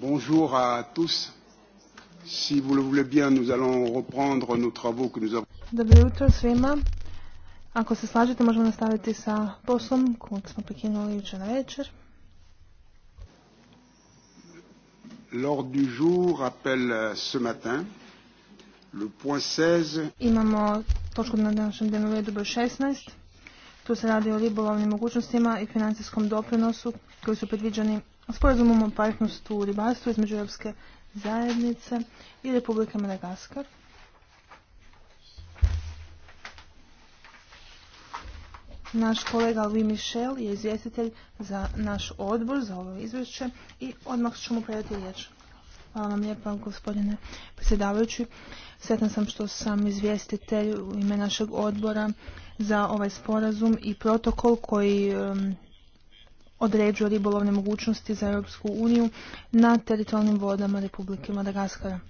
Bonjour à tous. Si vous le voulez bien, nous allons reprendre nos travaux que nous avons. Dobro jutro svima. Ako se slažete, možemo nastaviti sa poslom kojeg smo prekinuli jučer na večer. L'ordre du jour appelle euh, ce matin le point 16. Imamo točku na današnjem dnevnom redu broj 16. Tu se radi o ribolovnim mogućnostima i financijskom doprinosu koji su predviđeni sporazumom o partnerstvu u ribarstvu između Europske zajednice i Republike Madagaskar. Naš kolega Louis Michel je izvjestitelj za naš odbor za ovo izvješće i odmah ću mu predati riječ. Hvala vam lijepa gospodine predsjedavajući. Sretan sam što sam izvjestitelj u ime našeg odbora za ovaj sporazum i protokol koji određuju ribolovne mogućnosti za Europsku uniju na teritorijalnim vodama Republike Madagaskara.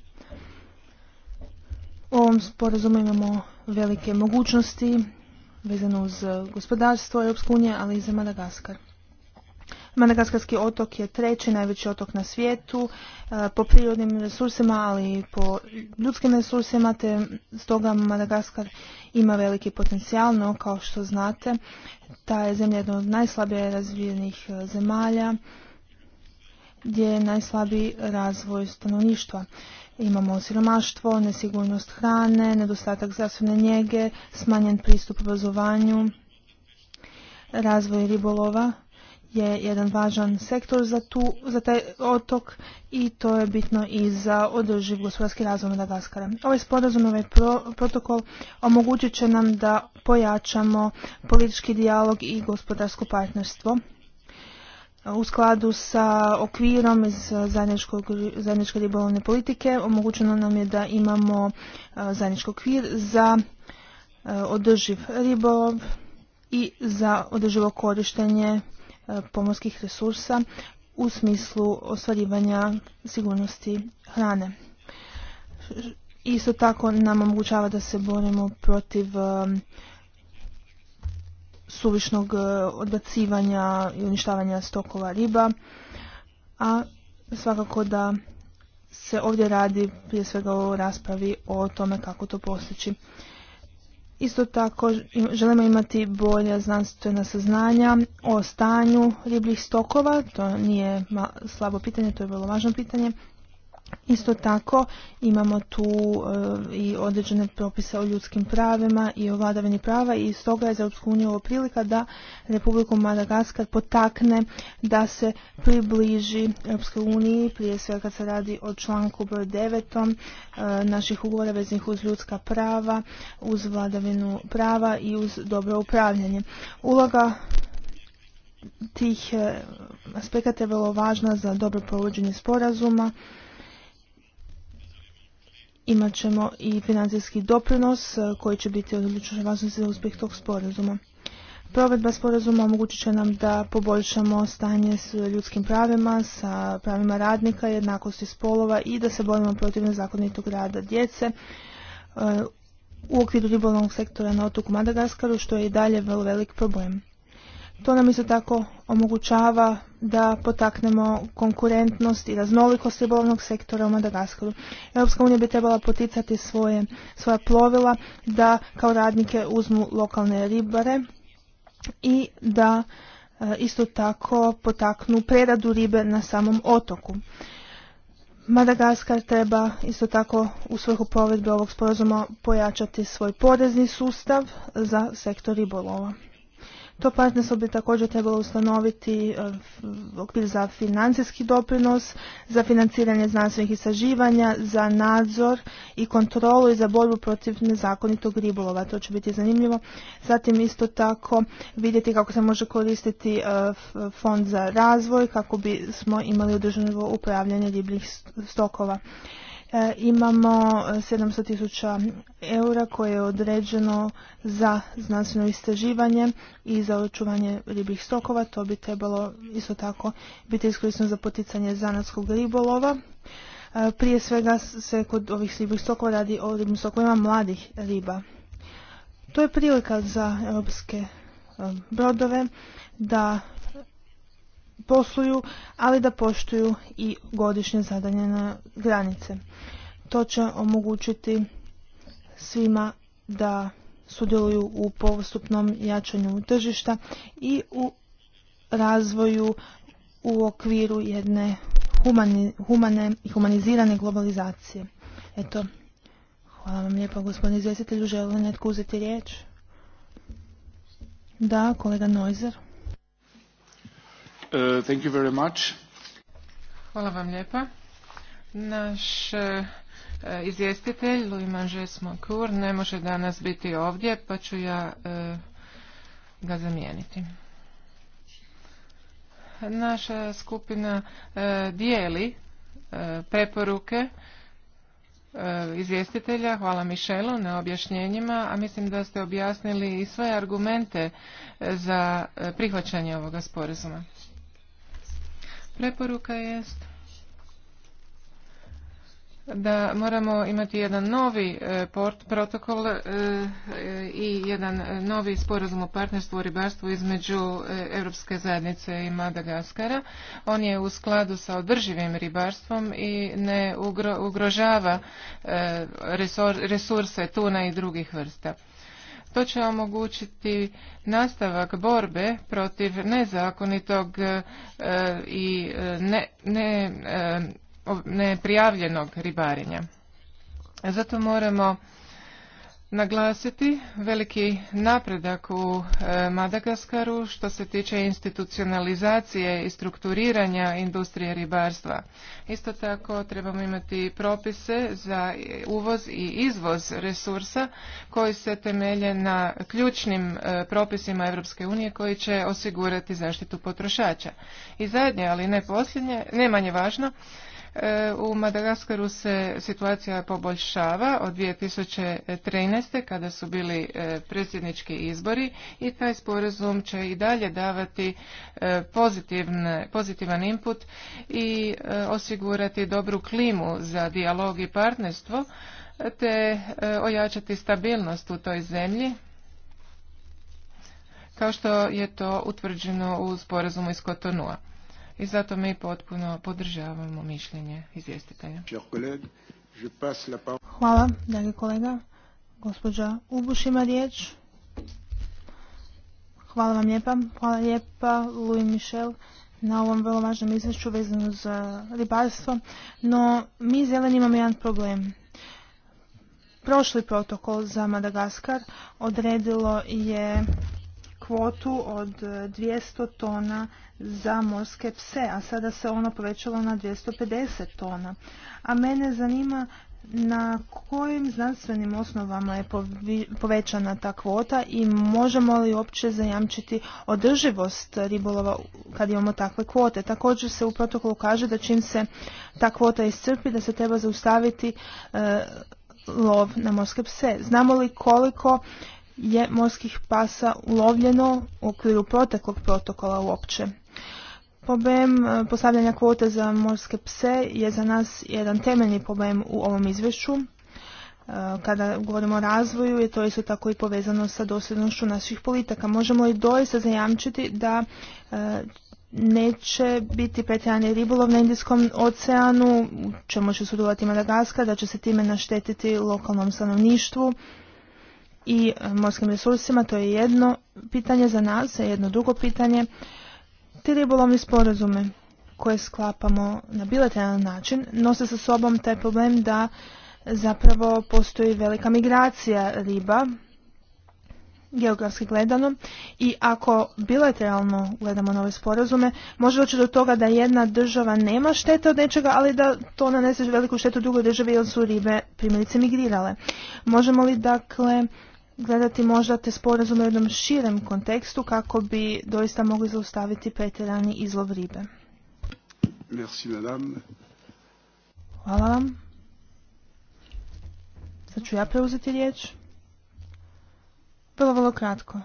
U ovom sporazumu imamo velike mogućnosti vezano uz gospodarstvo Europske unije, ali i za Madagaskar. Madagaskarski otok je treći najveći otok na svijetu e, po prirodnim resursima, ali i po ljudskim resursima, te stoga Madagaskar ima veliki potencijal, no kao što znate, ta je zemlja jedna od najslabije razvijenih e, zemalja, gdje je najslabiji razvoj stanovništva. Imamo siromaštvo, nesigurnost hrane, nedostatak zdravstvene njege, smanjen pristup obrazovanju, razvoj ribolova, je jedan važan sektor za, tu, za taj otok i to je bitno i za održiv gospodarski razvoj Madagaskara. Ovaj sporazum, ovaj protokol omogućit će nam da pojačamo politički dijalog i gospodarsko partnerstvo u skladu sa okvirom iz zajedničke ribolovne politike omogućeno nam je da imamo e, zajednički okvir za e, održiv ribolov i za održivo korištenje pomorskih resursa u smislu ostvarivanja sigurnosti hrane. Isto tako nam omogućava da se borimo protiv um, suvišnog uh, odbacivanja i uništavanja stokova riba, a svakako da se ovdje radi prije svega o raspravi o tome kako to postići. Isto tako želimo imati bolja znanstvena saznanja o stanju ribljih stokova, to nije slabo pitanje, to je vrlo važno pitanje. Isto tako imamo tu eh, i određene propise o ljudskim pravima i o vladavini prava i stoga je za EU ovo prilika da Republiku Madagaskar potakne da se približi Europskoj uniji, prije svega kad se radi o članku broj 9 eh, naših ugovora veznih uz ljudska prava, uz vladavinu prava i uz dobro upravljanje. Uloga tih eh, aspekata je vrlo važna za dobro provođenje sporazuma imat ćemo i financijski doprinos e, koji će biti od za za uspjeh tog sporazuma. Provedba sporazuma omogućit će nam da poboljšamo stanje s ljudskim pravima, sa pravima radnika, jednakosti spolova i da se borimo protiv nezakonitog rada djece e, u okviru ribolovnog sektora na otoku Madagaskaru, što je i dalje vrlo velik problem. To nam isto tako omogućava da potaknemo konkurentnost i raznolikost ribolovnog sektora u Madagaskaru. Europska unija bi trebala poticati svoje, svoja plovila da kao radnike uzmu lokalne ribare i da eh, isto tako potaknu preradu ribe na samom otoku. Madagaskar treba isto tako u svrhu provedbe ovog sporazuma pojačati svoj porezni sustav za sektor ribolova. To partnerstvo bi također trebalo ustanoviti e, okvir za financijski doprinos, za financiranje znanstvenih istraživanja, za nadzor i kontrolu i za borbu protiv nezakonitog ribolova. To će biti zanimljivo. Zatim isto tako vidjeti kako se može koristiti e, fond za razvoj kako bismo imali održivo upravljanje ribljih stokova. E, imamo 700.000 e, eura koje je određeno za znanstveno istraživanje i za očuvanje ribih stokova. To bi trebalo isto tako biti iskoristno za poticanje zanatskog ribolova. E, prije svega se kod ovih ribih stokova radi o ribim stokovima mladih riba. To je prilika za europske brodove da posluju, ali da poštuju i godišnje na granice. To će omogućiti svima da sudjeluju u postupnom jačanju tržišta i u razvoju u okviru jedne humane i humanizirane globalizacije. Eto, hvala vam lijepo gospodine izvjestitelju. Želi li netko uzeti riječ? Da, kolega Nojzer. Uh, thank you very much. Hvala vam lijepa. Naš e, e, izvjestitelj Louis Manges Moncourt ne može danas biti ovdje pa ću ja e, ga zamijeniti. Naša skupina dijeli preporuke izvjestitelja. Hvala Mišelu na objašnjenjima, a mislim da ste objasnili i sve argumente za prihvaćanje ovoga sporazuma. Preporuka jest da moramo imati jedan novi e, port protokol e, i jedan novi sporazum o partnerstvu u ribarstvu između e, Europske zajednice i Madagaskara. On je u skladu sa održivim ribarstvom i ne ugrožava resurse tuna i drugih vrsta. To će omogućiti nastavak borbe protiv nezakonitog e, i e, e, neprijavljenog ribarenja. Zato moramo naglasiti veliki napredak u e, Madagaskaru što se tiče institucionalizacije i strukturiranja industrije ribarstva. Isto tako trebamo imati propise za uvoz i izvoz resursa koji se temelje na ključnim e, propisima Europske unije koji će osigurati zaštitu potrošača. I zadnje, ali ne posljednje, ne manje važno, u Madagaskaru se situacija poboljšava od 2013. kada su bili e, predsjednički izbori i taj sporazum će i dalje davati e, pozitivan input i e, osigurati dobru klimu za dijalog i partnerstvo te ojačati stabilnost u toj zemlji kao što je to utvrđeno u sporazumu iz Kotonua i zato mi potpuno podržavamo mišljenje izvjestitelja. Hvala, dragi kolega. Gospođa Ubuš ima riječ. Hvala vam lijepa. Hvala lijepa, Louis Michel, na ovom vrlo važnom izvješću vezano za ribarstvo. No, mi zeleni imamo jedan problem. Prošli protokol za Madagaskar odredilo je kvotu od 200 e, tona za morske pse, a sada se ono povećalo na 250 tona. A mene zanima na kojim znanstvenim osnovama je povećana ta kvota i možemo li uopće zajamčiti održivost ribolova kad imamo takve kvote. Također se u protokolu kaže da čim se ta kvota iscrpi da se treba zaustaviti e, lov na morske pse. Znamo li koliko je morskih pasa ulovljeno u okviru proteklog protokola uopće. Problem e, postavljanja kvote za morske pse je za nas jedan temeljni problem u ovom izvješću. E, kada govorimo o razvoju, je to isto tako i povezano sa dosljednošću naših politika. Možemo i doista zajamčiti da e, neće biti pretjerani ribolov na Indijskom oceanu, čemu će sudovati Madagaskar, da će se time naštetiti lokalnom stanovništvu i e, morskim resursima, to je jedno pitanje za nas, jedno drugo pitanje. Ti ribolovni sporazume koje sklapamo na bilateralan način nose sa sobom taj problem da zapravo postoji velika migracija riba geografski gledano i ako bilateralno gledamo nove sporazume može doći do toga da jedna država nema štete od nečega ali da to nanese veliku štetu drugoj državi jer su ribe primjerice migrirale. Možemo li dakle gledati možda te sporazume u jednom širem kontekstu kako bi doista mogli zaustaviti pretjerani izlov ribe. Merci, madame. Hvala vam. Sad ću ja preuzeti riječ. Vrlo, vrlo kratko.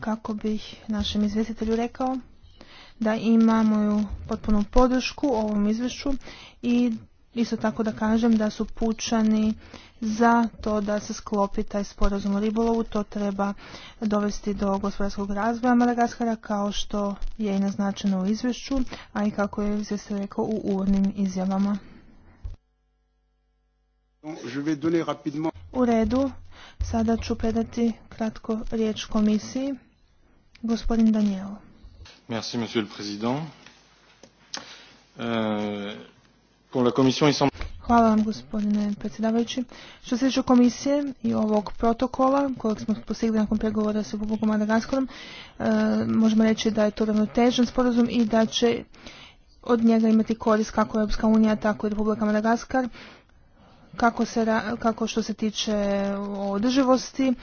Kako bih našem izvjestitelju rekao da imamo moju potpunu podršku ovom izvješću i isto tako da kažem da su pučani za to da se sklopi taj sporazum o ribolovu. To treba dovesti do gospodarskog razvoja Madagaskara kao što je i naznačeno u izvješću, a i kako je se rekao u uvodnim izjavama. U redu, sada ću predati kratko riječ komisiji. Gospodin Danijelo. Merci, monsieur le euh, Hvala vam gospodine predsjedavajući. Što se tiče komisije i ovog protokola kojeg smo postigli nakon pregovora sa Republikom Madagaskarom, e, možemo reći da je to ravnotežan sporazum i da će od njega imati korist kako Europska unija, tako i Republika Madagaskar. Kako, se, kako što se tiče održivosti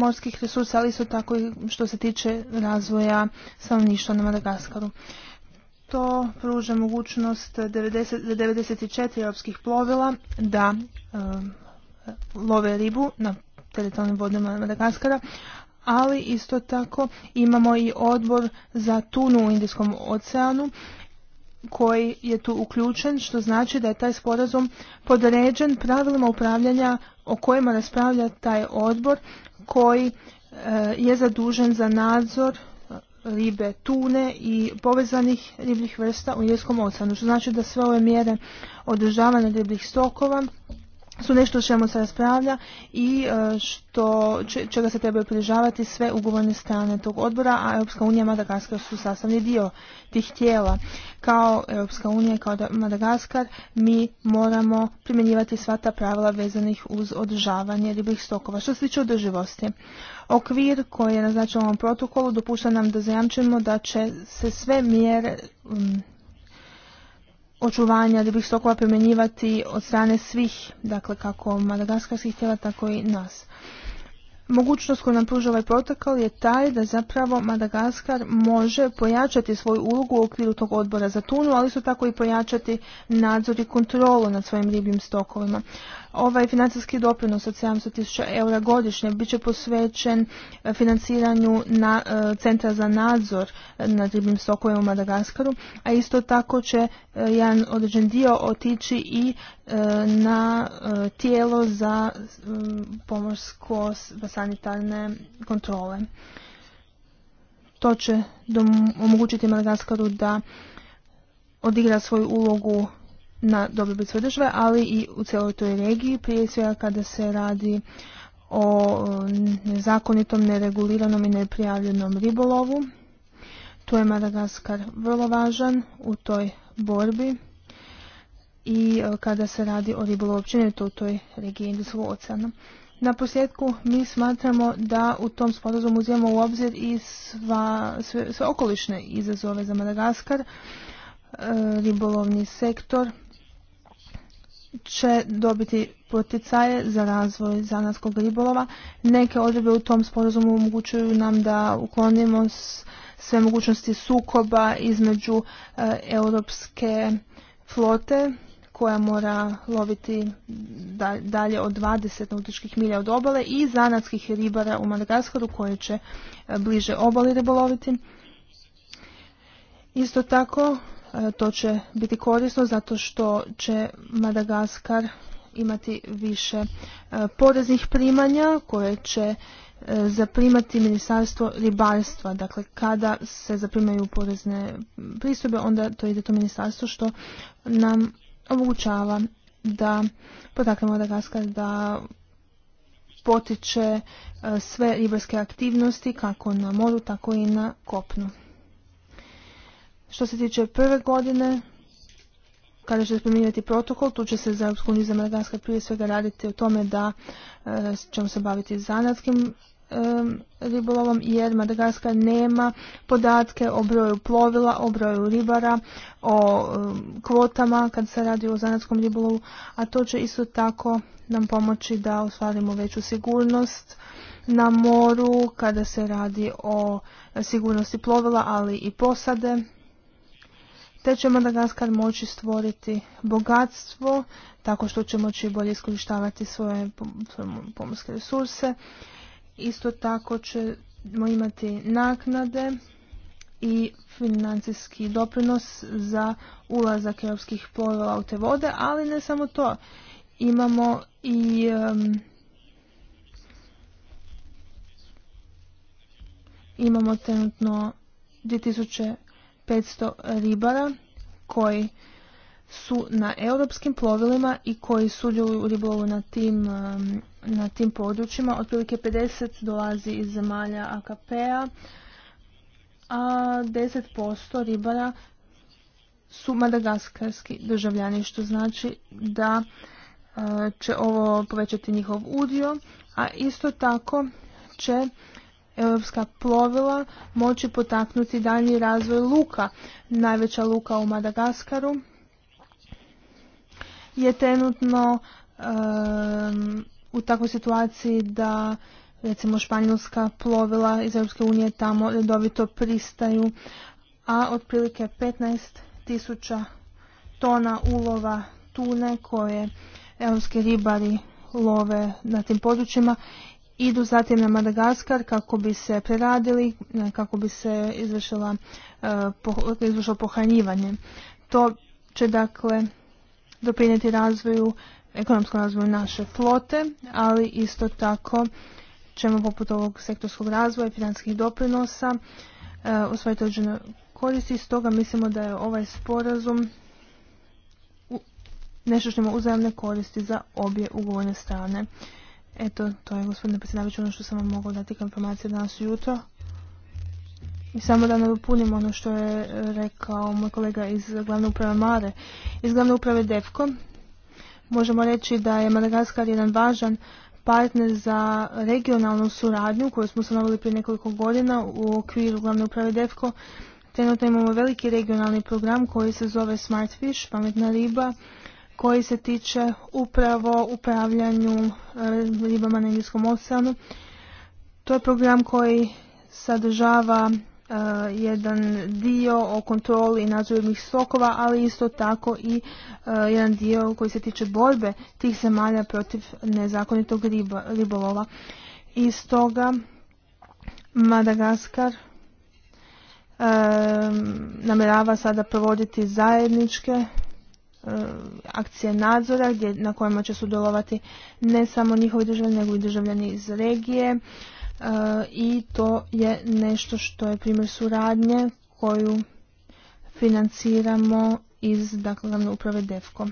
morskih resursa, ali isto tako i što se tiče razvoja stanovništva na Madagaskaru to pruža mogućnost 90, 94 europskih plovila da eh, love ribu na teritorijalnim vodama Madagaskara, ali isto tako imamo i odbor za tunu u Indijskom oceanu koji je tu uključen, što znači da je taj sporazum podređen pravilima upravljanja o kojima raspravlja taj odbor koji eh, je zadužen za nadzor ribe tune i povezanih ribljih vrsta u jeskom oceanu. Što znači da sve ove mjere održavanja ribljih stokova su nešto o čemu se raspravlja i e, što, čega se trebaju pridržavati sve ugovorne strane tog odbora, a Europska unija i Madagaskar su sastavni dio tih tijela. Kao Europska unija i kao Madagaskar mi moramo primjenjivati sva ta pravila vezanih uz održavanje ribih stokova. Što se tiče održivosti, okvir koji je naznačen u ovom protokolu dopušta nam da zajamčimo da će se sve mjere očuvanja ribih stokova primjenjivati od strane svih, dakle kako madagaskarskih tijela, tako i nas. Mogućnost koju nam pruža ovaj protokol je taj da zapravo Madagaskar može pojačati svoju ulogu u okviru tog odbora za tunu, ali su tako i pojačati nadzor i kontrolu nad svojim ribljim stokovima. Ovaj financijski doprinos od 700.000 eura godišnje bit će posvećen e, financiranju na, e, Centra za nadzor e, nad ribnim stokovima u Madagaskaru, a isto tako će jedan određen dio otići i na tijelo za mm, pomorsko sanitarne kontrole. To će omogućiti Madagaskaru da odigra svoju ulogu na dobrobit sve države, ali i u cijeloj toj regiji, prije svega kada se radi o mm, nezakonitom, nereguliranom i neprijavljenom ribolovu. Tu je Madagaskar vrlo važan u toj borbi i e, kada se radi o ribolovu to u toj regiji Indijskog oceana. Na posljedku mi smatramo da u tom sporazumu uzimamo u obzir i sva, sve, sve okolišne izazove za Madagaskar, e, ribolovni sektor, će dobiti poticaje za razvoj zanatskog ribolova. Neke odredbe u tom sporazumu omogućuju nam da uklonimo sve mogućnosti sukoba između e, europske flote koja mora loviti dalje od 20 nautičkih milja od obale i zanatskih ribara u Madagaskaru koje će e, bliže obali riboloviti. Isto tako E, to će biti korisno zato što će Madagaskar imati više e, poreznih primanja koje će e, zaprimati ministarstvo ribarstva. Dakle, kada se zaprimaju porezne pristupe, onda to ide to ministarstvo što nam omogućava da potaknemo Madagaskar da potiče sve ribarske aktivnosti kako na moru, tako i na kopnu. Što se tiče prve godine, kada će se spominjati protokol, tu će se za Europsku uniju za prije svega raditi o tome da e, ćemo se baviti zanatskim e, ribolovom, jer Madagaskar nema podatke o broju plovila, o broju ribara, o e, kvotama kad se radi o zanatskom ribolovu, a to će isto tako nam pomoći da ostvarimo veću sigurnost na moru kada se radi o sigurnosti plovila, ali i posade te će Madagaskar moći stvoriti bogatstvo tako što će moći bolje iskorištavati svoje pomorske resurse. Isto tako ćemo imati naknade i financijski doprinos za ulazak europskih plovila u te vode, ali ne samo to. Imamo i imamo trenutno 2000 500 ribara koji su na europskim plovilima i koji sudjeluju u ribolovu na tim, um, na tim područjima. Otprilike 50 dolazi iz zemalja AKP-a, a 10% p-a, ribara su madagaskarski državljani, što znači da uh, će ovo povećati njihov udio, a isto tako će europska plovila moći potaknuti daljnji razvoj luka. Najveća luka u Madagaskaru je trenutno u takvoj situaciji da recimo španjolska plovila iz Europske unije tamo redovito pristaju, a otprilike 15 tisuća tona ulova tune koje europski ribari love na tim područjima idu zatim na Madagaskar kako bi se preradili, e, kako bi se izvršila, e, izvršilo pohranjivanje. To će dakle doprinijeti razvoju, ekonomskom razvoju naše flote, ali isto tako ćemo poput ovog sektorskog razvoja i financijskih doprinosa osvojiti e, određene koristi. Stoga mislimo da je ovaj sporazum nešto što ima uzajemne koristi za obje ugovorne strane. Eto, to je gospodine predsjedavajući ono što sam vam mogla dati kao informacije danas jutro. I samo da nadopunim ono što je rekao moj kolega iz glavne uprave Mare. Iz glavne uprave DEFCO možemo reći da je Madagaskar jedan važan partner za regionalnu suradnju koju smo ustanovili prije nekoliko godina u okviru glavne uprave DEFCO. Trenutno imamo veliki regionalni program koji se zove Smartfish, pametna riba, koji se tiče upravo upravljanju e, ribama na Indijskom oceanu. To je program koji sadržava e, jedan dio o kontroli i sokova stokova, ali isto tako i e, jedan dio koji se tiče borbe tih zemalja protiv nezakonitog riba, ribolova. I stoga Madagaskar uh, namjerava sada provoditi zajedničke Eh, akcije nadzora gdje, na kojima će sudjelovati ne samo njihovi državljani nego i državljani iz regije eh, i to je nešto što je primjer suradnje koju financiramo iz dakle, uprave DEFKO.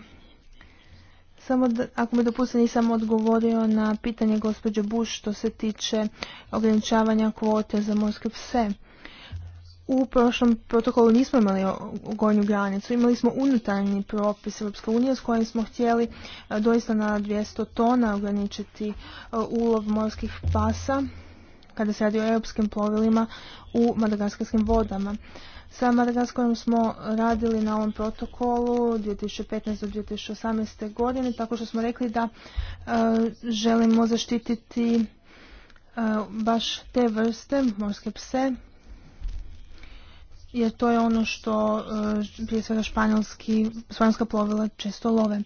Samo da, ako mi dopustite, nisam odgovorio na pitanje gospođe Bush što se tiče ograničavanja kvote za morske pse u prošlom protokolu nismo imali gornju granicu, imali smo unutarnji propis Europske unije s kojim smo htjeli e, doista na 200 tona ograničiti e, ulov morskih pasa kada se radi o europskim plovilima u madagaskarskim vodama. Sa Madagaskarom smo radili na ovom protokolu 2015. do 2018. godine tako što smo rekli da e, želimo zaštititi baš te vrste morske pse jer to je ono što e, prije svega španjolski, španjolska plovila često love.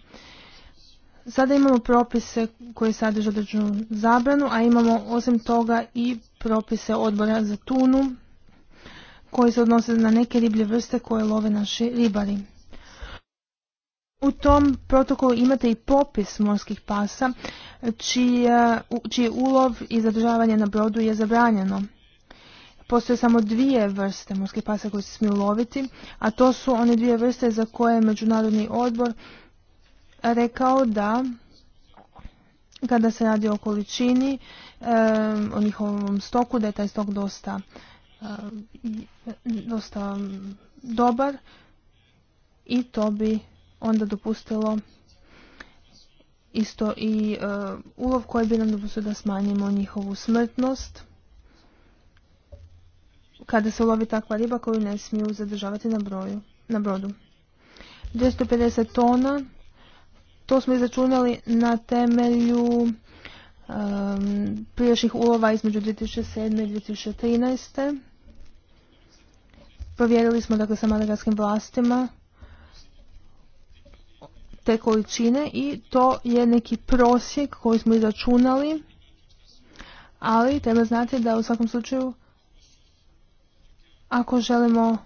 Sada imamo propise koji sadrže određenu zabranu, a imamo osim toga i propise odbora za tunu koji se odnose na neke riblje vrste koje love naši ribari. U tom protokolu imate i popis morskih pasa čiji, čiji ulov i zadržavanje na brodu je zabranjeno postoje samo dvije vrste morskih pasa koje se smiju loviti, a to su one dvije vrste za koje je Međunarodni odbor rekao da kada se radi o količini, o njihovom stoku, da je taj stok dosta, dosta dobar i to bi onda dopustilo isto i ulov koji bi nam dopustio da smanjimo njihovu smrtnost kada se ulovi takva riba koju ne smiju zadržavati na, broju, na brodu. 250 tona, to smo izračunali na temelju um, prijašnjih ulova između 2007. i 2013. Provjerili smo dakle sa madagarskim vlastima te količine i to je neki prosjek koji smo izračunali, ali treba znati da u svakom slučaju ako želimo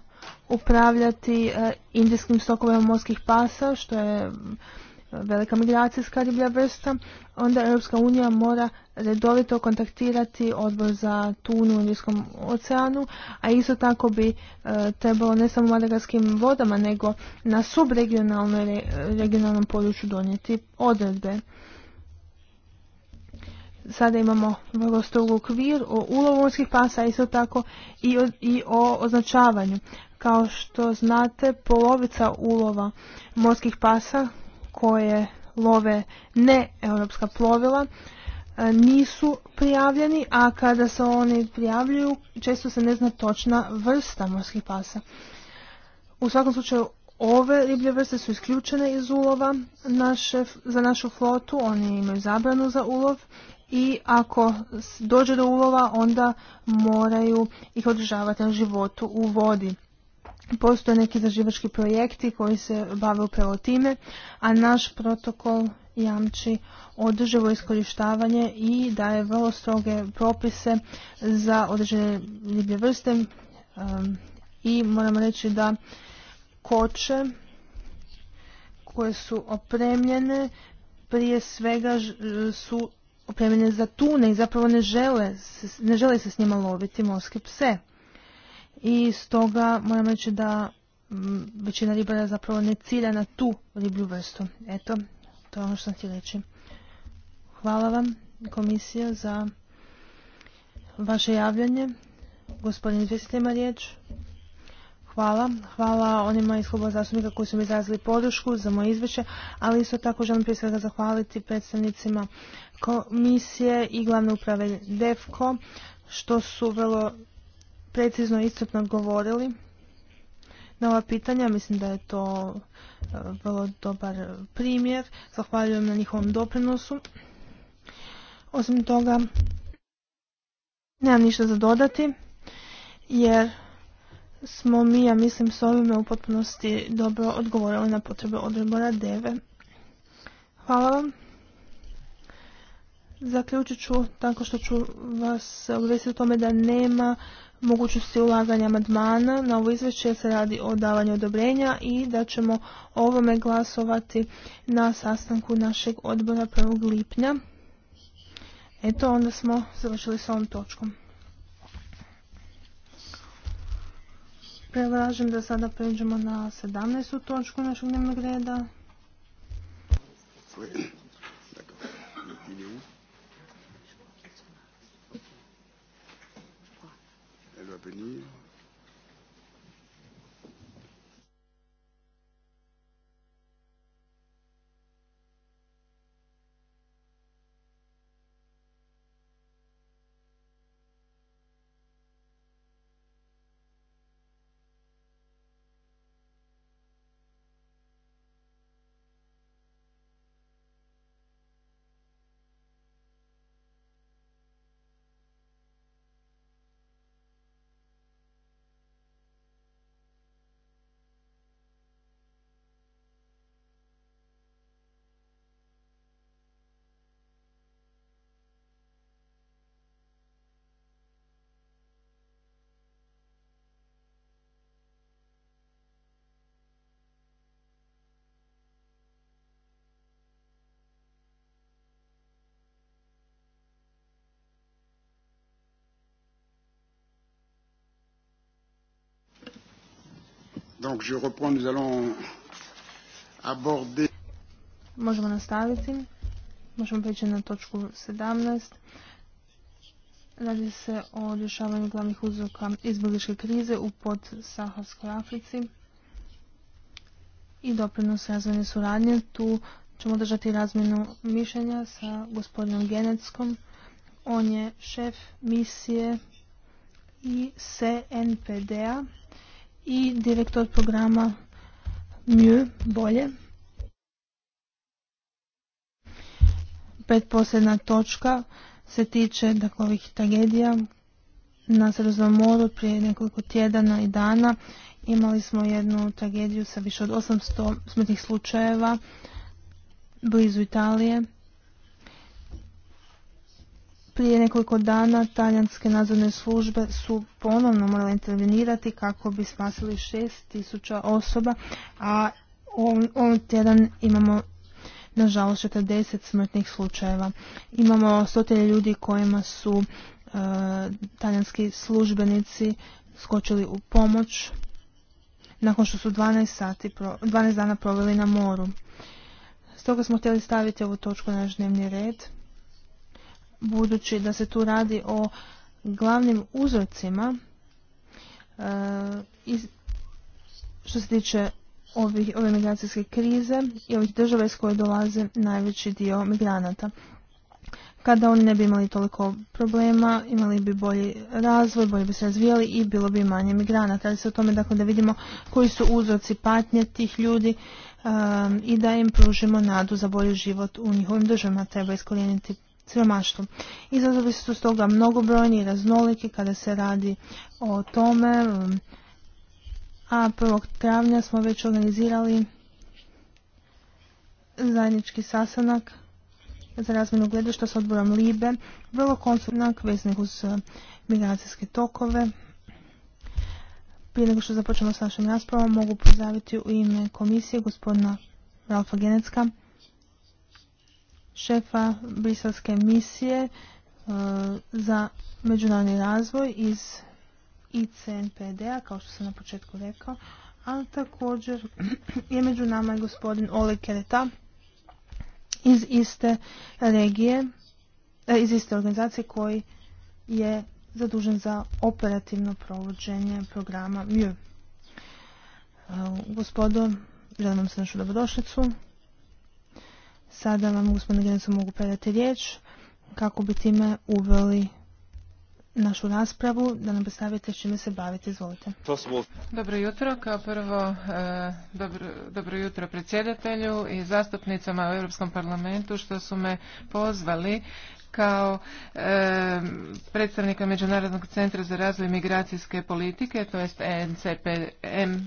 upravljati e, indijskim stokovima morskih pasa, što je velika migracijska riblja vrsta, onda Europska unija mora redovito kontaktirati odbor za tunu u Indijskom oceanu, a isto tako bi e, trebalo ne samo u vodama, nego na subregionalnom području donijeti odredbe sada imamo vrlo strog okvir o ulovu morskih pasa, isto tako i o, označavanju. Kao što znate, polovica ulova morskih pasa koje love ne europska plovila e, nisu prijavljeni, a kada se oni prijavljuju često se ne zna točna vrsta morskih pasa. U svakom slučaju ove riblje vrste su isključene iz ulova za našu flotu, oni imaju zabranu za ulov i ako dođe do ulova onda moraju ih održavati na životu u vodi. Postoje neki zaživački projekti koji se bave upravo time, a naš protokol jamči održivo iskorištavanje i daje vrlo stroge propise za određene riblje vrste um, i moram reći da koče koje su opremljene prije svega su opremljene za tune i zapravo ne žele, ne žele se s njima loviti morske pse. I stoga moram reći da mm, većina ribara zapravo ne cilja na tu riblju vrstu. Eto, to je ono što sam ti reći. Hvala vam komisija za vaše javljanje. Gospodin izvjestitelj ima riječ. Hvala. Hvala onima iz kluba zastupnika koji su mi izrazili podršku za moje izvješće, ali isto tako želim prije svega zahvaliti predstavnicima komisije i glavne uprave DEFKO što su vrlo precizno i istotno govorili na ova pitanja. Mislim da je to e, vrlo dobar primjer. Zahvaljujem na njihovom doprinosu. Osim toga, nemam ništa za dodati jer smo mi, ja mislim, s ovime u potpunosti dobro odgovorili na potrebe odbora DEVE. Hvala vam. Zaključit ću tako što ću vas obvesti o tome da nema mogućnosti ulaganja madmana. na ovo izvješće jer se radi o davanju odobrenja i da ćemo ovome glasovati na sastanku našeg odbora 1. lipnja. Eto, onda smo završili s ovom točkom. Prevražim da sada pređemo na 17. točku našeg dnevnog reda. Elle Donc je Možemo nastaviti. Možemo preći na točku 17. Radi se o rješavanju glavnih uzroka izbjegličke krize u podsaharskoj Africi i doprinos razvojne suradnje. Tu ćemo držati razmjenu mišljenja sa gospodinom Genetskom. On je šef misije i CNPD-a i direktor programa Mju bolje. posljedna točka se tiče dakle, ovih tragedija na Sredozvom moru prije nekoliko tjedana i dana. Imali smo jednu tragediju sa više od 800 smrtnih slučajeva blizu Italije prije nekoliko dana talijanske nadzorne službe su ponovno morale intervenirati kako bi spasili 6000 osoba, a ovom tjedan imamo nažalost 40 smrtnih slučajeva. Imamo stotine ljudi kojima su e, talijanski službenici skočili u pomoć nakon što su 12, sati 12 dana proveli na moru. Stoga smo htjeli staviti ovu točku na naš dnevni red budući da se tu radi o glavnim uzorcima e, što se tiče ove migracijske krize i ovih država iz koje dolaze najveći dio migranata. Kada oni ne bi imali toliko problema, imali bi bolji razvoj, bolje bi se razvijali i bilo bi manje migranata. Ali se o tome dakle, da vidimo koji su uzroci patnje tih ljudi e, i da im pružimo nadu za bolji život u njihovim državama. Treba iskorijeniti siromaštvom Izazovi su stoga mnogobrojni i raznoliki kada se radi o tome, a 1. travnja smo već organizirali zajednički sasanak za razmjenu gledešta s odborom Libe, vrlo konsultnak veznih uz e, migracijske tokove. Prije nego što započnemo s našim raspravom, mogu pozdraviti u ime komisije gospodina Ralfa Genecka, šefa briselske misije e, za međunarodni razvoj iz ICNPD-a, kao što sam na početku rekao, a također je među nama gospodin Ole Kereta iz iste regije, e, iz iste organizacije koji je zadužen za operativno provođenje programa MIR. E, gospodo, želim vam se našu dobrodošlicu. Sada vam, gospodine Gensu, mogu predati riječ kako bi time uveli našu raspravu, da nam predstavite s čime se bavite. Izvolite. Dobro jutro, kao prvo e, dobro, jutro predsjedatelju i zastupnicama u Europskom parlamentu što su me pozvali kao e, predstavnika Međunarodnog centra za razvoj migracijske politike, to jest NCPM.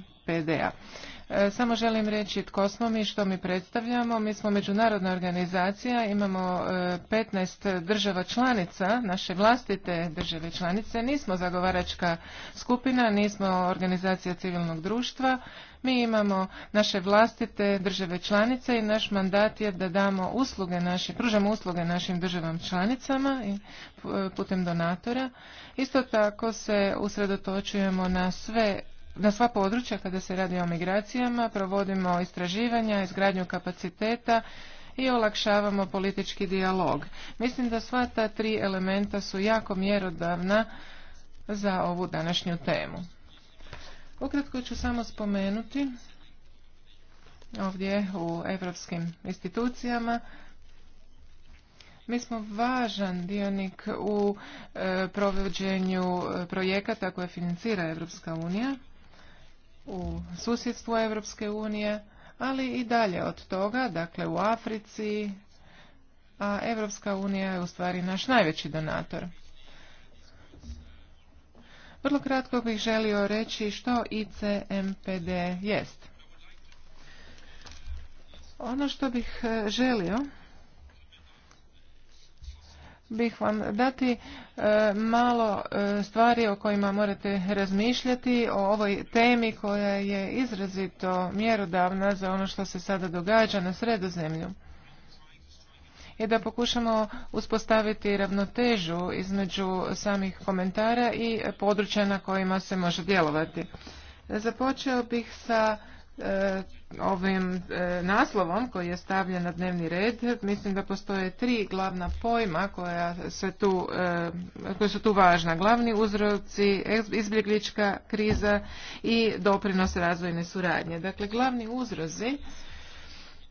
E, samo želim reći tko smo mi, što mi predstavljamo. Mi smo međunarodna organizacija, imamo 15 e, država članica, naše vlastite države članice. Nismo zagovaračka skupina, nismo organizacija civilnog društva. Mi imamo naše vlastite države članice i naš mandat je da damo usluge naši, pružamo usluge našim državama članicama i e, putem donatora. Isto tako se usredotočujemo na sve na sva područja kada se radi o migracijama, provodimo istraživanja, izgradnju kapaciteta i olakšavamo politički dijalog. Mislim da sva ta tri elementa su jako mjerodavna za ovu današnju temu. Ukratko ću samo spomenuti ovdje u evropskim institucijama mi smo važan dionik u e, provođenju e, projekata koje financira Evropska unija u susjedstvu Evropske unije, ali i dalje od toga, dakle u Africi, a Evropska unija je u stvari naš najveći donator. Vrlo kratko bih želio reći što ICMPD jest. Ono što bih e, želio bih vam dati e, malo e, stvari o kojima morate razmišljati o ovoj temi koja je izrazito mjerodavna za ono što se sada događa na sredozemlju i da pokušamo uspostaviti ravnotežu između samih komentara i područja na kojima se može djelovati. Započeo bih sa E, ovim e, naslovom koji je stavljen na dnevni red mislim da postoje tri glavna pojma koja se tu, e, koja su tu važna. Glavni uzroci, izbjeglička kriza i doprinos razvojne suradnje. Dakle, glavni uzrozi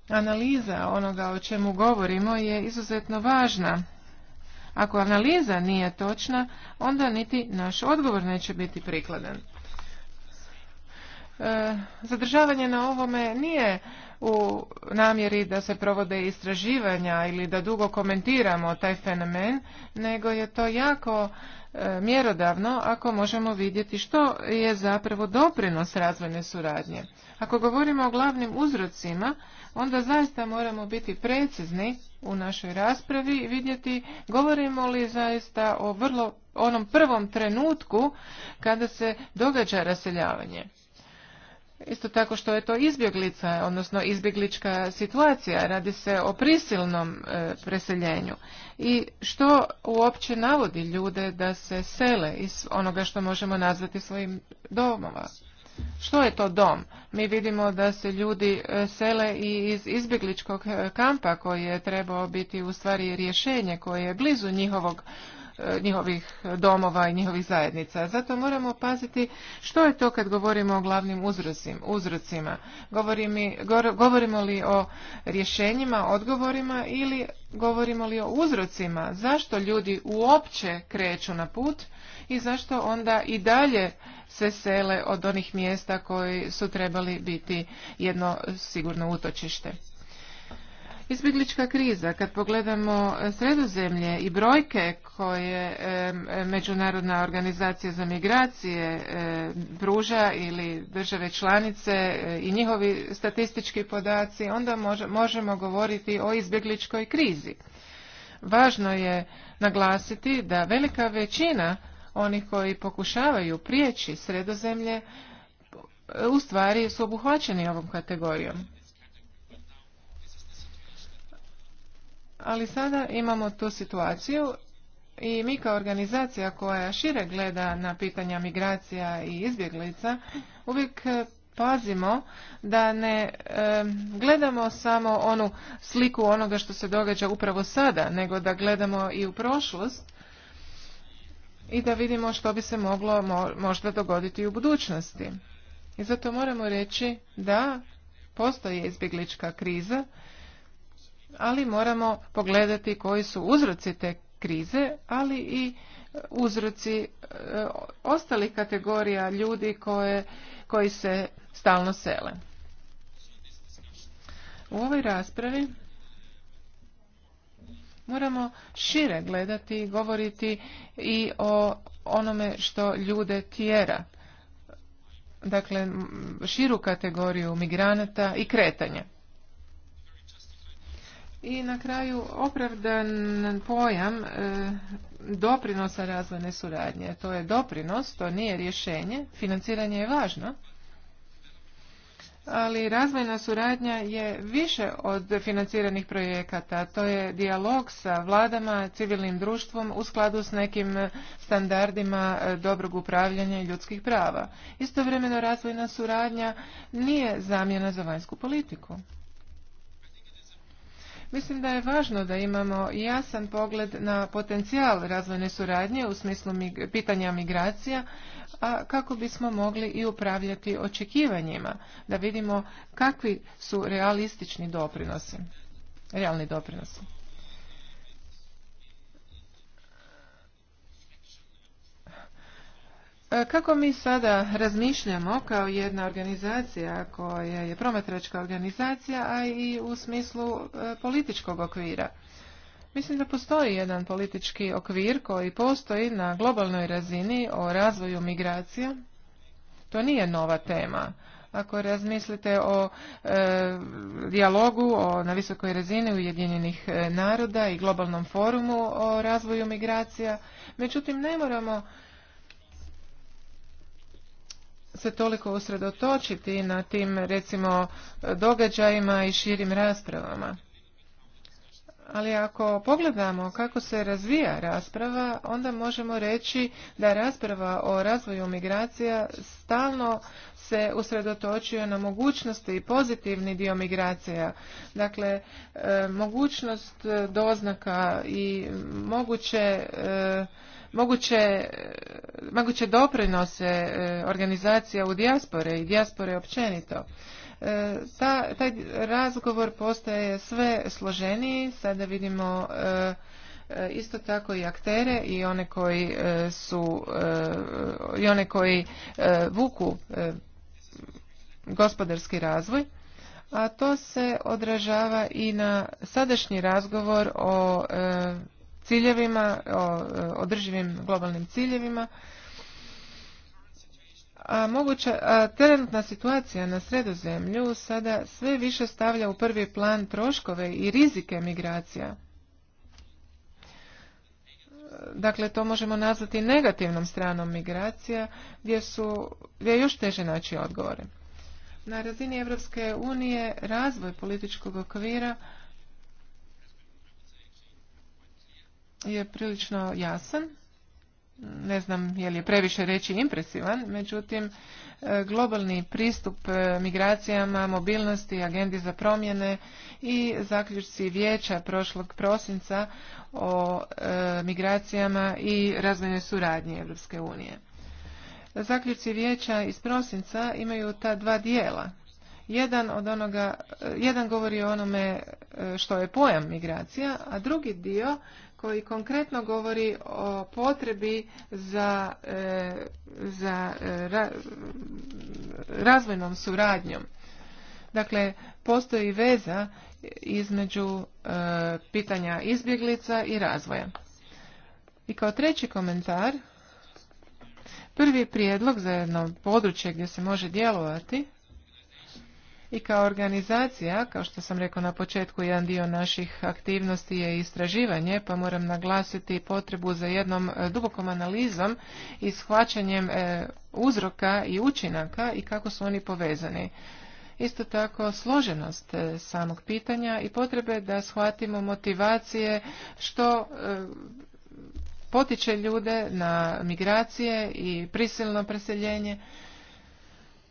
analiza onoga o čemu govorimo je izuzetno važna. Ako analiza nije točna, onda niti naš odgovor neće biti prikladan. E, zadržavanje na ovome nije u namjeri da se provode istraživanja ili da dugo komentiramo taj fenomen, nego je to jako e, mjerodavno ako možemo vidjeti što je zapravo doprinos razvojne suradnje. Ako govorimo o glavnim uzrocima, onda zaista moramo biti precizni u našoj raspravi i vidjeti govorimo li zaista o vrlo onom prvom trenutku kada se događa raseljavanje. Isto tako što je to izbjeglica, odnosno izbjeglička situacija, radi se o prisilnom e, preseljenju. I što uopće navodi ljude da se sele iz onoga što možemo nazvati svojim domova? Što je to dom? Mi vidimo da se ljudi e, sele i iz izbjegličkog e, kampa koji je trebao biti u stvari rješenje koje je blizu njihovog E, njihovih domova i njihovih zajednica. Zato moramo paziti što je to kad govorimo o glavnim uzrocima. govorimo li o rješenjima, odgovorima ili govorimo li o uzrocima. Zašto ljudi uopće kreću na put i zašto onda i dalje se sele od onih mjesta koji su trebali biti jedno sigurno utočište. Izbjeglička kriza, kad pogledamo e, sredozemlje i brojke koje e, Međunarodna organizacija za migracije e, pruža ili države članice i njihovi statistički podaci, onda možemo govoriti o izbjegličkoj krizi. Važno je naglasiti da velika većina onih koji pokušavaju prijeći sredozemlje u stvari su obuhvaćeni ovom kategorijom. ali sada imamo tu situaciju i mi kao organizacija koja šire gleda na pitanja migracija i izbjeglica uvijek eh, pazimo da ne gledamo samo onu sliku onoga što se događa upravo sada nego da gledamo i u prošlost i da vidimo što bi se moglo možda dogoditi u budućnosti i zato moramo reći da postoji izbjeglička kriza ali moramo pogledati koji su uzroci te krize, ali i uzroci e, ostalih kategorija ljudi koje, koji se stalno sele. U ovoj raspravi moramo šire gledati i govoriti i o onome što ljude tjera. Dakle, širu kategoriju migranata i kretanja. I na kraju opravdan pojam e, doprinosa razvojne suradnje. To je doprinos, to nije rješenje. Financiranje je važno. Ali razvojna suradnja je više od financiranih projekata. To je dijalog sa vladama, civilnim društvom u skladu s nekim standardima e, dobrog upravljanja ljudskih prava. Istovremeno razvojna suradnja nije zamjena za vanjsku politiku. Mislim da je važno da imamo jasan pogled na potencijal razvojne suradnje u smislu pitanja migracija, a kako bismo mogli i upravljati očekivanjima, da vidimo kakvi su realistični doprinosi, realni doprinosi. E, kako mi sada razmišljamo kao jedna organizacija koja je prometračka organizacija, a i u smislu e, političkog okvira? Mislim da postoji jedan politički okvir koji postoji na globalnoj razini o razvoju migracija. To nije nova tema. Ako razmislite o e, dijalogu o, na visokoj razini Ujedinjenih e, naroda i globalnom forumu o razvoju migracija, međutim ne moramo se toliko usredotočiti na tim recimo događajima i širim raspravama. Ali ako pogledamo kako se razvija rasprava, onda možemo reći da rasprava o razvoju migracija stalno se usredotočuje na mogućnosti i pozitivni dio migracija. Dakle, e, mogućnost doznaka i moguće e, moguće, moguće doprinose e, organizacija u dijaspore i dijaspore općenito. E, ta, taj razgovor postaje sve složeniji, sada vidimo e, isto tako i aktere i one koji su i one koji vuku gospodarski razvoj a to se odražava i na sadašnji razgovor o ciljevima, o održivim globalnim ciljevima. A moguća a trenutna situacija na sredozemlju sada sve više stavlja u prvi plan troškove i rizike migracija. Dakle, to možemo nazvati negativnom stranom migracija, gdje, su, gdje je još teže naći odgovore. Na razini Europske unije razvoj političkog okvira je prilično jasan. Ne znam je li je previše reći impresivan, međutim e, globalni pristup e, migracijama, mobilnosti, agendi za promjene i zaključci vijeća prošlog prosinca o e, migracijama i razvojnoj suradnji Europske unije. Zaključci vijeća iz prosinca imaju ta dva dijela. Jedan, od onoga, jedan govori o onome što je pojam migracija, a drugi dio koji konkretno govori o potrebi za, e, za e, razvojnom suradnjom. Dakle, postoji veza između e, pitanja izbjeglica i razvoja. I kao treći komentar, prvi prijedlog za jedno područje gdje se može djelovati i kao organizacija, kao što sam rekao na početku, jedan dio naših aktivnosti je istraživanje, pa moram naglasiti potrebu za jednom e, dubokom analizom i shvaćanjem e, uzroka i učinaka i kako su oni povezani. Isto tako složenost e, samog pitanja i potrebe da shvatimo motivacije što potiče ljude na migracije i prisilno preseljenje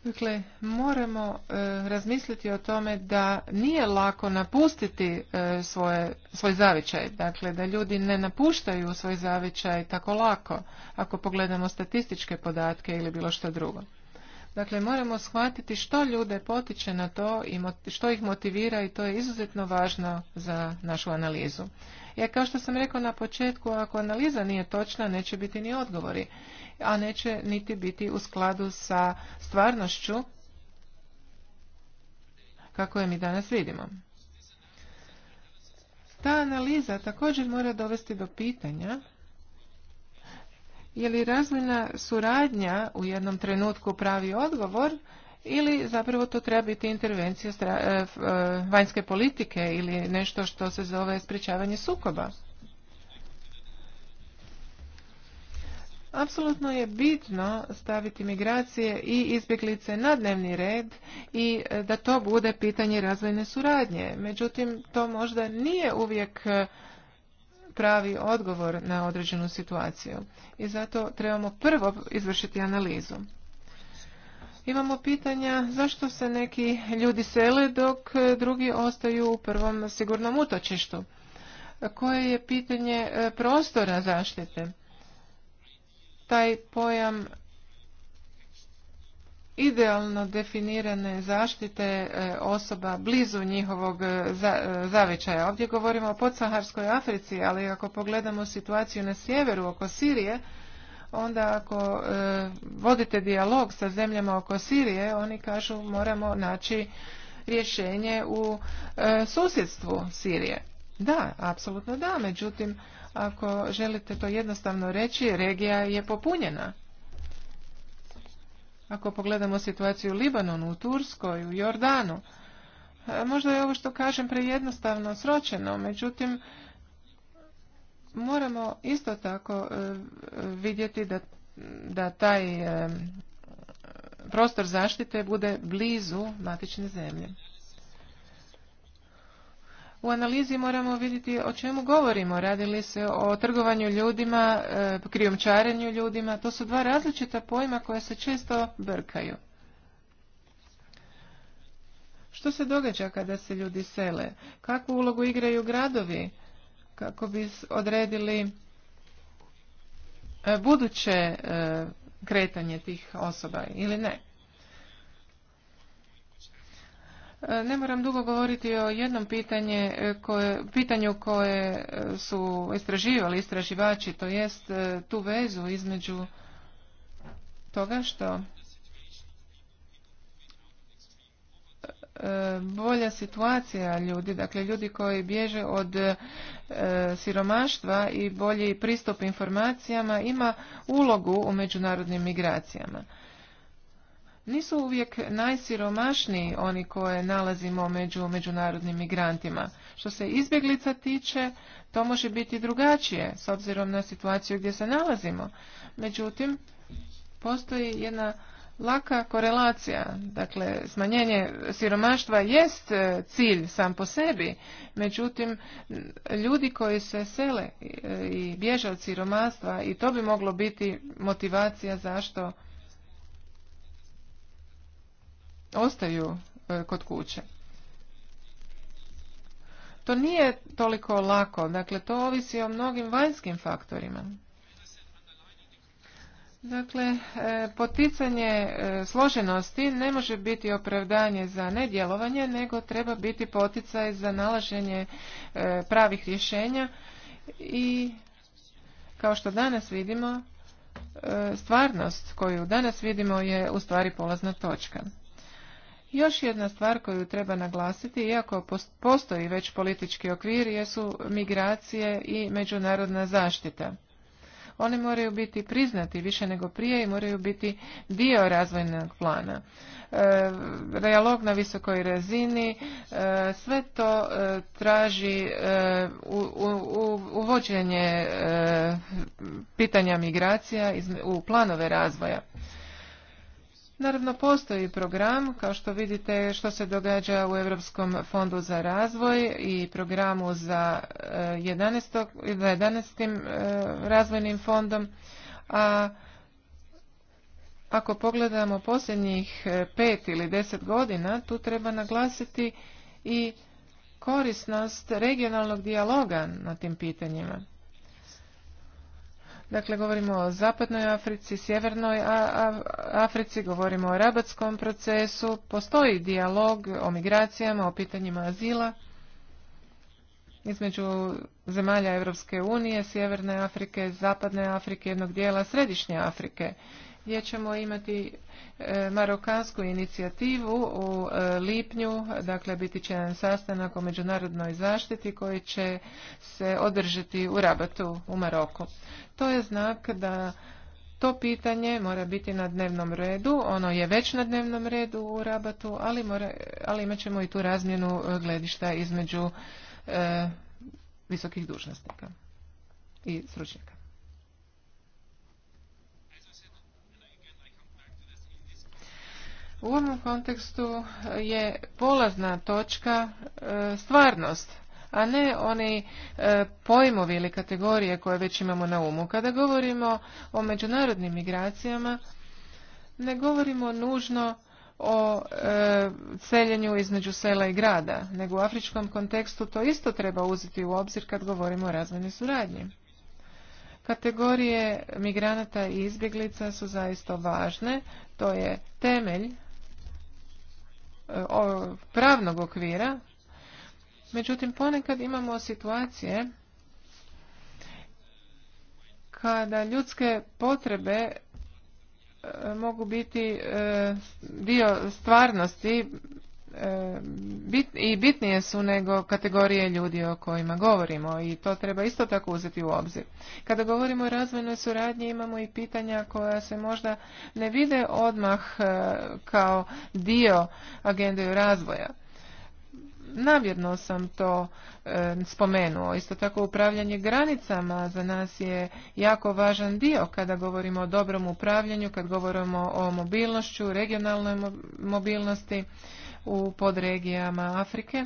Dakle, moramo e, razmisliti o tome da nije lako napustiti e, svoje, svoj zavičaj. Dakle, da ljudi ne napuštaju svoj zavičaj tako lako, ako pogledamo statističke podatke ili bilo što drugo. Dakle, moramo shvatiti što ljude potiče na to i što ih motivira i to je izuzetno važno za našu analizu. Ja kao što sam rekao na početku, ako analiza nije točna, neće biti ni odgovori a neće niti biti u skladu sa stvarnošću kako je mi danas vidimo. Ta analiza također mora dovesti do pitanja je li razvojna suradnja u jednom trenutku pravi odgovor ili zapravo to treba biti intervencija eh, eh, vanjske politike ili nešto što se zove sprečavanje sukoba. Apsolutno je bitno staviti migracije i izbjeglice na dnevni red i e, da to bude pitanje razvojne suradnje. Međutim, to možda nije uvijek e, pravi odgovor na određenu situaciju i zato trebamo prvo izvršiti analizu. Imamo pitanja zašto se neki ljudi sele dok e, drugi ostaju u prvom sigurnom utočištu. Koje je pitanje prostora zaštite? taj pojam idealno definirane zaštite e, osoba blizu njihovog e, e, zavičaja. Ovdje govorimo o podsaharskoj Africi, ali ako pogledamo situaciju na sjeveru oko Sirije, onda ako vodite dijalog sa zemljama oko Sirije, oni kažu moramo naći rješenje u susjedstvu Sirije. Da, apsolutno da, međutim ako želite to jednostavno reći, regija je popunjena. Ako pogledamo situaciju u Libanonu, u Turskoj, u Jordanu, možda je ovo što kažem prejednostavno sročeno, međutim, moramo isto tako e, vidjeti da, da taj e, prostor zaštite bude blizu matične zemlje u analizi moramo vidjeti o čemu govorimo. Radi li se o trgovanju ljudima, e, krijumčarenju ljudima. To su dva različita pojma koja se često brkaju. Što se događa kada se ljudi sele? Kakvu ulogu igraju gradovi? Kako bi odredili e, buduće e, kretanje tih osoba ili ne? E, ne moram dugo govoriti o jednom pitanje e, koje, pitanju koje e, su istraživali istraživači, to jest tu vezu između toga što bolja situacija ljudi, dakle ljudi koji bježe od siromaštva i bolji pristup informacijama ima ulogu u međunarodnim migracijama nisu uvijek najsiromašniji oni koje nalazimo među međunarodnim migrantima. Što se izbjeglica tiče, to može biti drugačije s obzirom na situaciju gdje se nalazimo. Međutim, postoji jedna laka korelacija. Dakle, smanjenje siromaštva jest e, cilj sam po sebi, međutim, ljudi koji se sele e, i bježe od siromaštva i to bi moglo biti motivacija zašto ostaju e, kod kuće. To nije toliko lako, dakle to ovisi o mnogim vanjskim faktorima. Dakle, e, poticanje e, složenosti ne može biti opravdanje za nedjelovanje, nego treba biti poticaj za nalaženje pravih rješenja i kao što danas vidimo, stvarnost koju danas vidimo je u stvari polazna točka. Još jedna stvar koju treba naglasiti, iako postoji već politički okvir, jesu migracije i međunarodna zaštita. One moraju biti priznati više nego prije i moraju biti dio razvojnog plana. Realog na visokoj razini, e, sve to e, traži e, uvođenje pitanja migracija u planove razvoja. Naravno, postoji program, kao što vidite, što se događa u Europskom fondu za razvoj i programu za 11. Eh, eh, razvojnim fondom. A ako pogledamo posljednjih eh, pet ili deset godina, tu treba naglasiti i korisnost regionalnog dijaloga na tim pitanjima. Dakle, govorimo o zapadnoj Africi, sjevernoj Africi, govorimo o rabatskom procesu, postoji dijalog o migracijama, o pitanjima azila između zemalja Europske unije, sjeverne Afrike, zapadne Afrike, jednog dijela središnje Afrike gdje ćemo imati e, marokansku inicijativu u e, lipnju, dakle biti će jedan sastanak o međunarodnoj zaštiti koji će se održati u Rabatu u Maroku. To je znak da to pitanje mora biti na dnevnom redu, ono je već na dnevnom redu u Rabatu, ali, mora, ali imat ćemo i tu razmjenu e, gledišta između visokih dužnosnika i stručnjaka. U ovom kontekstu je polazna točka e, stvarnost, a ne oni e, pojmovi ili kategorije koje već imamo na umu. Kada govorimo o međunarodnim migracijama, ne govorimo nužno o celjenju e, između sela i grada, nego u afričkom kontekstu to isto treba uzeti u obzir kad govorimo o razvojnoj suradnji. Kategorije migranata i izbjeglica su zaista važne, to je temelj E, pravnog okvira. Međutim, ponekad imamo situacije kada ljudske potrebe e, mogu biti e, dio stvarnosti bit, i bitnije su nego kategorije ljudi o kojima govorimo i to treba isto tako uzeti u obzir. Kada govorimo o razvojnoj suradnji imamo i pitanja koja se možda ne vide odmah e, kao dio agende razvoja. Namjerno sam to e, spomenuo. Isto tako upravljanje granicama za nas je jako važan dio kada govorimo o dobrom upravljanju, kad govorimo o mobilnošću, regionalnoj mobilnosti u podregijama Afrike.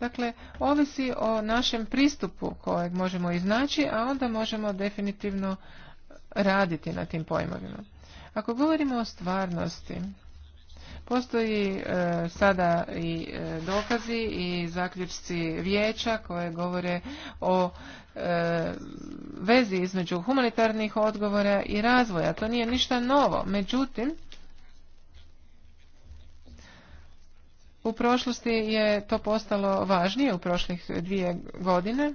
Dakle, ovisi o našem pristupu kojeg možemo iznaći, a onda možemo definitivno raditi na tim pojmovima. Ako govorimo o stvarnosti, Postoji e, sada i e, dokazi i zaključci vijeća koje govore o e, vezi između humanitarnih odgovora i razvoja. To nije ništa novo. Međutim, U prošlosti je to postalo važnije u prošlih dvije godine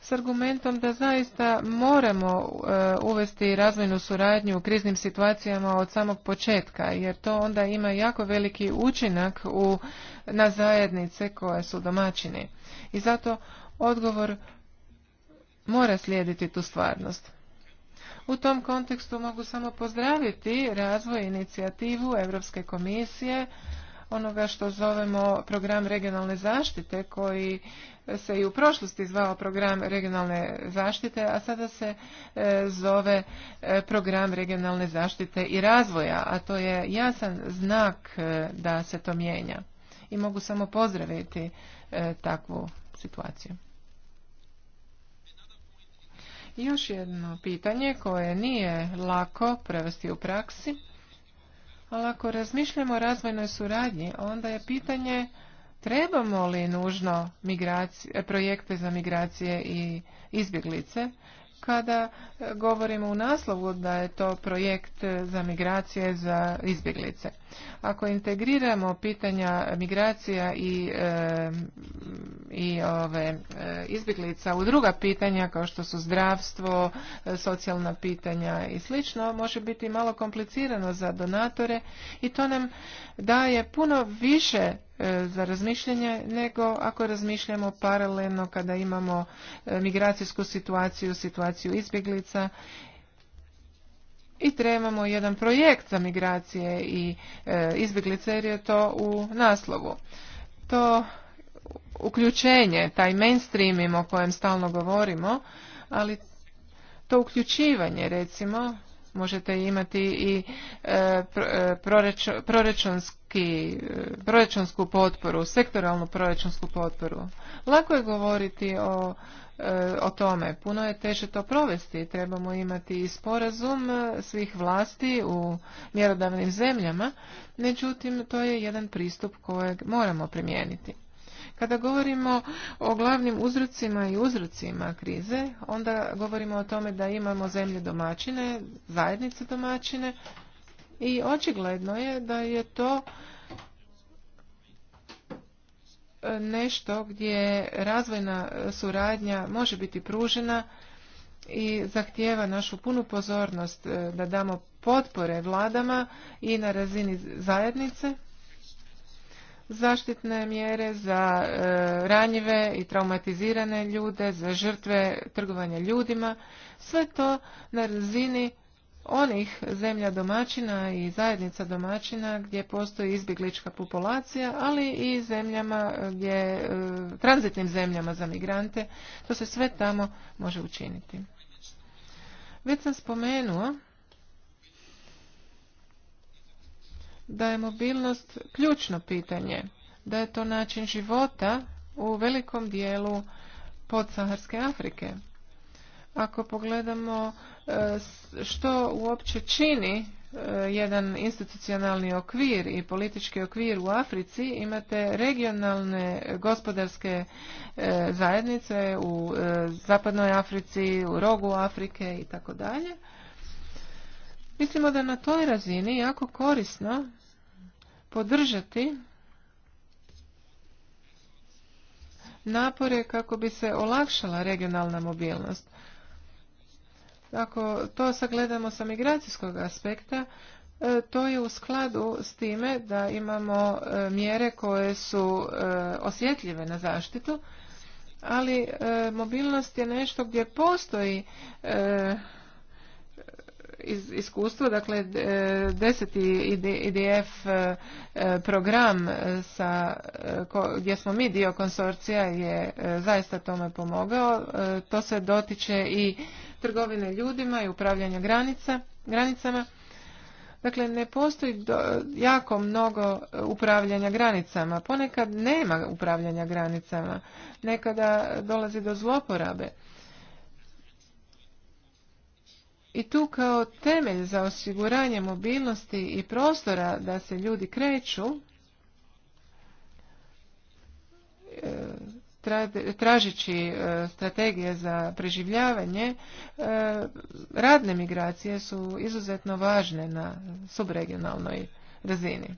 s argumentom da zaista moramo e, uvesti razvojnu suradnju u kriznim situacijama od samog početka jer to onda ima jako veliki učinak u, na zajednice koje su domaćine i zato odgovor mora slijediti tu stvarnost u tom kontekstu mogu samo pozdraviti razvoj inicijativu Europske komisije onoga što zovemo program regionalne zaštite koji se i u prošlosti zvao program regionalne zaštite, a sada se e, zove e, program regionalne zaštite i razvoja, a to je jasan znak e, da se to mijenja. I mogu samo pozdraviti takvu situaciju. Još jedno pitanje koje nije lako prevesti u praksi, ali ako razmišljamo o razvojnoj suradnji, onda je pitanje trebamo li nužno projekte za migracije i izbjeglice kada e, govorimo u naslovu da je to projekt e, za migracije za izbjeglice. Ako integriramo pitanja migracija i, e, i ove izbjeglica u druga pitanja kao što su zdravstvo, socijalna pitanja i sl. može biti malo komplicirano za donatore i to nam daje puno više E, za razmišljanje, nego ako razmišljamo paralelno kada imamo e, migracijsku situaciju, situaciju izbjeglica i trebamo jedan projekt za migracije i e, izbjeglice jer je to u naslovu. To uključenje, taj mainstream o kojem stalno govorimo, ali to uključivanje recimo možete imati i e, e, e, proračunsku potporu, sektoralnu proračunsku potporu. Lako je govoriti o, o tome, puno je teže to provesti. Trebamo imati i sporazum svih vlasti u mjerodavnim zemljama, međutim to je jedan pristup kojeg moramo primijeniti. Kada govorimo o glavnim uzrocima i uzrocima krize, onda govorimo o tome da imamo zemlje domaćine, zajednice domaćine i očigledno je da je to e, nešto gdje razvojna suradnja može biti pružena i zahtijeva našu punu pozornost e, da damo potpore vladama i na razini zajednice zaštitne mjere za e, ranjive i traumatizirane ljude, za žrtve trgovanja ljudima, sve to na razini onih zemlja domaćina i zajednica domaćina gdje postoji izbjeglička populacija, ali i zemljama e, gdje, e, tranzitnim zemljama za migrante, to se sve tamo može učiniti. Već sam spomenuo da je mobilnost ključno pitanje, da je to način života u velikom dijelu podsaharske Afrike. Ako pogledamo e, što uopće čini e, jedan institucionalni okvir i politički okvir u Africi, imate regionalne gospodarske e, zajednice u Zapadnoj Africi, u rogu Afrike i tako dalje. Mislimo da na toj razini jako korisno podržati napore kako bi se olakšala regionalna mobilnost. Ako to sagledamo sa migracijskog aspekta, e, to je u skladu s time da imamo e, mjere koje su e, osjetljive na zaštitu, ali mobilnost je nešto gdje postoji iskustvo, dakle e, deseti IDF e e, program sa, gdje smo mi dio konsorcija je zaista tome pomogao. To se dotiče i trgovine ljudima i upravljanja granica, granicama. Dakle, ne postoji jako mnogo upravljanja granicama. Ponekad nema upravljanja granicama. Nekada dolazi do zloporabe i tu kao temelj za osiguranje mobilnosti i prostora da se ljudi kreću e, tražeći e, strategije za preživljavanje e, radne migracije su izuzetno važne na subregionalnoj razini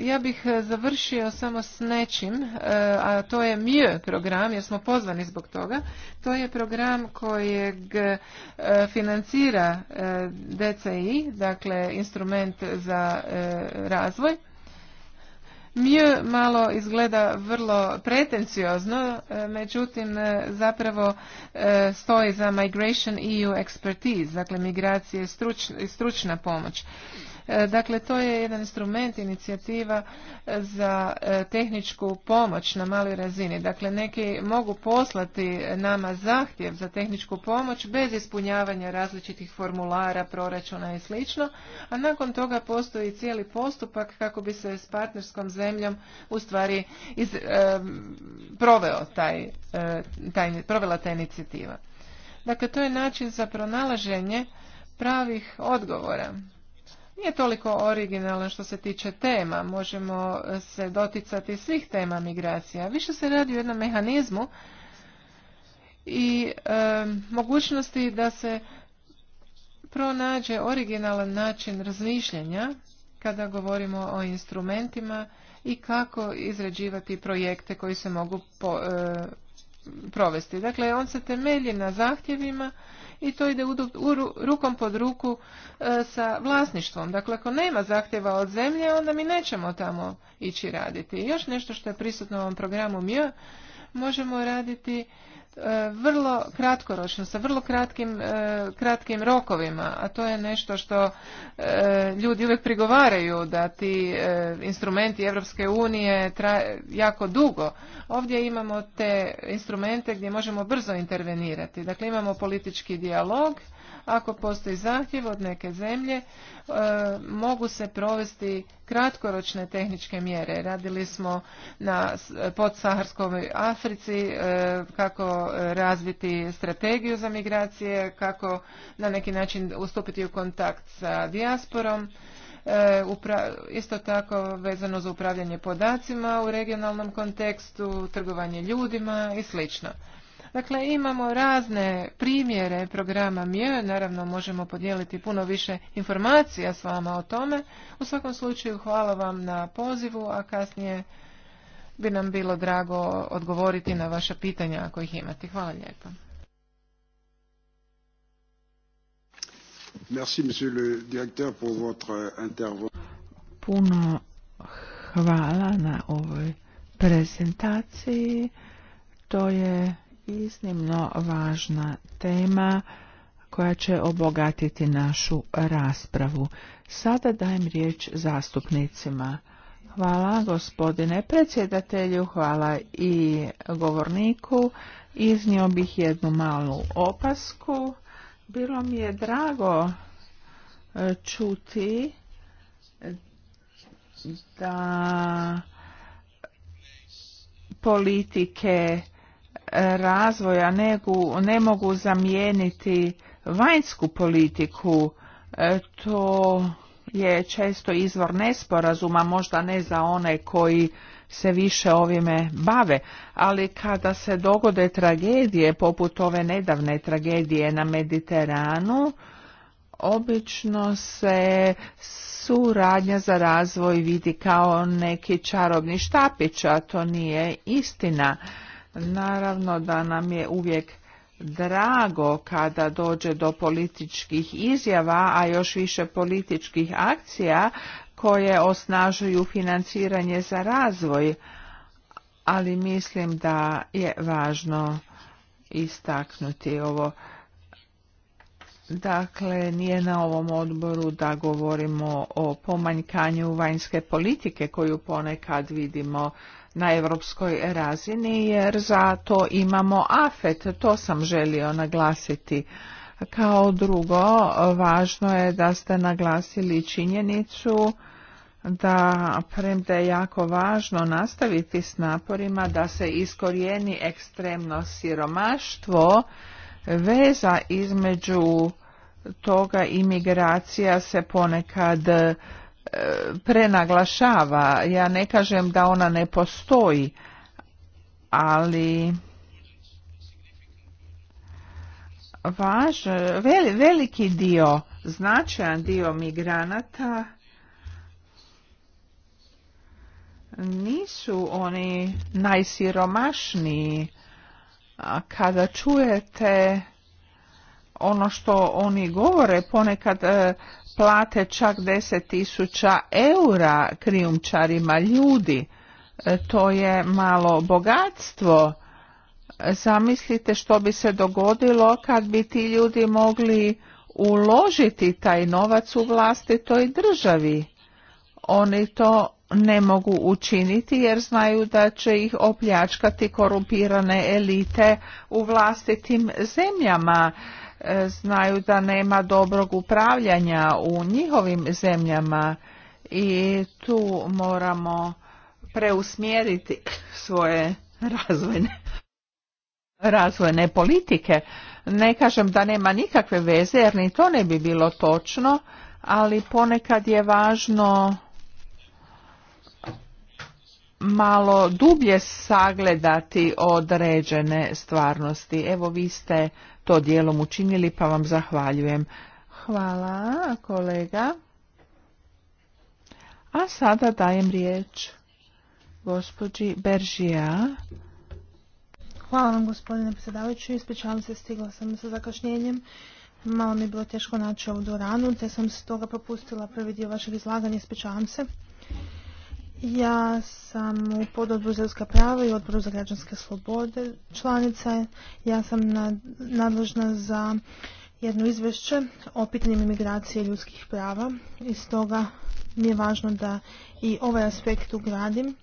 ja bih završio samo s nečim, e, a to je MIE program, jer smo pozvani zbog toga. To je program kojeg e, financira e, DCI, dakle instrument za razvoj. MIE malo izgleda vrlo pretenciozno, međutim zapravo stoji za Migration EU Expertise, dakle migracije i stručna pomoć. E, dakle, to je jedan instrument, inicijativa e, za e, tehničku pomoć na maloj razini. Dakle, neki mogu poslati nama zahtjev za tehničku pomoć bez ispunjavanja različitih formulara, proračuna i sl. A nakon toga postoji cijeli postupak kako bi se s partnerskom zemljom u stvari iz, proveo taj, taj, provela ta inicijativa. Dakle, to je način za pronalaženje pravih odgovora nije toliko originalan što se tiče tema. Možemo se doticati svih tema migracija. Više se radi o jednom mehanizmu i mogućnosti da se pronađe originalan način razmišljanja kada govorimo o instrumentima i kako izrađivati projekte koji se mogu provesti. Dakle, on se temelji na zahtjevima i to ide u, u, rukom pod ruku e, sa vlasništvom. Dakle, ako nema zahtjeva od zemlje, onda mi nećemo tamo ići raditi. I još nešto što je prisutno u ovom programu MIO, možemo raditi vrlo kratkoročno, sa vrlo kratkim, e, kratkim rokovima, a to je nešto što e, ljudi uvijek prigovaraju da ti e, instrumenti Europske unije jako dugo. Ovdje imamo te instrumente gdje možemo brzo intervenirati. Dakle, imamo politički dijalog ako postoji zahtjev od neke zemlje, e, mogu se provesti kratkoročne tehničke mjere. Radili smo na podsaharskoj Africi e, kako razviti strategiju za migracije, kako na neki način ustupiti u kontakt sa dijasporom. E, isto tako vezano za upravljanje podacima u regionalnom kontekstu, trgovanje ljudima i slično. Dakle, imamo razne primjere programa MIE, naravno možemo podijeliti puno više informacija s vama o tome. U svakom slučaju hvala vam na pozivu, a kasnije bi nam bilo drago odgovoriti na vaša pitanja ako ih imate. Hvala lijepo. Merci, monsieur le directeur, pour votre euh, Puno hvala na ovoj prezentaciji. To je iznimno važna tema koja će obogatiti našu raspravu. Sada dajem riječ zastupnicima. Hvala gospodine predsjedatelju, hvala i govorniku. Iznio bih jednu malu opasku. Bilo mi je drago e, čuti da politike razvoja ne mogu zamijeniti vanjsku politiku. E, to je često izvor nesporazuma, možda ne za one koji se više ovime bave, ali kada se dogode tragedije, poput ove nedavne tragedije na Mediteranu, obično se suradnja za razvoj vidi kao neki čarobni štapić, a to nije istina. Naravno da nam je uvijek drago kada dođe do političkih izjava, a još više političkih akcija koje osnažuju financiranje za razvoj, ali mislim da je važno istaknuti ovo. Dakle, nije na ovom odboru da govorimo o pomanjkanju vanjske politike koju ponekad vidimo na europskoj razini jer za to imamo afet, to sam želio naglasiti. Kao drugo, važno je da ste naglasili činjenicu da premda je jako važno nastaviti s naporima da se iskorijeni ekstremno siromaštvo, veza između toga imigracija se ponekad prenaglašava. Ja ne kažem da ona ne postoji, ali važ, veliki dio, značajan dio migranata nisu oni najsiromašniji. A kada čujete ono što oni govore, ponekad e, plate čak 10.000 eura krijumčarima ljudi. E, to je malo bogatstvo. Zamislite što bi se dogodilo kad bi ti ljudi mogli uložiti taj novac u vlastitoj državi. Oni to ne mogu učiniti jer znaju da će ih opljačkati korumpirane elite u vlastitim zemljama. E, znaju da nema dobrog upravljanja u njihovim zemljama i tu moramo preusmjeriti svoje razvojne razvojne politike. Ne kažem da nema nikakve veze jer ni to ne bi bilo točno, ali ponekad je važno malo dublje sagledati određene stvarnosti. Evo vi ste to dijelom učinili, pa vam zahvaljujem. Hvala, kolega. A sada dajem riječ gospođi Beržija. Hvala vam gospodine predsjedavajući, ispričavam se, stigla sam sa zakašnjenjem. Malo mi je bilo teško naći ovu doranu, te sam stoga propustila prvi dio vašeg izlaganja, ispričavam se. Ja sam u pododboru za ljudska prava i odboru za građanske slobode članica. Ja sam nadležna za jedno izvješće o pitanjima imigracije ljudskih prava i stoga mi je važno da i ovaj aspekt ugradim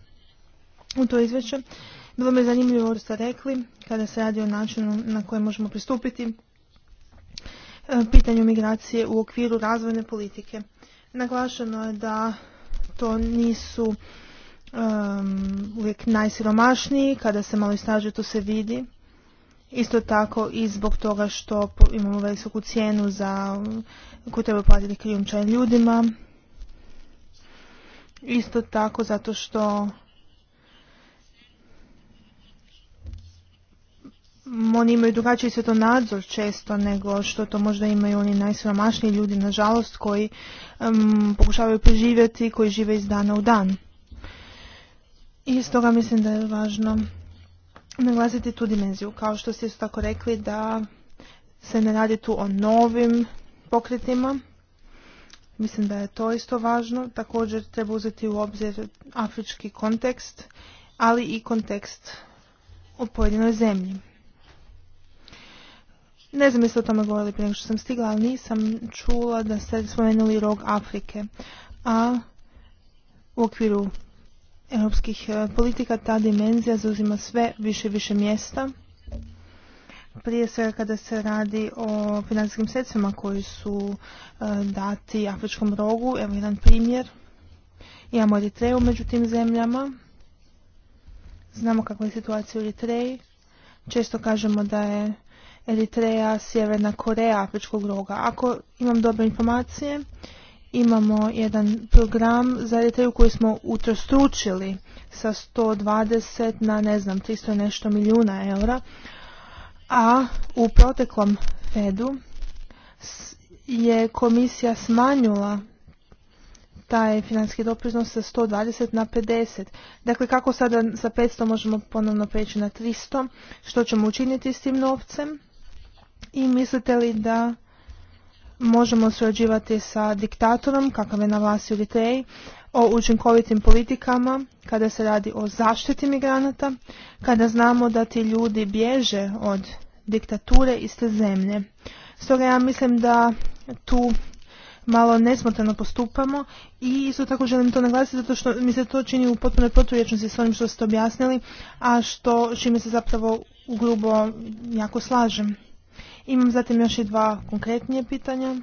u to izvješće. Bilo me zanimljivo što ste rekli kada se radi o načinu na koje možemo pristupiti e, pitanju migracije u okviru razvojne politike. Naglašeno je da to nisu uvijek najsiromašniji, kada se malo istražuje to se vidi. Isto tako i zbog toga što imamo visoku cijenu za koju treba platiti krijumčaj ljudima. Isto tako zato što oni imaju drugačiji svjetonadzor često nego što to možda imaju oni najsiromašniji ljudi, nažalost, koji pokušavaju preživjeti, koji žive iz dana u dan. I stoga mislim da je važno naglasiti tu dimenziju. Kao što ste isto tako rekli da se ne radi tu o novim pokretima, mislim da je to isto važno. Također treba uzeti u obzir afrički kontekst, ali i kontekst u pojedinoj zemlji. Ne znam jeste o tome govorili prije nego što sam stigla, ali nisam čula da ste spomenuli rog Afrike. A u okviru europskih e, politika ta dimenzija zauzima sve više i više mjesta. Prije svega kada se radi o financijskim sredstvima koji su e, dati afričkom rogu, evo jedan primjer. Imamo Eritreju među tim zemljama. Znamo kakva je situacija u Eritreji. Često kažemo da je Eritreja, Sjeverna Koreja, Afričkog roga. Ako imam dobre informacije, imamo jedan program za Eritreju koji smo utrostručili sa 120 na ne znam 300 nešto milijuna eura, a u proteklom Fedu je komisija smanjila taj financijski doprinos sa 120 na 50. Dakle, kako sada sa 500 možemo ponovno preći na 300? Što ćemo učiniti s tim novcem? i mislite li da možemo surađivati sa diktatorom kakav je na vlasti u Eritreji o učinkovitim politikama kada se radi o zaštiti migranata, kada znamo da ti ljudi bježe od diktature iste zemlje. Stoga ja mislim da tu malo nesmotreno postupamo i isto tako želim to naglasiti zato što mi se to čini u potpunoj proturječnosti s onim što ste objasnili, a što čime se zapravo grubo jako slažem. Imam zatim još i dva konkretnije pitanja.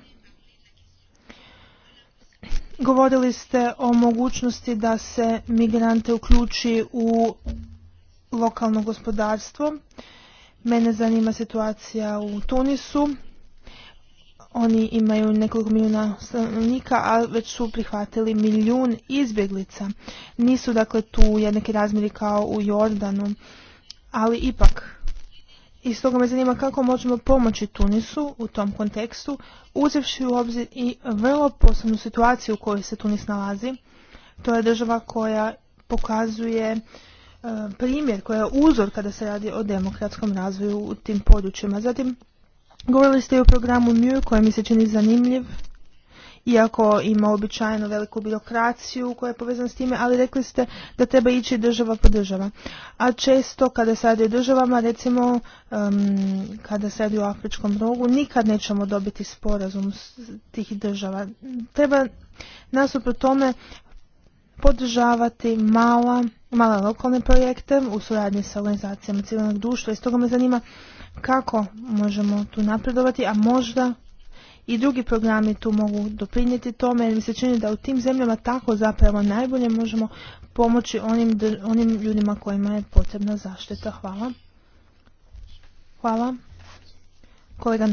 Govorili ste o mogućnosti da se migrante uključi u lokalno gospodarstvo. Mene zanima situacija u Tunisu. Oni imaju nekoliko milijuna stanovnika, a već su prihvatili milijun izbjeglica. Nisu dakle tu jednaki razmjeri kao u Jordanu, ali ipak i stoga me zanima kako možemo pomoći Tunisu u tom kontekstu, uzevši u obzir i vrlo posebnu situaciju u kojoj se Tunis nalazi. To je država koja pokazuje e, primjer, koja je uzor kada se radi o demokratskom razvoju u tim područjima. Zatim, govorili ste i o programu MIR koji mi se čini zanimljiv iako ima običajno veliku birokraciju koja je povezana s time, ali rekli ste da treba ići država po država. A često kada se radi o državama, recimo kada se radi o Afričkom drogu, nikad nećemo dobiti sporazum s tih država. Treba nasuprot tome podržavati mala, male lokalne projekte u suradnji sa organizacijama civilnog društva i stoga me zanima kako možemo tu napredovati, a možda i drugi programi tu mogu doprinijeti tome jer mi se čini da u tim zemljama tako zapravo najbolje možemo pomoći onim, onim ljudima kojima je potrebna zaštita. Hvala. Hvala. Kolega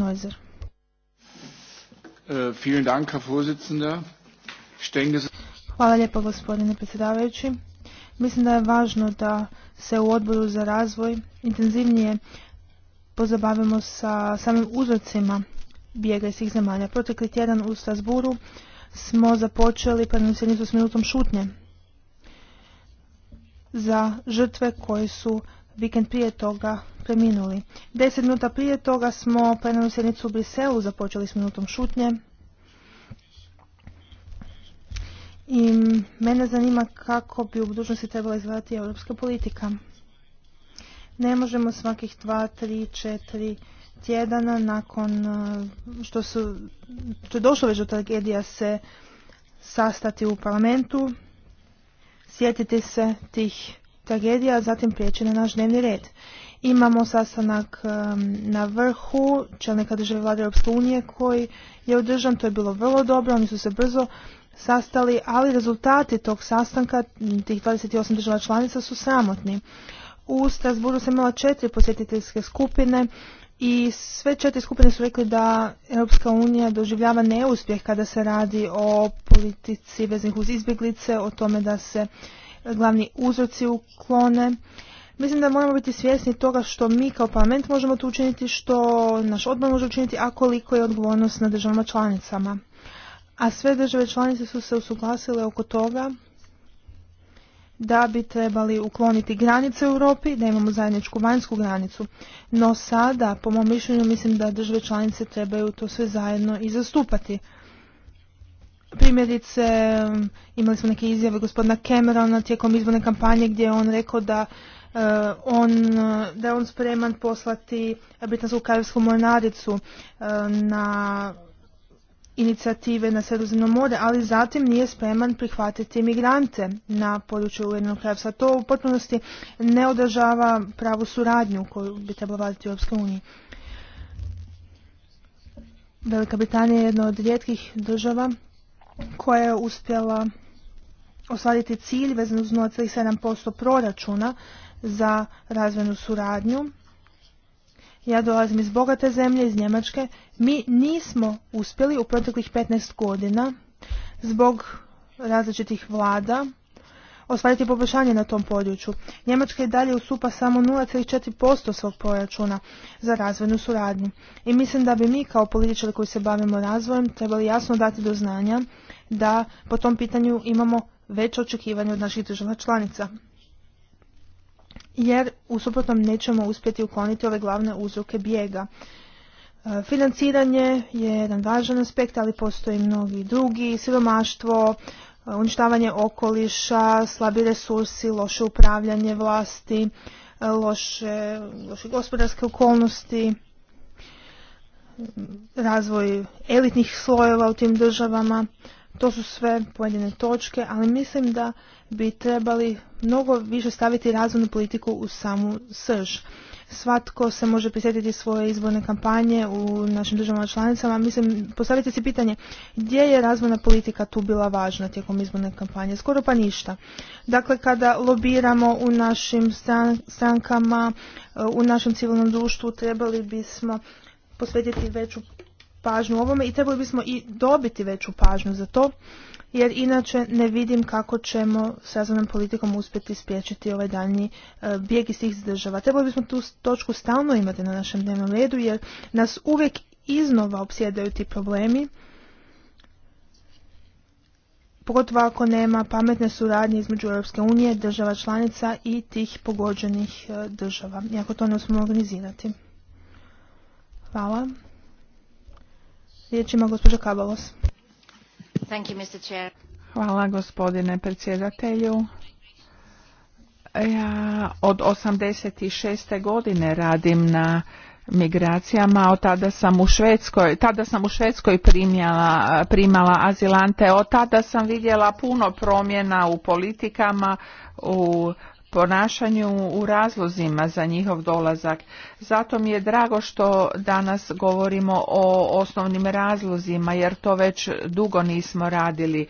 e, Hvala lijepo gospodine predsjedavajući. Mislim da je važno da se u odboru za razvoj intenzivnije pozabavimo sa samim uzrocima bijega iz svih zemalja. Protekli tjedan u Strasburu smo započeli plenarnu sjednicu s minutom šutnje za žrtve koje su vikend prije toga preminuli. Deset minuta prije toga smo plenarnu sjednicu u Briselu započeli s minutom šutnje. I mene zanima kako bi u budućnosti trebala izgledati europska politika. Ne možemo svakih dva, tri, četiri tjedana nakon e, što, su, što je došlo već do tragedija se sastati u parlamentu, sjetiti se tih tragedija, zatim prijeći na naš dnevni red. Imamo sastanak e, na vrhu čelnika države vlade Europske unije koji je održan, to je bilo vrlo dobro, oni su se brzo sastali, ali rezultati tog sastanka, tih 28 država članica su sramotni. U Strasburu se imala četiri posjetiteljske skupine, i sve četiri skupine su rekli da Europska unija doživljava neuspjeh kada se radi o politici veznih uz izbjeglice, o tome da se glavni uzroci uklone. Mislim da moramo biti svjesni toga što mi kao parlament možemo to učiniti, što naš odbor može učiniti, a koliko je odgovornost na državama članicama. A sve države članice su se usuglasile oko toga da bi trebali ukloniti granice u Europi, da imamo zajedničku vanjsku granicu. No sada, po mom mišljenju, mislim da države članice trebaju to sve zajedno i zastupati. Primjerice, imali smo neke izjave gospodina Camerona tijekom izborne kampanje gdje je on rekao da eh, on, da je on spreman poslati britansku karavsku mornaricu eh, na inicijative na Sredozemno more, ali zatim nije spreman prihvatiti migrante na području Ujedinog kraljevstva. To u potpunosti ne održava pravu suradnju koju bi trebalo vaditi u Europskoj uniji. Velika Britanija je jedna od rijetkih država koja je uspjela ostvariti cilj vezan uz 0,7% proračuna za razvojnu suradnju ja dolazim iz bogate zemlje, iz Njemačke, mi nismo uspjeli u proteklih 15 godina zbog različitih vlada ostvariti poboljšanje na tom području. Njemačka je dalje usupa samo 0,4% svog proračuna za razvojnu suradnju. I mislim da bi mi kao političari koji se bavimo razvojem trebali jasno dati do znanja da po tom pitanju imamo veće očekivanje od naših država članica jer u suprotnom nećemo uspjeti ukloniti ove glavne uzroke bijega. E, financiranje je jedan važan aspekt, ali postoji mnogi drugi, siromaštvo, e, uništavanje okoliša, slabi resursi, loše upravljanje vlasti, e, loše gospodarske okolnosti, razvoj elitnih slojeva u tim državama. To su sve pojedine točke, ali mislim da bi trebali mnogo više staviti razvojnu politiku u samu srž. Svatko se može prisjetiti svoje izborne kampanje u našim državama članicama. Mislim, postavite si pitanje gdje je razvojna politika tu bila važna tijekom izborne kampanje? Skoro pa ništa. Dakle, kada lobiramo u našim strankama, e, u našem civilnom društvu, trebali bismo posvetiti veću pažnju ovome i trebali bismo i dobiti veću pažnju za to jer inače ne vidim kako ćemo s razvojnom politikom uspjeti spriječiti ovaj daljnji e, bijeg iz tih država. Trebali bismo tu točku stalno imati na našem dnevnom redu jer nas uvijek iznova obsjedaju ti problemi, pogotovo ako nema pametne suradnje između Europske unije, država članica i tih pogođenih e, država, Iako to ne smo organizirati. Hvala. Riječ ima gospođa Kabalos. Hvala gospodine predsjedatelju. Ja od 86. godine radim na migracijama, od tada sam u Švedskoj, tada sam u Švedskoj primjala, primala azilante, od tada sam vidjela puno promjena u politikama, u ponašanju u razlozima za njihov dolazak. Zato mi je drago što danas govorimo o osnovnim razlozima jer to već dugo nismo radili.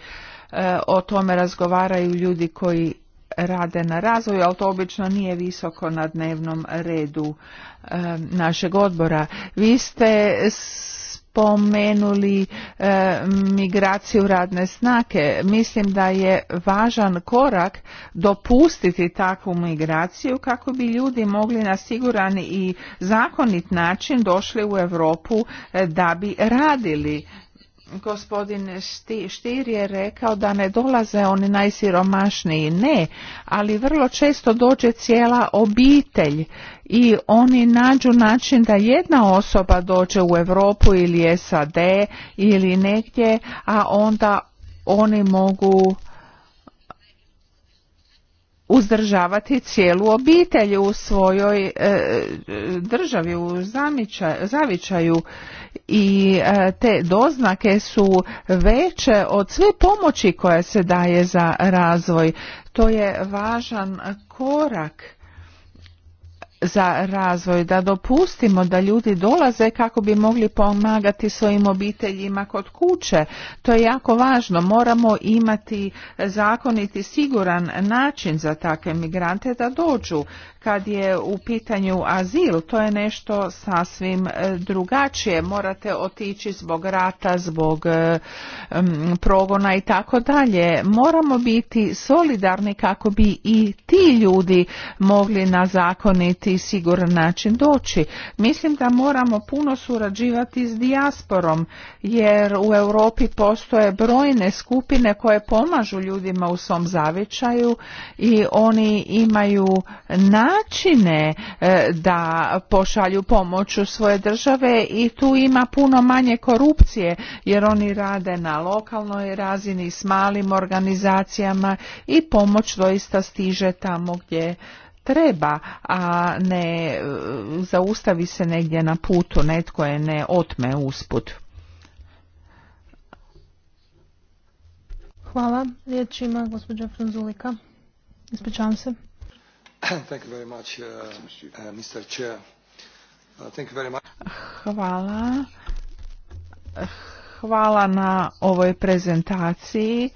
E, o tome razgovaraju ljudi koji rade na razvoju, ali to obično nije visoko na dnevnom redu e, našeg odbora. Vi ste spomenuli e, migraciju radne snake. Mislim da je važan korak dopustiti takvu migraciju kako bi ljudi mogli na siguran i zakonit način došli u Europu e, da bi radili Gospodin Štir je rekao da ne dolaze oni najsiromašniji, ne, ali vrlo često dođe cijela obitelj i oni nađu način da jedna osoba dođe u Europu ili SAD ili negdje, a onda oni mogu uzdržavati cijelu obitelj u svojoj e, e, državi, u zavičaju i e, te doznake su veće od sve pomoći koja se daje za razvoj. To je važan korak za razvoj, da dopustimo da ljudi dolaze kako bi mogli pomagati svojim obiteljima kod kuće. To je jako važno. Moramo imati zakoniti siguran način za takve migrante da dođu kad je u pitanju azil, to je nešto sasvim e, drugačije. Morate otići zbog rata, zbog e, progona i tako dalje. Moramo biti solidarni kako bi i ti ljudi mogli na zakoniti siguran način doći. Mislim da moramo puno surađivati s dijasporom, jer u Europi postoje brojne skupine koje pomažu ljudima u svom zavičaju i oni imaju na načine e, da pošalju pomoć u svoje države i tu ima puno manje korupcije jer oni rade na lokalnoj razini s malim organizacijama i pomoć doista stiže tamo gdje treba, a ne e, zaustavi se negdje na putu, netko je ne otme usput. Hvala. Riječ gospođa Franzulika. Ispričavam se. Hvala. Hvala na ovoj prezentaciji.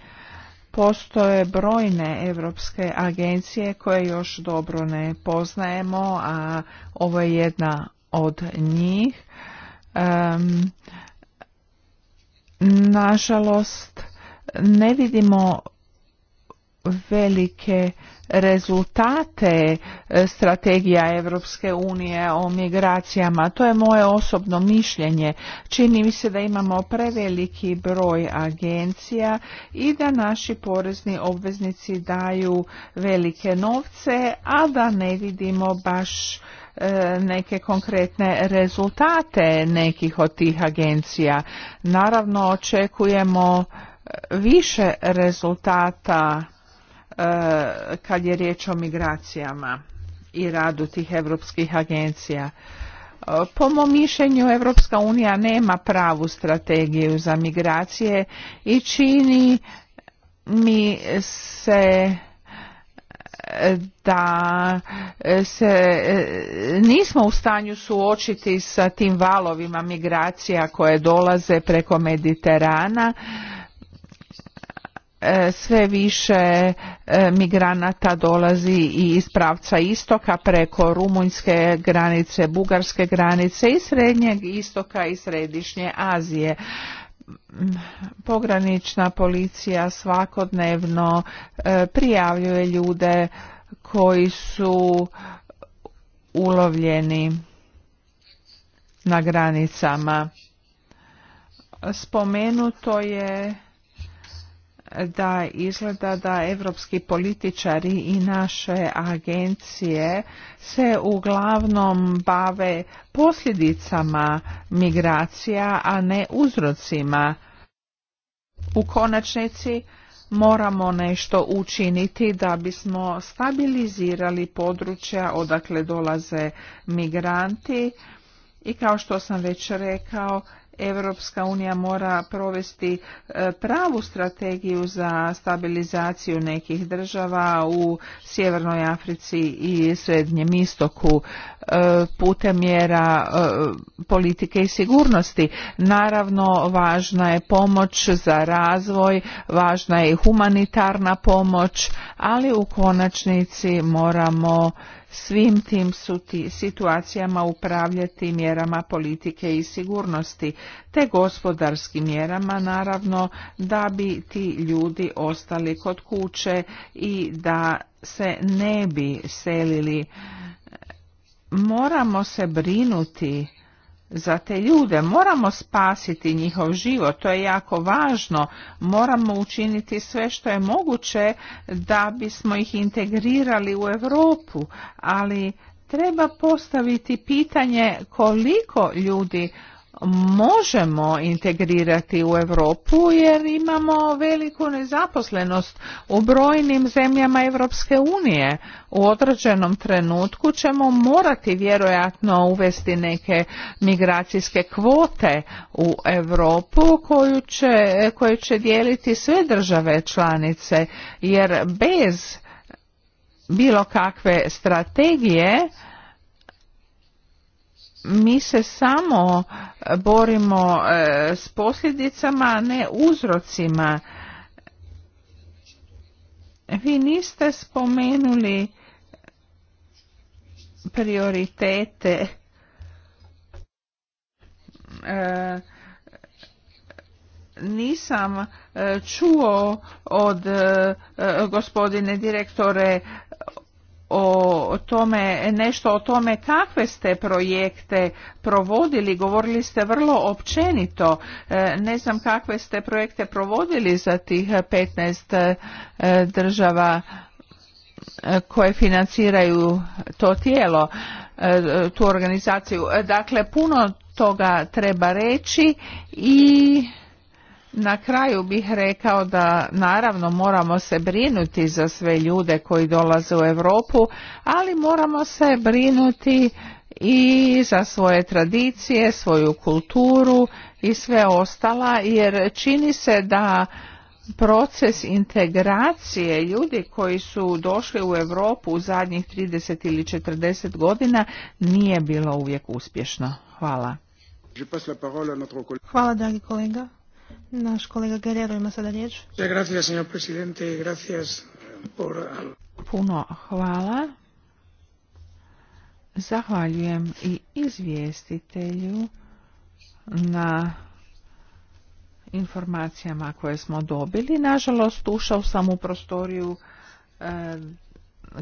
Postoje brojne evropske agencije koje još dobro ne poznajemo, a ovo je jedna od njih. nažalost, ne vidimo velike rezultate e, strategija Europske unije o migracijama. To je moje osobno mišljenje. Čini mi se da imamo preveliki broj agencija i da naši porezni obveznici daju velike novce, a da ne vidimo baš e, neke konkretne rezultate nekih od tih agencija. Naravno očekujemo e, više rezultata Eh, kad je riječ o migracijama i radu tih europskih agencija. Eh, po mom mišljenju Evropska unija nema pravu strategiju za migracije i čini mi se eh, da se nismo u stanju suočiti sa tim valovima migracija koje dolaze preko Mediterana E, sve više e, migranata dolazi i iz pravca istoka preko rumunjske granice, bugarske granice i srednjeg istoka i središnje Azije. Pogranična policija svakodnevno e, prijavljuje ljude koji su ulovljeni na granicama. Spomenuto je da izgleda da evropski političari i naše agencije se uglavnom bave posljedicama migracija, a ne uzrocima. U konačnici moramo nešto učiniti da bismo stabilizirali područja odakle dolaze migranti i kao što sam već rekao Evropska unija mora provesti e, pravu strategiju za stabilizaciju nekih država u Sjevernoj Africi i Srednjem istoku e, putem mjera e, politike i sigurnosti. Naravno, važna je pomoć za razvoj, važna je i humanitarna pomoć, ali u konačnici moramo svim tim su ti situacijama upravljati mjerama politike i sigurnosti, te gospodarskim mjerama naravno da bi ti ljudi ostali kod kuće i da se ne bi selili. Moramo se brinuti za te ljude. Moramo spasiti njihov život, to je jako važno. Moramo učiniti sve što je moguće da bismo ih integrirali u Europu, ali treba postaviti pitanje koliko ljudi možemo integrirati u Europu jer imamo veliku nezaposlenost u brojnim zemljama Europske unije. U određenom trenutku ćemo morati vjerojatno uvesti neke migracijske kvote u Europu koju će, koje će dijeliti sve države članice jer bez bilo kakve strategije mi se samo e, borimo e, s posljedicama, a ne uzrocima. Vi niste spomenuli prioritete e, nisam čuo od gospodine direktore o tome, nešto o tome kakve ste projekte provodili, govorili ste vrlo općenito, e, ne znam kakve ste projekte provodili za tih 15 e, država e, koje financiraju to tijelo, tu organizaciju. Dakle, puno toga treba reći i na kraju bih rekao da naravno moramo se brinuti za sve ljude koji dolaze u Europu, ali moramo se brinuti i za svoje tradicije, svoju kulturu i sve ostala jer čini se da proces integracije ljudi koji su došli u Europu u zadnjih 30 ili 40 godina nije bilo uvijek uspješno. Hvala. Hvala dragi kolega. Naš kolega ima sada riječ. Puno hvala. Zahvaljujem i izvjestitelju na informacijama koje smo dobili. Nažalost, ušao sam u prostoriju e,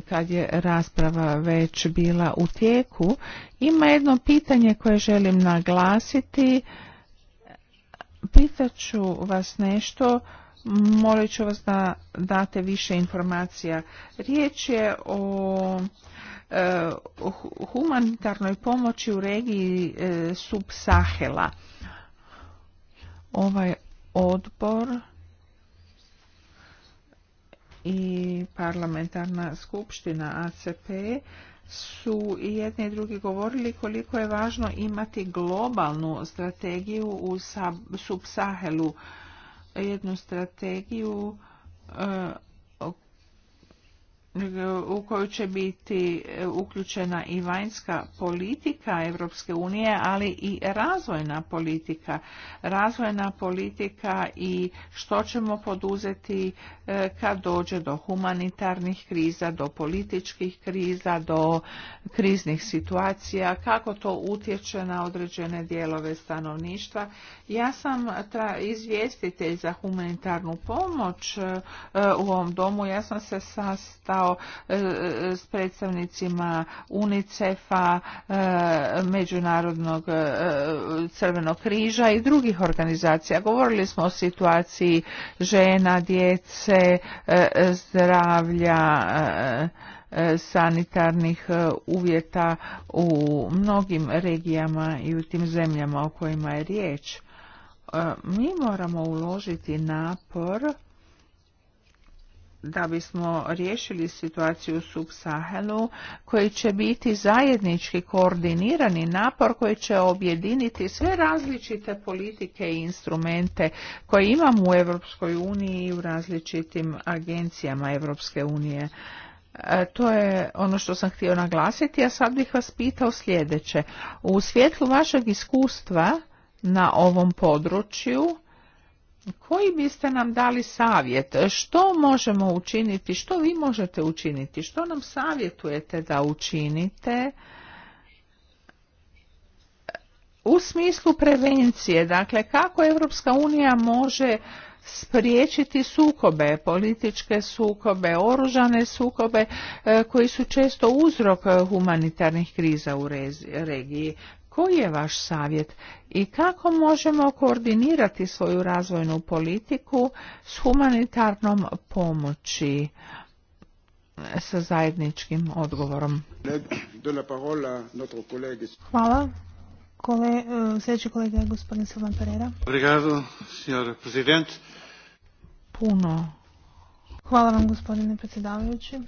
kad je rasprava već bila u tijeku. Ima jedno pitanje koje želim naglasiti Pitaću vas nešto, molit ću vas da date više informacija. Riječ je o e, humanitarnoj pomoći u regiji sub e, Subsahela. Ovaj odbor i parlamentarna skupština ACP su i jedni i drugi govorili koliko je važno imati globalnu strategiju u Subsahelu, jednu strategiju e, u koju će biti e, uključena i vanjska politika Europske unije, ali i razvojna politika. Razvojna politika i što ćemo poduzeti e, kad dođe do humanitarnih kriza, do političkih kriza, do kriznih situacija, kako to utječe na određene dijelove stanovništva. Ja sam izvjestitelj za humanitarnu pomoć e, u ovom domu. Ja sam se sastao E, e, s predstavnicima UNICEF-a, e, Međunarodnog crvenog križa i drugih organizacija. Govorili smo o situaciji žena, djece, zdravlja, sanitarnih uvjeta u mnogim regijama i u tim zemljama o kojima je riječ. Mi moramo uložiti napor da bismo riješili situaciju u Subsahelu koji će biti zajednički koordinirani napor koji će objediniti sve različite politike i instrumente koje imamo u Europskoj uniji i u različitim agencijama Europske unije. E, to je ono što sam htio naglasiti, a sad bih vas pitao sljedeće. U svjetlu vašeg iskustva na ovom području koji biste nam dali savjet? Što možemo učiniti? Što vi možete učiniti? Što nam savjetujete da učinite? U smislu prevencije, dakle kako Europska unija može spriječiti sukobe, političke sukobe, oružane sukobe eh, koji su često uzrok humanitarnih kriza u regiji. Koji je vaš savjet i kako možemo koordinirati svoju razvojnu politiku s humanitarnom pomoći e, sa zajedničkim odgovorom? Hvala. E, sljedeći kolega je gospodin Silvan Pereira. Puno. Hvala vam gospodine predsjedavajući.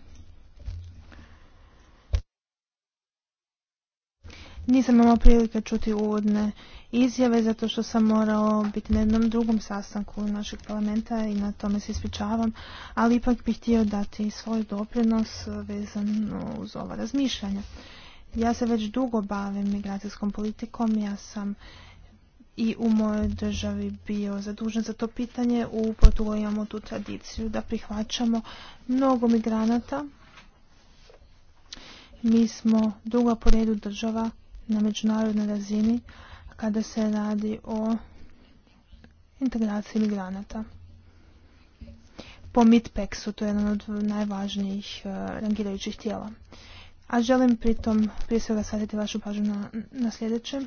Nisam imao prilike čuti uvodne izjave zato što sam morao biti na jednom drugom sastanku našeg parlamenta i na tome se ispričavam, ali ipak bih htio dati svoj doprinos vezano uz ova razmišljanja. Ja se već dugo bavim migracijskom politikom, ja sam i u mojoj državi bio zadužen za to pitanje. U Portugalu imamo tu tradiciju da prihvaćamo mnogo migranata. Mi smo druga po redu država na međunarodnoj razini kada se radi o integraciji migranata. Po mitpex to je jedan od najvažnijih e, rangirajućih tijela. A želim pritom prije svega shvatiti vašu pažnju na, na sljedeće.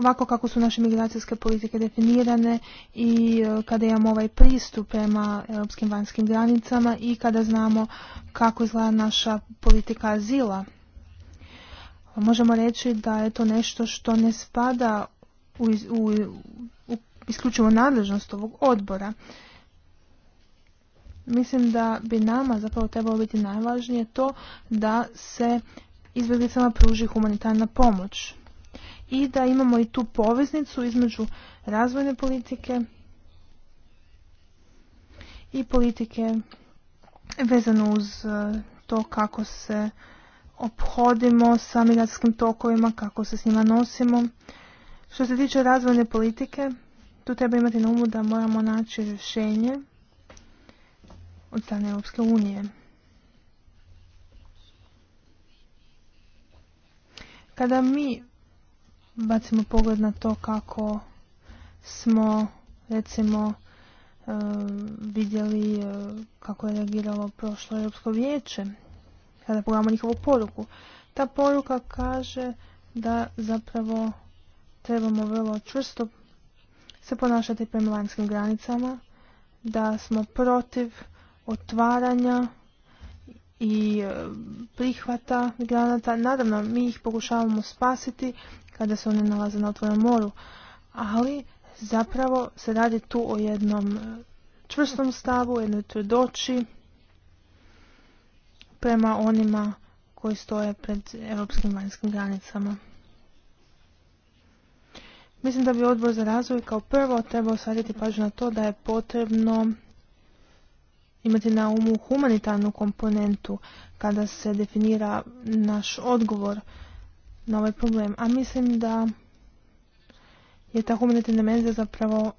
ovako kako su naše migracijske politike definirane i e, kada imamo ovaj pristup prema europskim vanjskim granicama i kada znamo kako izgleda naša politika azila. Možemo reći da je to nešto što ne spada u, u, isključivo nadležnost ovog odbora. Mislim da bi nama zapravo trebalo biti najvažnije to da se izbjeglicama pruži humanitarna pomoć i da imamo i tu poveznicu između razvojne politike i politike vezano uz e, to kako se obhodimo sa migratskim tokovima, kako se s njima nosimo. Što se tiče razvojne politike, tu treba imati na umu da moramo naći rješenje od strane Europske unije. Kada mi bacimo pogled na to kako smo recimo e, vidjeli e, kako je reagiralo prošlo Europsko vijeće kada pogledamo njihovu poruku. Ta poruka kaže da zapravo trebamo vrlo čvrsto se ponašati prema vanjskim granicama, da smo protiv otvaranja i e, prihvata migranata. Naravno, mi ih pokušavamo spasiti, kada se one nalaze na otvorenom moru. Ali zapravo se radi tu o jednom e, čvrstom stavu, jednoj tvrdoći prema onima koji stoje pred europskim vanjskim granicama. Mislim da bi odbor za razvoj kao prvo trebao sadjeti pažnju na to da je potrebno imati na umu humanitarnu komponentu kada se definira naš odgovor na ovaj problem. A mislim da je ta humanitarna dimenzija zapravo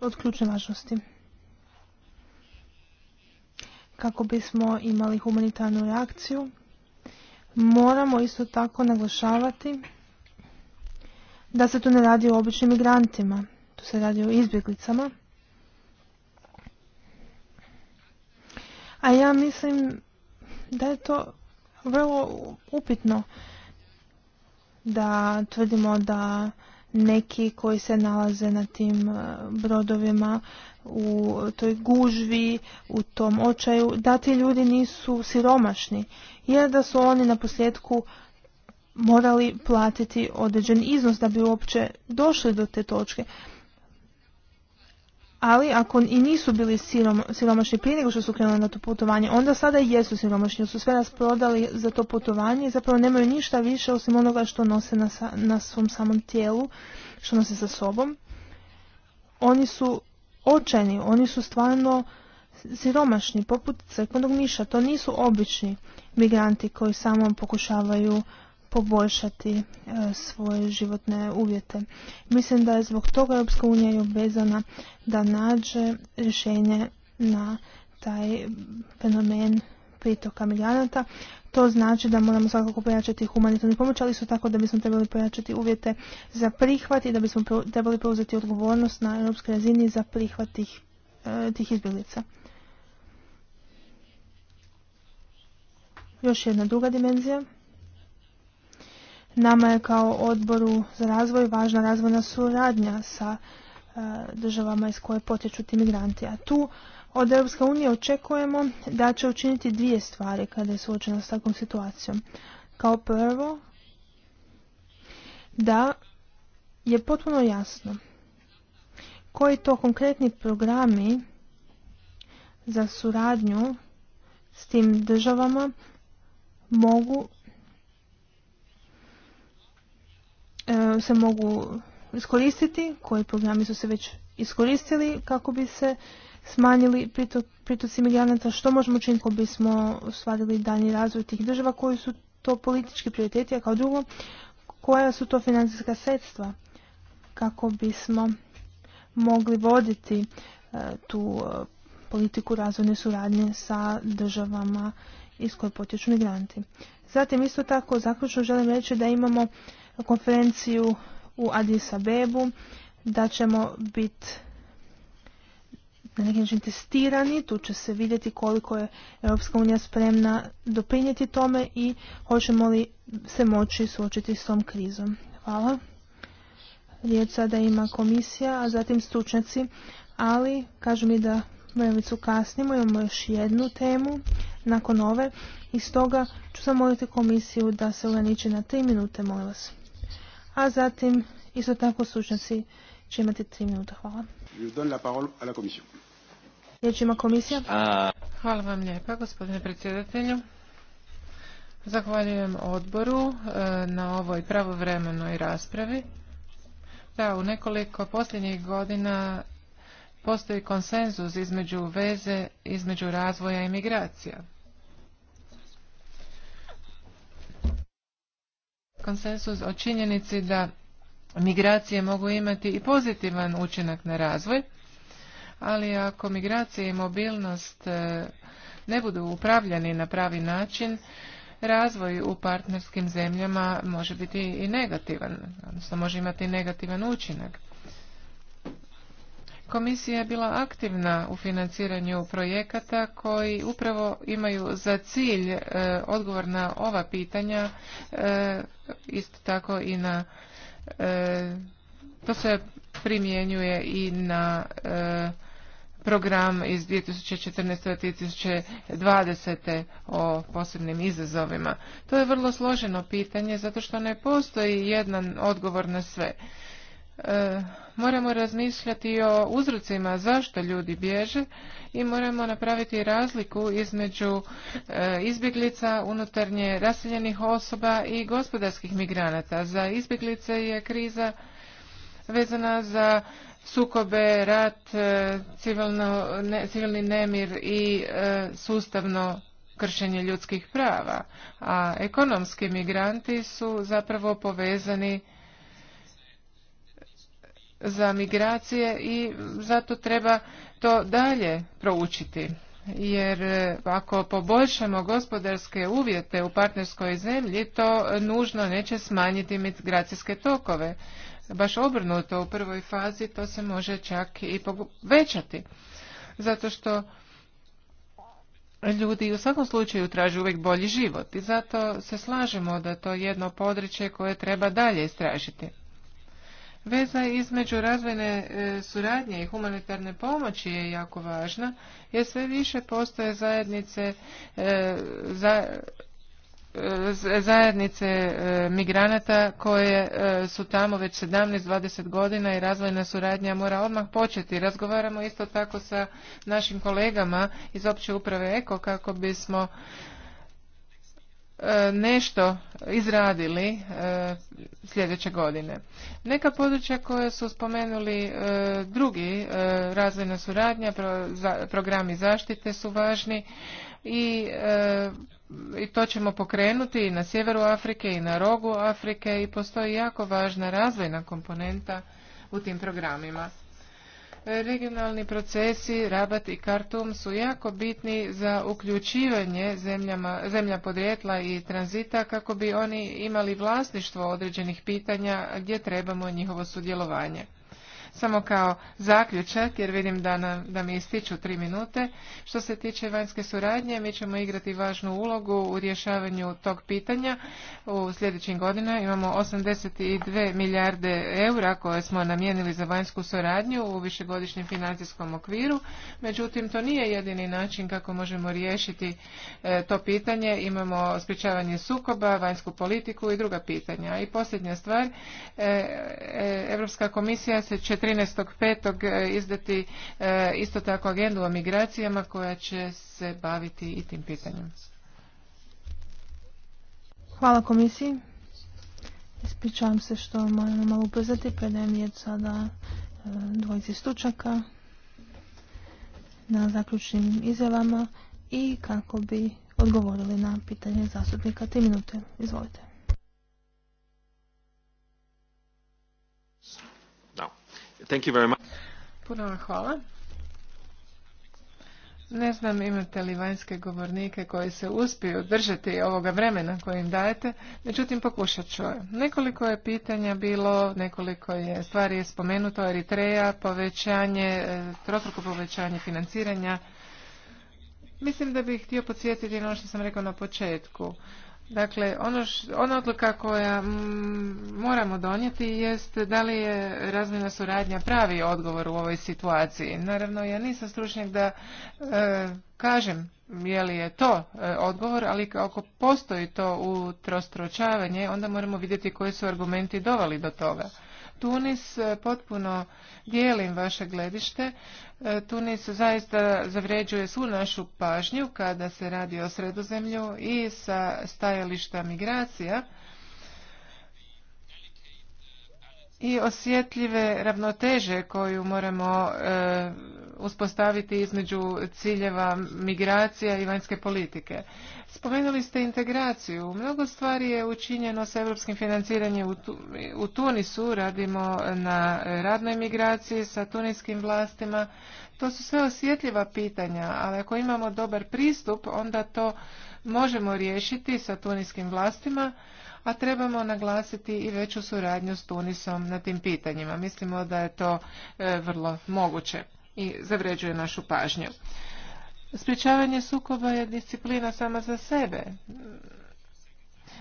od ključne važnosti. Kako bismo imali humanitarnu reakciju, moramo isto tako naglašavati da se tu ne radi o običnim migrantima, tu se radi o izbjeglicama. A ja mislim da je to vrlo upitno da tvrdimo da neki koji se nalaze na tim e, brodovima u toj gužvi, u tom očaju, da ti ljudi nisu siromašni, jer da su oni na posljedku morali platiti određen iznos da bi uopće došli do te točke ali ako i nisu bili siromašni prije nego što su krenuli na to putovanje, onda sada jesu siromašni, su sve rasprodali za to putovanje i zapravo nemaju ništa više osim onoga što nose na, na svom samom tijelu, što nose sa sobom. Oni su očajni, oni su stvarno siromašni, poput sekundog miša. To nisu obični migranti koji samo pokušavaju poboljšati e, svoje životne uvjete. Mislim da je zbog toga Europska unija je obvezana da nađe rješenje na taj fenomen pritoka migranata. To znači da moramo svakako pojačati humanitarnu pomoć, ali su tako da bismo trebali pojačati uvjete za prihvat i da bismo trebali preuzeti odgovornost na europskoj razini za prihvat tih, e, tih izbjeglica. Još jedna druga dimenzija Nama je kao odboru za razvoj važna razvojna suradnja sa e, državama iz koje potječu ti migranti. A tu od Europske unije očekujemo da će učiniti dvije stvari kada je suočena s takvom situacijom. Kao prvo, da je potpuno jasno koji to konkretni programi za suradnju s tim državama mogu E, se mogu iskoristiti, koji programi su se već iskoristili kako bi se smanjili pritoci migranata, što možemo učiniti kako bismo ostvarili dalji razvoj tih država, koji su to politički prioriteti, a kao drugo, koja su to financijska sredstva kako bismo mogli voditi e, tu e, politiku razvojne suradnje sa državama iz koje potječu migranti. Zatim isto tako zaključno želim reći da imamo konferenciju u Addis Abebu, da ćemo biti na neki način testirani, tu će se vidjeti koliko je Europska unija spremna doprinijeti tome i hoćemo li se moći suočiti s tom krizom. Hvala. Riječ sada ima komisija, a zatim stručnjaci, ali kažu mi da mrvicu kasnimo, imamo još jednu temu nakon ove i stoga ću zamoliti komisiju da se ograniči na tri minute, molim vas a zatim isto tako slučnici će imati tri minuta. Hvala. Riječ ima komisija. Hvala vam lijepa, gospodine predsjedatelju. Zahvaljujem odboru e, na ovoj pravovremenoj raspravi. Da, u nekoliko posljednjih godina postoji konsenzus između veze između razvoja i migracija. konsensus o činjenici da migracije mogu imati i pozitivan učinak na razvoj, ali ako migracije i mobilnost e, ne budu upravljani na pravi način, razvoj u partnerskim zemljama može biti i negativan, odnosno može imati negativan učinak. Komisija je bila aktivna u financiranju projekata koji upravo imaju za cilj e, odgovor na ova pitanja, e, isto tako i na e, to se primjenjuje i na program iz 2014. 2020. o posebnim izazovima. To je vrlo složeno pitanje zato što ne postoji jedan odgovor na sve. E, moramo razmišljati o uzrocima zašto ljudi bježe i moramo napraviti razliku između e, izbjeglica unutarnje raseljenih osoba i gospodarskih migranata. Za izbjeglice je kriza vezana za sukobe, rat, e, civilno, civilni nemir i sustavno kršenje ljudskih prava, a ekonomski migranti su zapravo povezani za migracije i zato treba to dalje proučiti jer e, ako poboljšamo gospodarske uvjete u partnerskoj zemlji, to nužno neće smanjiti migracijske tokove. Baš obrnuto u prvoj fazi to se može čak i povećati. Zato što ljudi u svakom slučaju traže uvijek bolji život i zato se slažemo da to je jedno područje koje treba dalje istražiti. Veza između razvojne e, suradnje i humanitarne pomoći je jako važna, jer sve više postoje zajednice e, za e, zajednice migranata koje su tamo već 17-20 godina i razvojna suradnja mora odmah početi. Razgovaramo isto tako sa našim kolegama iz opće uprave EKO kako bismo E, nešto izradili e, sljedeće godine. Neka područja koje su spomenuli e, drugi, razvojna suradnja, programi zaštite su važni i i to ćemo pokrenuti i na sjeveru Afrike i na rogu Afrike i postoji jako važna razvojna komponenta u tim programima. Regionalni procesi, Rabat i Kartum su jako bitni za uključivanje zemljama, zemlja podrijetla i tranzita kako bi oni imali vlasništvo određenih pitanja gdje trebamo njihovo sudjelovanje. Samo kao zaključak, jer vidim da, nam, da mi ističu tri minute. Što se tiče vanjske suradnje, mi ćemo igrati važnu ulogu u rješavanju tog pitanja. U sljedećim godinama imamo 82 milijarde eura koje smo namijenili za vanjsku suradnju u višegodišnjem financijskom okviru. Međutim, to nije jedini način kako možemo riješiti e, to pitanje. Imamo sprječavanje sukoba, vanjsku politiku i druga pitanja. I posljednja stvar, Europska e, komisija se će 13.5. izdati isto tako agendu o migracijama koja će se baviti i tim pitanjem. Hvala komisiji. Ispričavam se što moram malo ubrzati, predajem je sada dvojici stučaka na zaključnim izjavama i kako bi odgovorili na pitanje zastupnika. Te minute, izvolite. Puno vam hvala. Ne znam imate li vanjske govornike koji se uspiju držati ovoga vremena koje im dajete, međutim pokušat ću. Nekoliko je pitanja bilo, nekoliko je stvari je spomenuto, Eritreja, povećanje, e, trostruko povećanje financiranja. Mislim da bih htio podsjetiti ono što sam rekao na početku. Dakle, ono š, ona odluka koja moramo donijeti jest da li je razmjena suradnja pravi odgovor u ovoj situaciji. Naravno, ja nisam stručnjak da e, kažem je li je to e, odgovor, ali ako postoji to trostročavanje, onda moramo vidjeti koji su argumenti dovali do toga. Tunis, e, potpuno dijelim vaše gledište, E, Tunis zaista zavređuje svu našu pažnju kada se radi o sredozemlju i sa stajališta migracija i osjetljive ravnoteže koju moramo e, uspostaviti između ciljeva migracija i vanjske politike. Spomenuli ste integraciju. Mnogo stvari je učinjeno s europskim financiranjem u Tunisu. Radimo na radnoj migraciji sa tuniskim vlastima. To su sve osjetljiva pitanja, ali ako imamo dobar pristup, onda to možemo riješiti sa tuniskim vlastima a trebamo naglasiti i veću suradnju s Tunisom na tim pitanjima. Mislimo da je to e, vrlo moguće i zavređuje našu pažnju. Spričavanje sukoba je disciplina sama za sebe.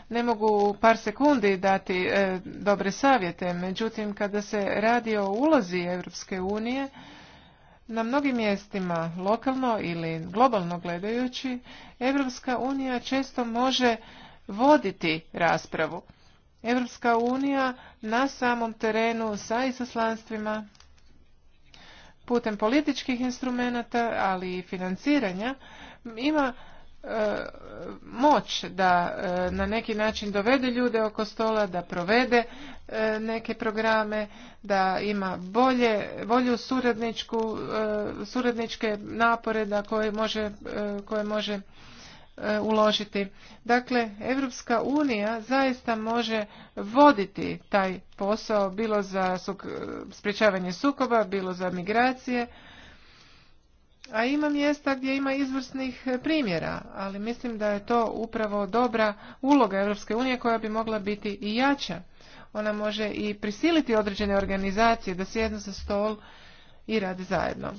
Ne mogu par sekundi dati e, dobre savjete, međutim kada se radi o ulozi Europske unije, na mnogim mjestima, lokalno ili globalno gledajući, Europska unija često može voditi raspravu. Europska unija na samom terenu sa izaslanstvima putem političkih instrumenata, ali i financiranja, ima e, moć da e, na neki način dovede ljude oko stola, da provede e, neke programe, da ima bolje, bolju suradničku, suradničke napore da koje može, koje može E, uložiti. Dakle, Evropska unija zaista može voditi taj posao, bilo za e, sprječavanje sukoba, bilo za migracije, a ima mjesta gdje ima izvrsnih primjera, ali mislim da je to upravo dobra uloga Europske unije koja bi mogla biti i jača. Ona može i prisiliti određene organizacije da sjednu za stol i rade zajedno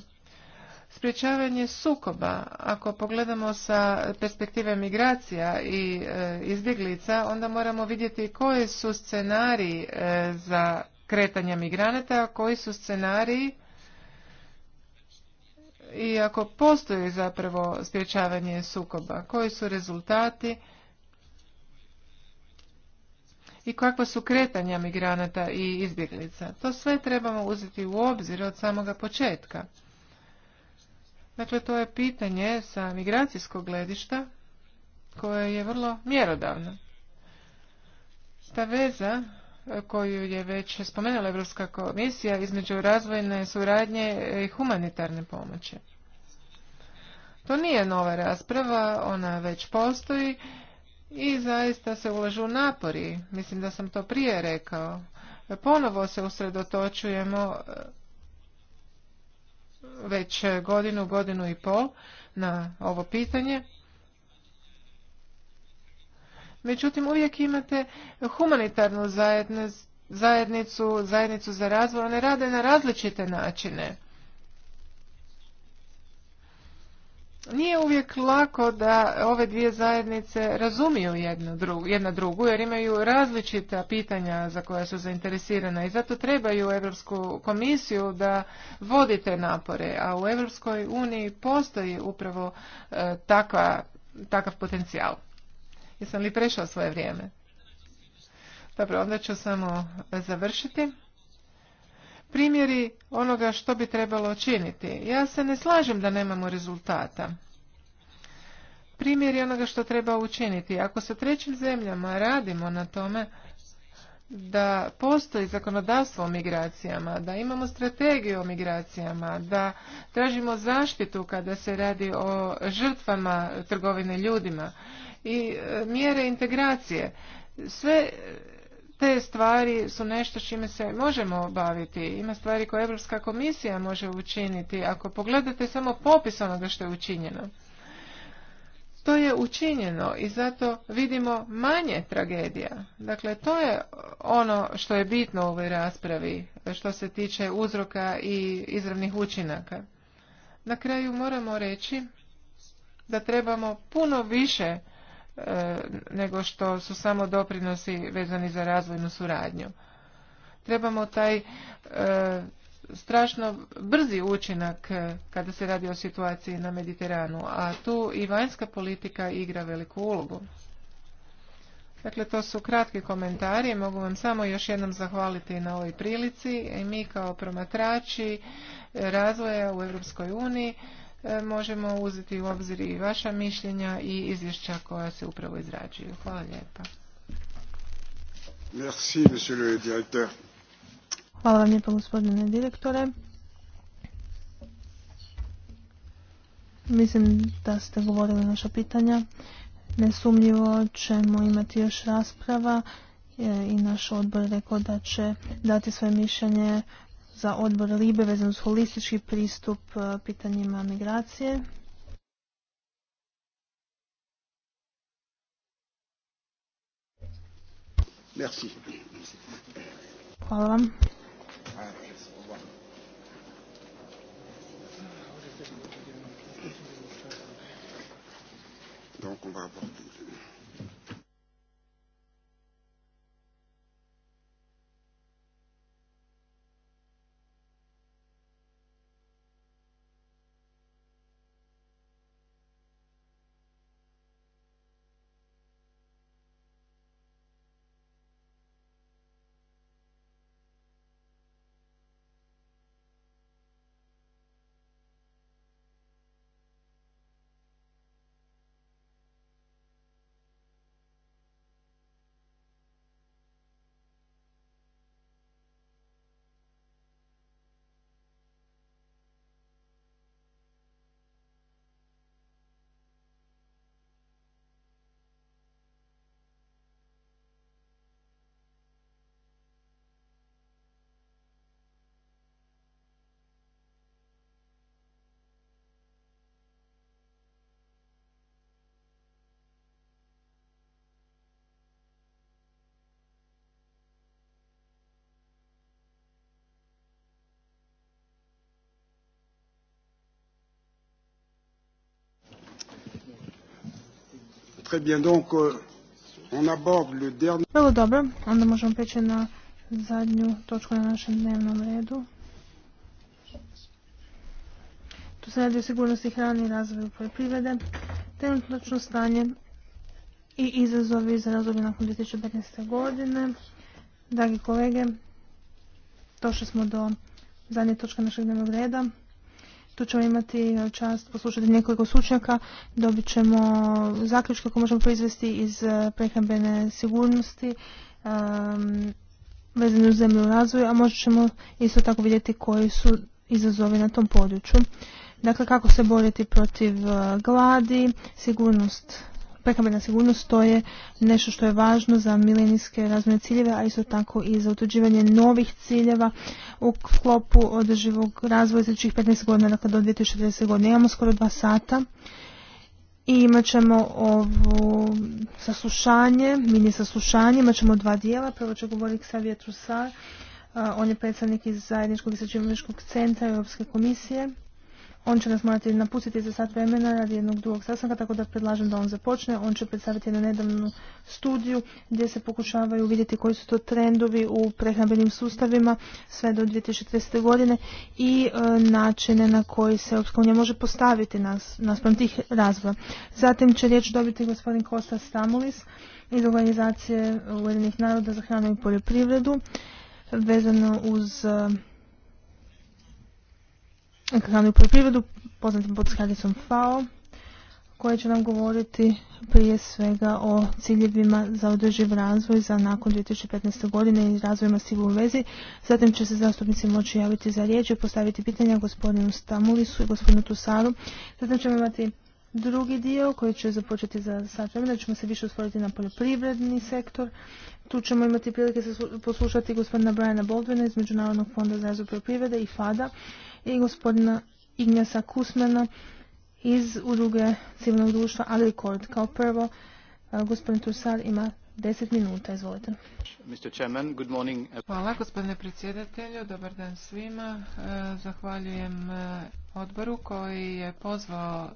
sprječavanje sukoba. Ako pogledamo sa perspektive migracija i e, izbjeglica, onda moramo vidjeti koji su scenariji e, za kretanje migranata, koji su scenariji i ako postoji zapravo sprječavanje sukoba, koji su rezultati i kakva su kretanja migranata i izbjeglica. To sve trebamo uzeti u obzir od samoga početka. Dakle, to je pitanje sa migracijskog gledišta koje je vrlo mjerodavno. Ta veza e, koju je već spomenula Evropska komisija između razvojne suradnje i humanitarne pomoći. To nije nova rasprava, ona već postoji i zaista se ulažu napori. Mislim da sam to prije rekao. Ponovo se usredotočujemo e, već e, godinu, godinu i pol na ovo pitanje. Međutim, uvijek imate humanitarnu zajednicu, zajednicu za razvoj. One rade na različite načine. Nije uvijek lako da ove dvije zajednice razumiju jednu drugu, jedna drugu jer imaju različita pitanja za koja su zainteresirana i zato trebaju Europsku komisiju da vodi te napore, a u Europskoj uniji postoji upravo e, takva, takav potencijal. Jesam li prešao svoje vrijeme? Dobro, onda ću samo završiti primjeri onoga što bi trebalo činiti. Ja se ne slažem da nemamo rezultata. Primjeri onoga što treba učiniti. Ako sa trećim zemljama radimo na tome da postoji zakonodavstvo o migracijama, da imamo strategiju o migracijama, da tražimo zaštitu kada se radi o žrtvama trgovine ljudima i e, mjere integracije. Sve te stvari su nešto čime se možemo baviti. Ima stvari koje Europska komisija može učiniti. Ako pogledate samo popis onoga što je učinjeno, to je učinjeno i zato vidimo manje tragedija. Dakle, to je ono što je bitno u ovoj raspravi što se tiče uzroka i izravnih učinaka. Na kraju moramo reći da trebamo puno više E, nego što su samo doprinosi vezani za razvojnu suradnju. Trebamo taj e, strašno brzi učinak e, kada se radi o situaciji na Mediteranu, a tu i vanjska politika igra veliku ulogu. Dakle, to su kratki komentari. Mogu vam samo još jednom zahvaliti na ovoj prilici. I mi kao promatrači razvoja u Europskoj uniji E, možemo uzeti u obzir i vaša mišljenja i izvješća koja se upravo izrađuju. Hvala lijepa. Merci, monsieur le directeur. Hvala vam lijepo, gospodine direktore. Mislim da ste govorili naša pitanja. Nesumljivo ćemo imati još rasprava e, i naš odbor rekao da će dati svoje mišljenje za odbor Libe vezan uz holistički pristup e, pitanjima migracije. Merci. Hvala vam. Donc on va aborder. Très euh, Vrlo dobro, onda možemo preći na zadnju točku na našem dnevnom redu. Tu se radi o sigurnosti hrane i razvoju poljoprivrede, trenutno stanje i izazovi za razdoblje nakon 2015. godine. Dragi kolege, došli smo do zadnje točke našeg dnevnog reda. Tu ćemo imati čast poslušati nekoliko slučnjaka. Dobit ćemo zaključke koje možemo proizvesti iz eh, prehrambene sigurnosti um, vezane uz zemlju razvoju, a možda ćemo isto tako vidjeti koji su izazovi na tom području. Dakle, kako se boriti protiv eh, gladi, sigurnost prekomjerna sigurnost to je nešto što je važno za milenijske razvojne ciljeve, a isto tako i za utvrđivanje novih ciljeva u sklopu održivog razvoja sljedećih 15 godina, dakle do 2040 godine. Imamo skoro dva sata i imat ćemo ovo saslušanje, mini saslušanje, imat ćemo dva dijela. Prvo će govoriti Savjet sa on je predstavnik iz Zajedničkog istraživačkog centra Europske komisije on će nas morati napustiti za sat vremena radi jednog drugog sastanka, tako da predlažem da on započne. On će predstaviti na nedavnu studiju gdje se pokušavaju vidjeti koji su to trendovi u prehrambenim sustavima sve do 2030. godine i e, načine na koji se Europska može postaviti nas, naspram tih razvoja. Zatim će riječ dobiti gospodin Kostas Stamulis iz organizacije Ujedinih naroda za hranu i poljoprivredu vezano uz e, ekranu i poljoprivredu, poznatim pod skraticom FAO, koja će nam govoriti prije svega o ciljevima za održiv razvoj za nakon 2015. godine i razvojima s u vezi. Zatim će se zastupnici moći javiti za riječ i postaviti pitanja gospodinu Stamulisu i gospodinu Tusaru. Zatim ćemo imati drugi dio koji će započeti za sat vremena, ćemo se više osvoriti na poljoprivredni sektor. Tu ćemo imati prilike poslušati gospodina Briana Baldwina iz Međunarodnog fonda za razvoj poljoprivrede i FADA i gospodina Ignjasa Kusmena iz udruge civilnog društva Agrikord. Kao prvo, e, gospodin Tursar ima 10 minuta, izvolite. Hvala gospodine predsjedatelju, dobar dan svima. E, zahvaljujem e, odboru koji je pozvao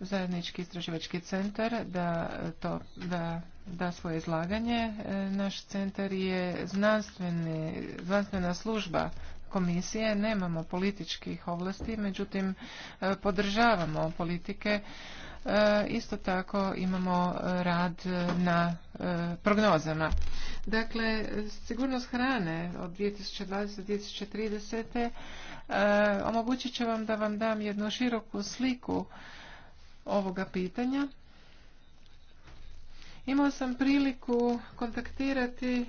zajednički istraživački centar da, to, da da svoje izlaganje. Naš centar je znanstvena služba komisije nemamo političkih ovlasti, međutim e, podržavamo politike. E, isto tako imamo rad na e, prognozama. Dakle, sigurnost hrane od 2020 2030 omogućit će vam da vam dam jednu široku sliku ovoga pitanja. Imao sam priliku kontaktirati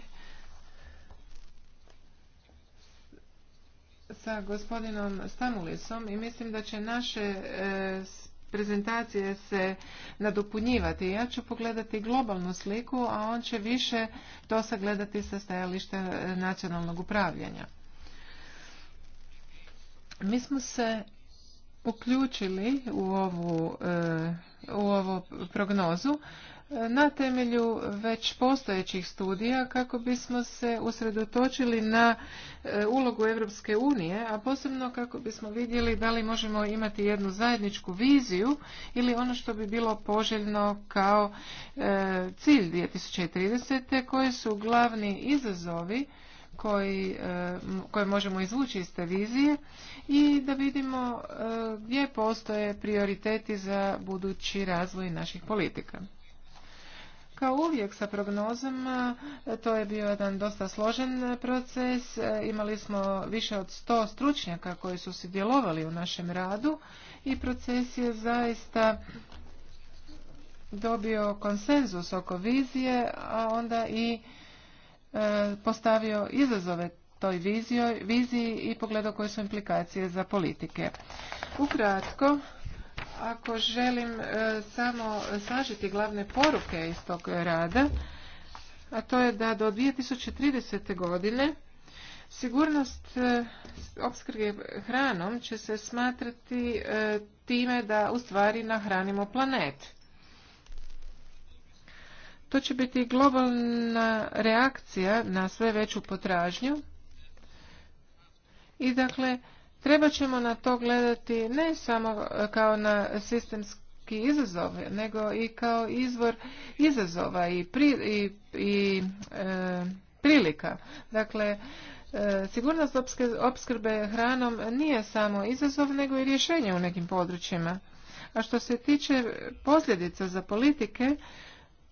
sa gospodinom Stanulisom i mislim da će naše e, prezentacije se nadopunjivati. Ja ću pogledati globalnu sliku, a on će više to sagledati sa stajališta e, nacionalnog upravljanja. Mi smo se uključili u ovu e, u ovu prognozu na temelju već postojećih studija kako bismo se usredotočili na e, ulogu Europske unije, a posebno kako bismo vidjeli da li možemo imati jednu zajedničku viziju ili ono što bi bilo poželjno kao e, cilj 2030. koji su glavni izazovi koji, e, koje možemo izvući iz te vizije i da vidimo gdje postoje prioriteti za budući razvoj naših politika. Kao uvijek sa prognozama, e, to je bio jedan dosta složen proces. E, imali smo više od 100 stručnjaka koji su djelovali u našem radu i proces je zaista dobio konsenzus oko vizije, a onda i e, postavio izazove toj viziji i pogledao koje su implikacije za politike. Ukratko, ako želim e, samo sažiti glavne poruke iz tog rada, a to je da do 2030. godine Sigurnost e, opskrbe hranom će se smatrati e, time da u stvari nahranimo planet. To će biti globalna reakcija na sve veću potražnju i dakle Treba ćemo na to gledati ne samo e, kao na sistemski izazov, nego i kao izvor izazova i, i, i e, prilika. Dakle, e, sigurnost opskrbe hranom nije samo izazov, nego i rješenje u nekim područjima. A što se tiče posljedica za politike,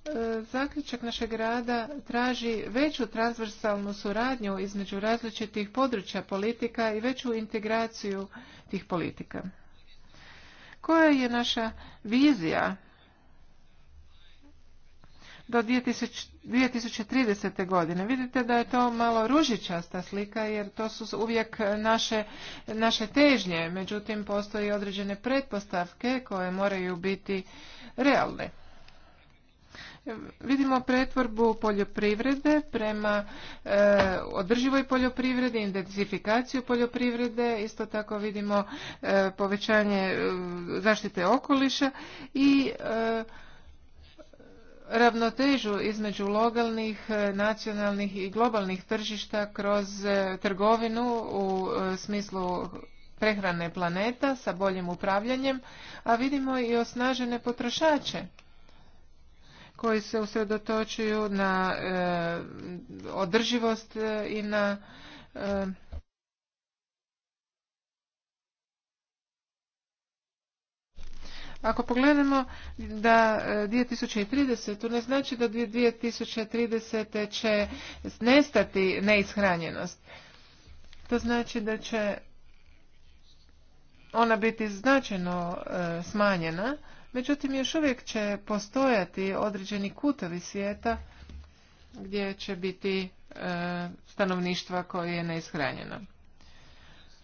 E, zaključak našeg rada traži veću transversalnu suradnju između različitih područja politika i veću integraciju tih politika. Koja je naša vizija do 2030. godine. Vidite da je to malo ružičasta slika jer to su uvijek naše, naše težnje. Međutim, postoji određene pretpostavke koje moraju biti realne. Vidimo pretvorbu poljoprivrede prema e, održivoj poljoprivredi, intenzifikaciju poljoprivrede, isto tako vidimo e, povećanje e, zaštite okoliša i ravnotežu između lokalnih, nacionalnih i globalnih tržišta kroz trgovinu u smislu prehrane planeta sa boljim upravljanjem, a vidimo i osnažene potrošače koji se usredotočuju na e, održivost e, i na e, Ako pogledamo da 2030, to ne znači da 2030. će nestati neishranjenost. To znači da će ona biti značajno smanjena Međutim, još uvijek će postojati određeni kutovi svijeta gdje će biti e, stanovništva koje je neishranjeno.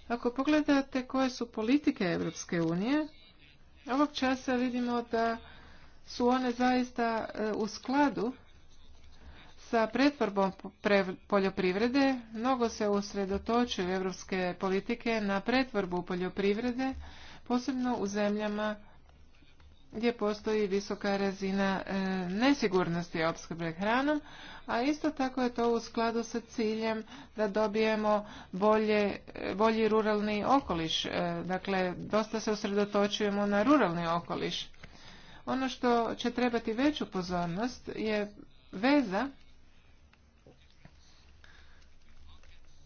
Ako pogledate koje su politike Europske unije, ovog časa vidimo da su one zaista e, u skladu sa pretvorbom poljoprivrede. Mnogo se usredotočuju europske politike na pretvorbu poljoprivrede, posebno u zemljama gdje postoji visoka razina e, nesigurnosti opskrbe hranom, a isto tako je to u skladu sa ciljem da dobijemo bolje, bolji ruralni okoliš. E, dakle, dosta se usredotočujemo na ruralni okoliš. Ono što će trebati veću pozornost je veza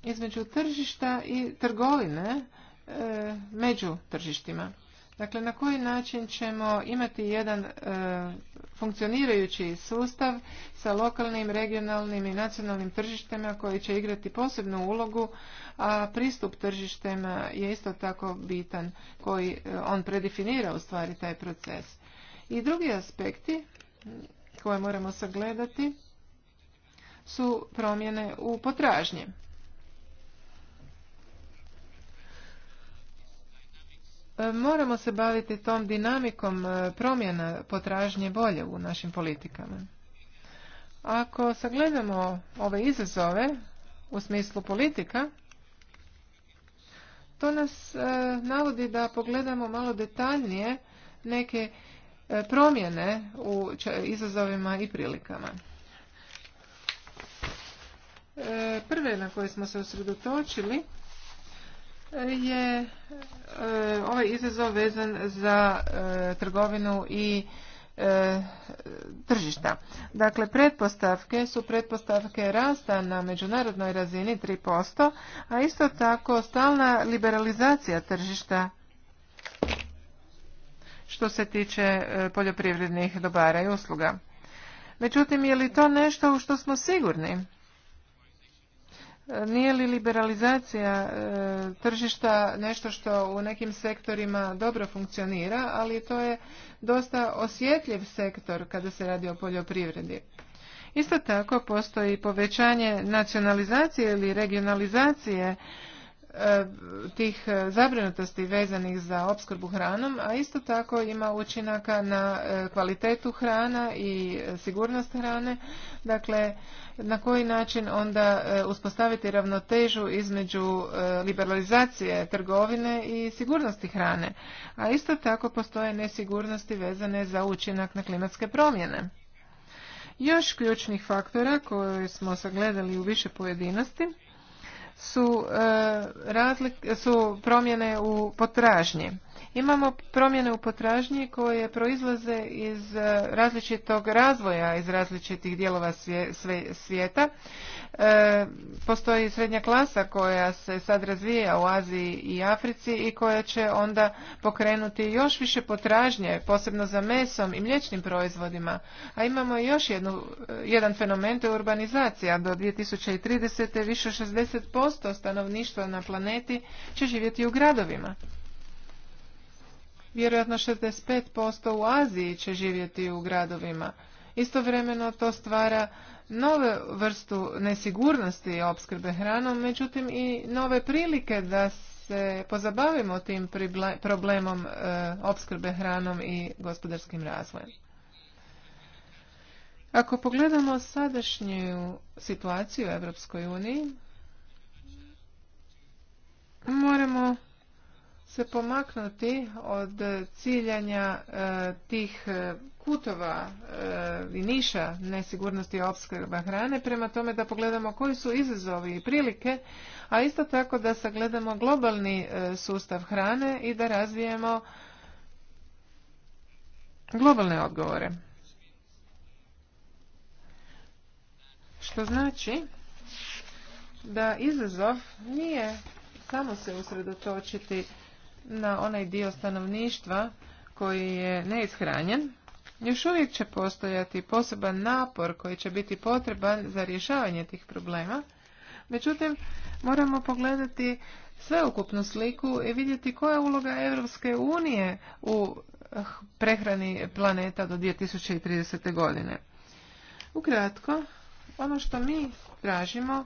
između tržišta i trgovine e, među tržištima. Dakle, na koji način ćemo imati jedan e, funkcionirajući sustav sa lokalnim, regionalnim i nacionalnim tržištima koji će igrati posebnu ulogu, a pristup tržištima je isto tako bitan koji e, on predefinira u stvari taj proces. I drugi aspekti koje moramo sagledati su promjene u potražnji. E, moramo se baviti tom dinamikom e, promjena potražnje bolje u našim politikama. Ako sagledamo ove izazove u smislu politika, to nas e, navodi da pogledamo malo detaljnije neke promjene u izazovima i prilikama. Prve na koje smo se usredotočili je eh, ovaj izazov vezan za eh, trgovinu i eh, tržišta. Dakle, pretpostavke su pretpostavke rasta na međunarodnoj razini 3%, a isto tako stalna liberalizacija tržišta što se tiče poljoprivrednih dobara i usluga. Međutim, je li to nešto u što smo sigurni? Nije li liberalizacija e, tržišta nešto što u nekim sektorima dobro funkcionira, ali to je dosta osjetljiv sektor kada se radi o poljoprivredi. Isto tako postoji povećanje nacionalizacije ili regionalizacije E, tih e, zabrinutosti vezanih za opskrbu hranom, a isto tako ima učinaka na e, kvalitetu hrana i sigurnost hrane. Dakle, na koji način onda uspostaviti ravnotežu između liberalizacije trgovine i sigurnosti hrane. A isto tako postoje nesigurnosti vezane za učinak na klimatske promjene. Još ključnih faktora koje smo sagledali u više pojedinosti su, e, razlik, su promjene u potražnji. Imamo promjene u potražnji koje proizlaze iz e, različitog razvoja, iz različitih dijelova svijeta. E, postoji srednja klasa koja se sad razvija u Aziji i Africi i koja će onda pokrenuti još više potražnje, posebno za mesom i mliječnim proizvodima. A imamo još jednu, e, jedan fenomen, to je urbanizacija. Do 2030. više 60% stanovništva na planeti će živjeti u gradovima vjerojatno 65% u Aziji će živjeti u gradovima. Istovremeno to stvara nove vrstu nesigurnosti i opskrbe hranom, međutim i nove prilike da se pozabavimo tim problemom e, opskrbe hranom i gospodarskim razvojem. Ako pogledamo sadašnju situaciju u Europskoj uniji, moramo pomaknuti od ciljanja e, tih e, kutova e, i niša nesigurnosti opskrba hrane prema tome da pogledamo koji su izazovi i prilike, a isto tako da sagledamo globalni sustav hrane i da razvijemo globalne odgovore. Što znači da izazov nije samo se usredotočiti na onaj dio stanovništva koji je neishranjen, još uvijek će postojati poseban napor koji će biti potreban za rješavanje tih problema. Međutim, moramo pogledati sveukupnu sliku i vidjeti koja je uloga Europske unije u eh, prehrani planeta do 2030. godine. Ukratko, ono što mi tražimo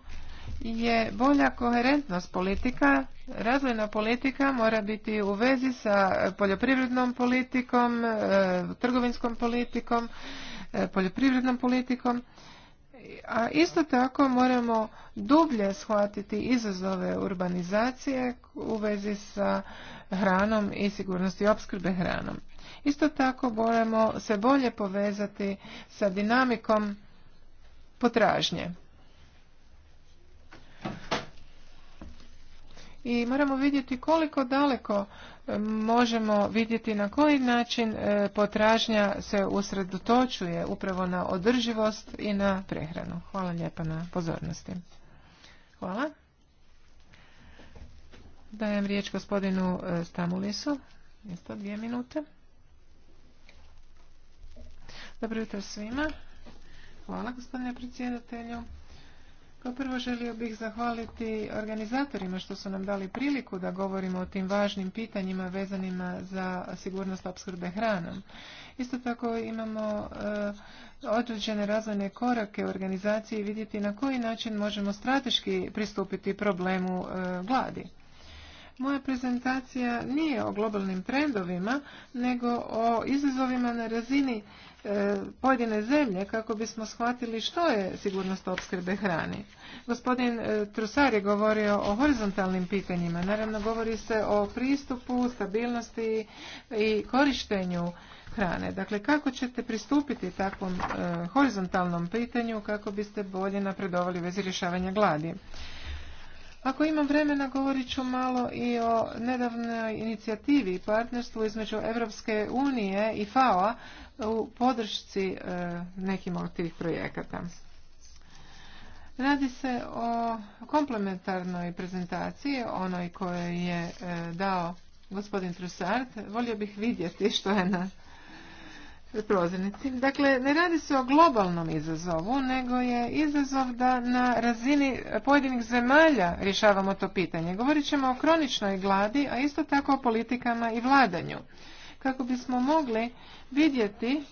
je bolja koherentnost politika. Razvojna politika mora biti u vezi sa poljoprivrednom politikom, e, trgovinskom politikom, e, poljoprivrednom politikom. A isto tako moramo dublje shvatiti izazove urbanizacije u vezi sa hranom i sigurnosti opskrbe hranom. Isto tako moramo se bolje povezati sa dinamikom potražnje. i moramo vidjeti koliko daleko e, možemo vidjeti na koji način e, potražnja se usredotočuje upravo na održivost i na prehranu. Hvala lijepa na pozornosti. Hvala. Dajem riječ gospodinu e, Stamulisu. Isto dvije minute. Dobro jutro svima. Hvala gospodine predsjedatelju. Pa prvo želio bih zahvaliti organizatorima što su nam dali priliku da govorimo o tim važnim pitanjima vezanima za sigurnost opskrbe hranom. Isto tako imamo eh, određene razvojne korake u organizaciji i vidjeti na koji način možemo strateški pristupiti problemu vladi. Eh, gladi. Moja prezentacija nije o globalnim trendovima, nego o izazovima na razini pojedine zemlje kako bismo shvatili što je sigurnost opskrbe hrani. Gospodin e, Trusar je govorio o horizontalnim pitanjima. Naravno, govori se o pristupu, stabilnosti i korištenju hrane. Dakle, kako ćete pristupiti takvom e, horizontalnom pitanju kako biste bolje napredovali vezi rješavanja gladi? Ako imam vremena, govorit ću malo i o nedavnoj inicijativi i partnerstvu između Europske unije i FAO-a u podršci e, nekim od tih projekata. Radi se o komplementarnoj prezentaciji, onoj koju je e, dao gospodin Trussard. Volio bih vidjeti što je na prozirnici. Dakle, ne radi se o globalnom izazovu, nego je izazov da na razini pojedinih zemalja rješavamo to pitanje. Govorit ćemo o kroničnoj gladi, a isto tako o politikama i vladanju. Kako bismo mogli vidjeti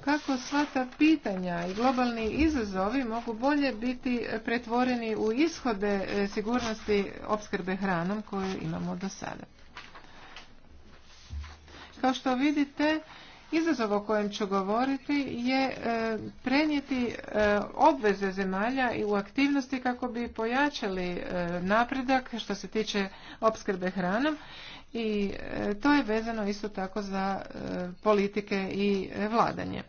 kako sva ta pitanja i globalni izazovi mogu bolje biti pretvoreni u ishode e, sigurnosti opskrbe hranom koju imamo do sada. Kao što vidite, Izazov o kojem ću govoriti je e, prenijeti e, obveze zemalja i u aktivnosti kako bi pojačali e, napredak što se tiče opskrbe hranom i to je vezano isto tako za politike i vladanje.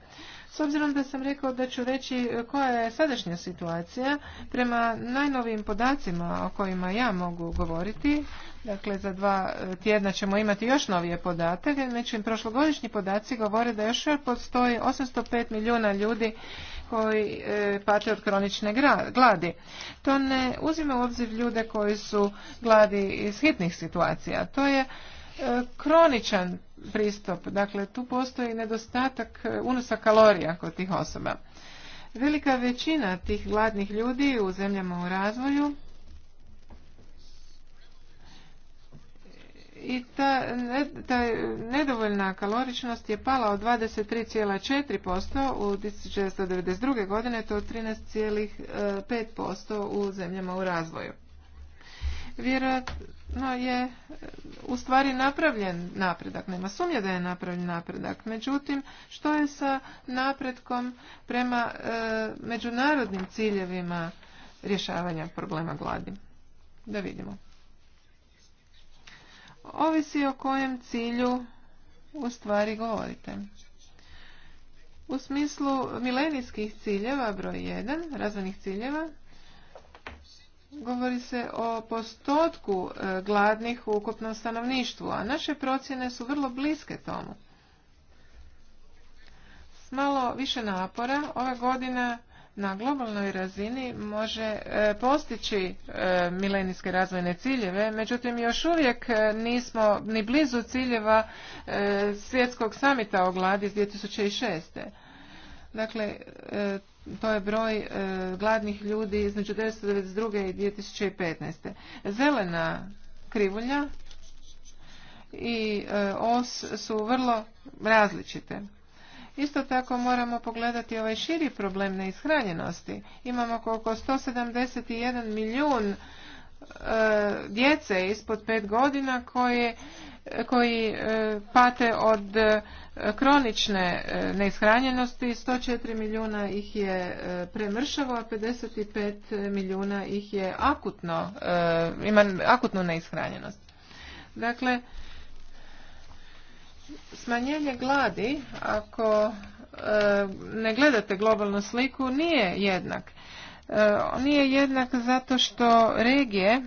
S obzirom da sam rekao da ću reći e, koja je sadašnja situacija, prema najnovijim podacima o kojima ja mogu govoriti, dakle za dva e, tjedna ćemo imati još novije podatke, međutim prošlogodišnji podaci govore da još postoji 805 milijuna ljudi koji e, pate od kronične gladi. To ne uzima u obzir ljude koji su gladi iz hitnih situacija. To je kroničan pristup. Dakle, tu postoji nedostatak e, unosa kalorija kod tih osoba. Velika većina tih gladnih ljudi u zemljama u razvoju i ta, nedovoljna kaloričnost je pala od 23,4% u 1992. godine, to 13,5% u zemljama u razvoju. Vjerojatno no je e, u stvari napravljen napredak, nema sumnje da je napravljen napredak. Međutim, što je sa napretkom prema e, međunarodnim ciljevima rješavanja problema gladi? Da vidimo. Ovisi o kojem cilju u stvari govorite. U smislu milenijskih ciljeva, broj 1, razvojnih ciljeva, govori se o postotku e, gladnih u ukupnom stanovništvu, a naše procjene su vrlo bliske tomu. S malo više napora ova godina na globalnoj razini može e, postići e, milenijske razvojne ciljeve, međutim još uvijek nismo ni blizu ciljeva svjetskog samita o gladi iz 2006. Dakle, to je broj e, gladnih ljudi između 1992. i 2015. Zelena krivulja i e, os su vrlo različite. Isto tako moramo pogledati ovaj širi problem neishranjenosti. Imamo oko 171 milijun e, djece ispod 5 godina koje koji e, pate od e, kronične e, neishranjenosti, 104 milijuna ih je premršavo, a 55 milijuna ih je akutno, ima akutnu neishranjenost. Dakle, smanjenje gladi, ako ne gledate globalnu sliku, nije jednak. Nije jednak zato što regije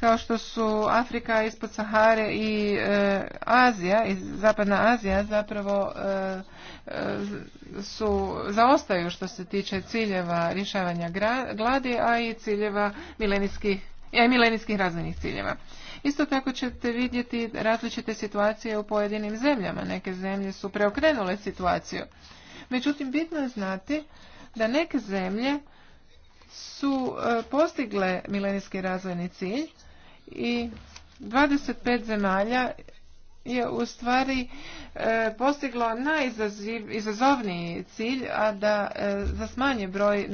kao što su Afrika ispod Sahare i e, Azija i zapadna Azija zapravo e, e, su zaostaju što se tiče ciljeva rješavanja gladi, a i ciljeva milenijskih i milenijskih razvojnih ciljeva. Isto tako ćete vidjeti različite situacije u pojedinim zemljama. Neke zemlje su preokrenule situaciju. Međutim, bitno je znati da neke zemlje su postigle milenijski razvojni cilj, i 25 zemalja je u stvari e, postiglo najizazovniji cilj, a da e, za smanji broj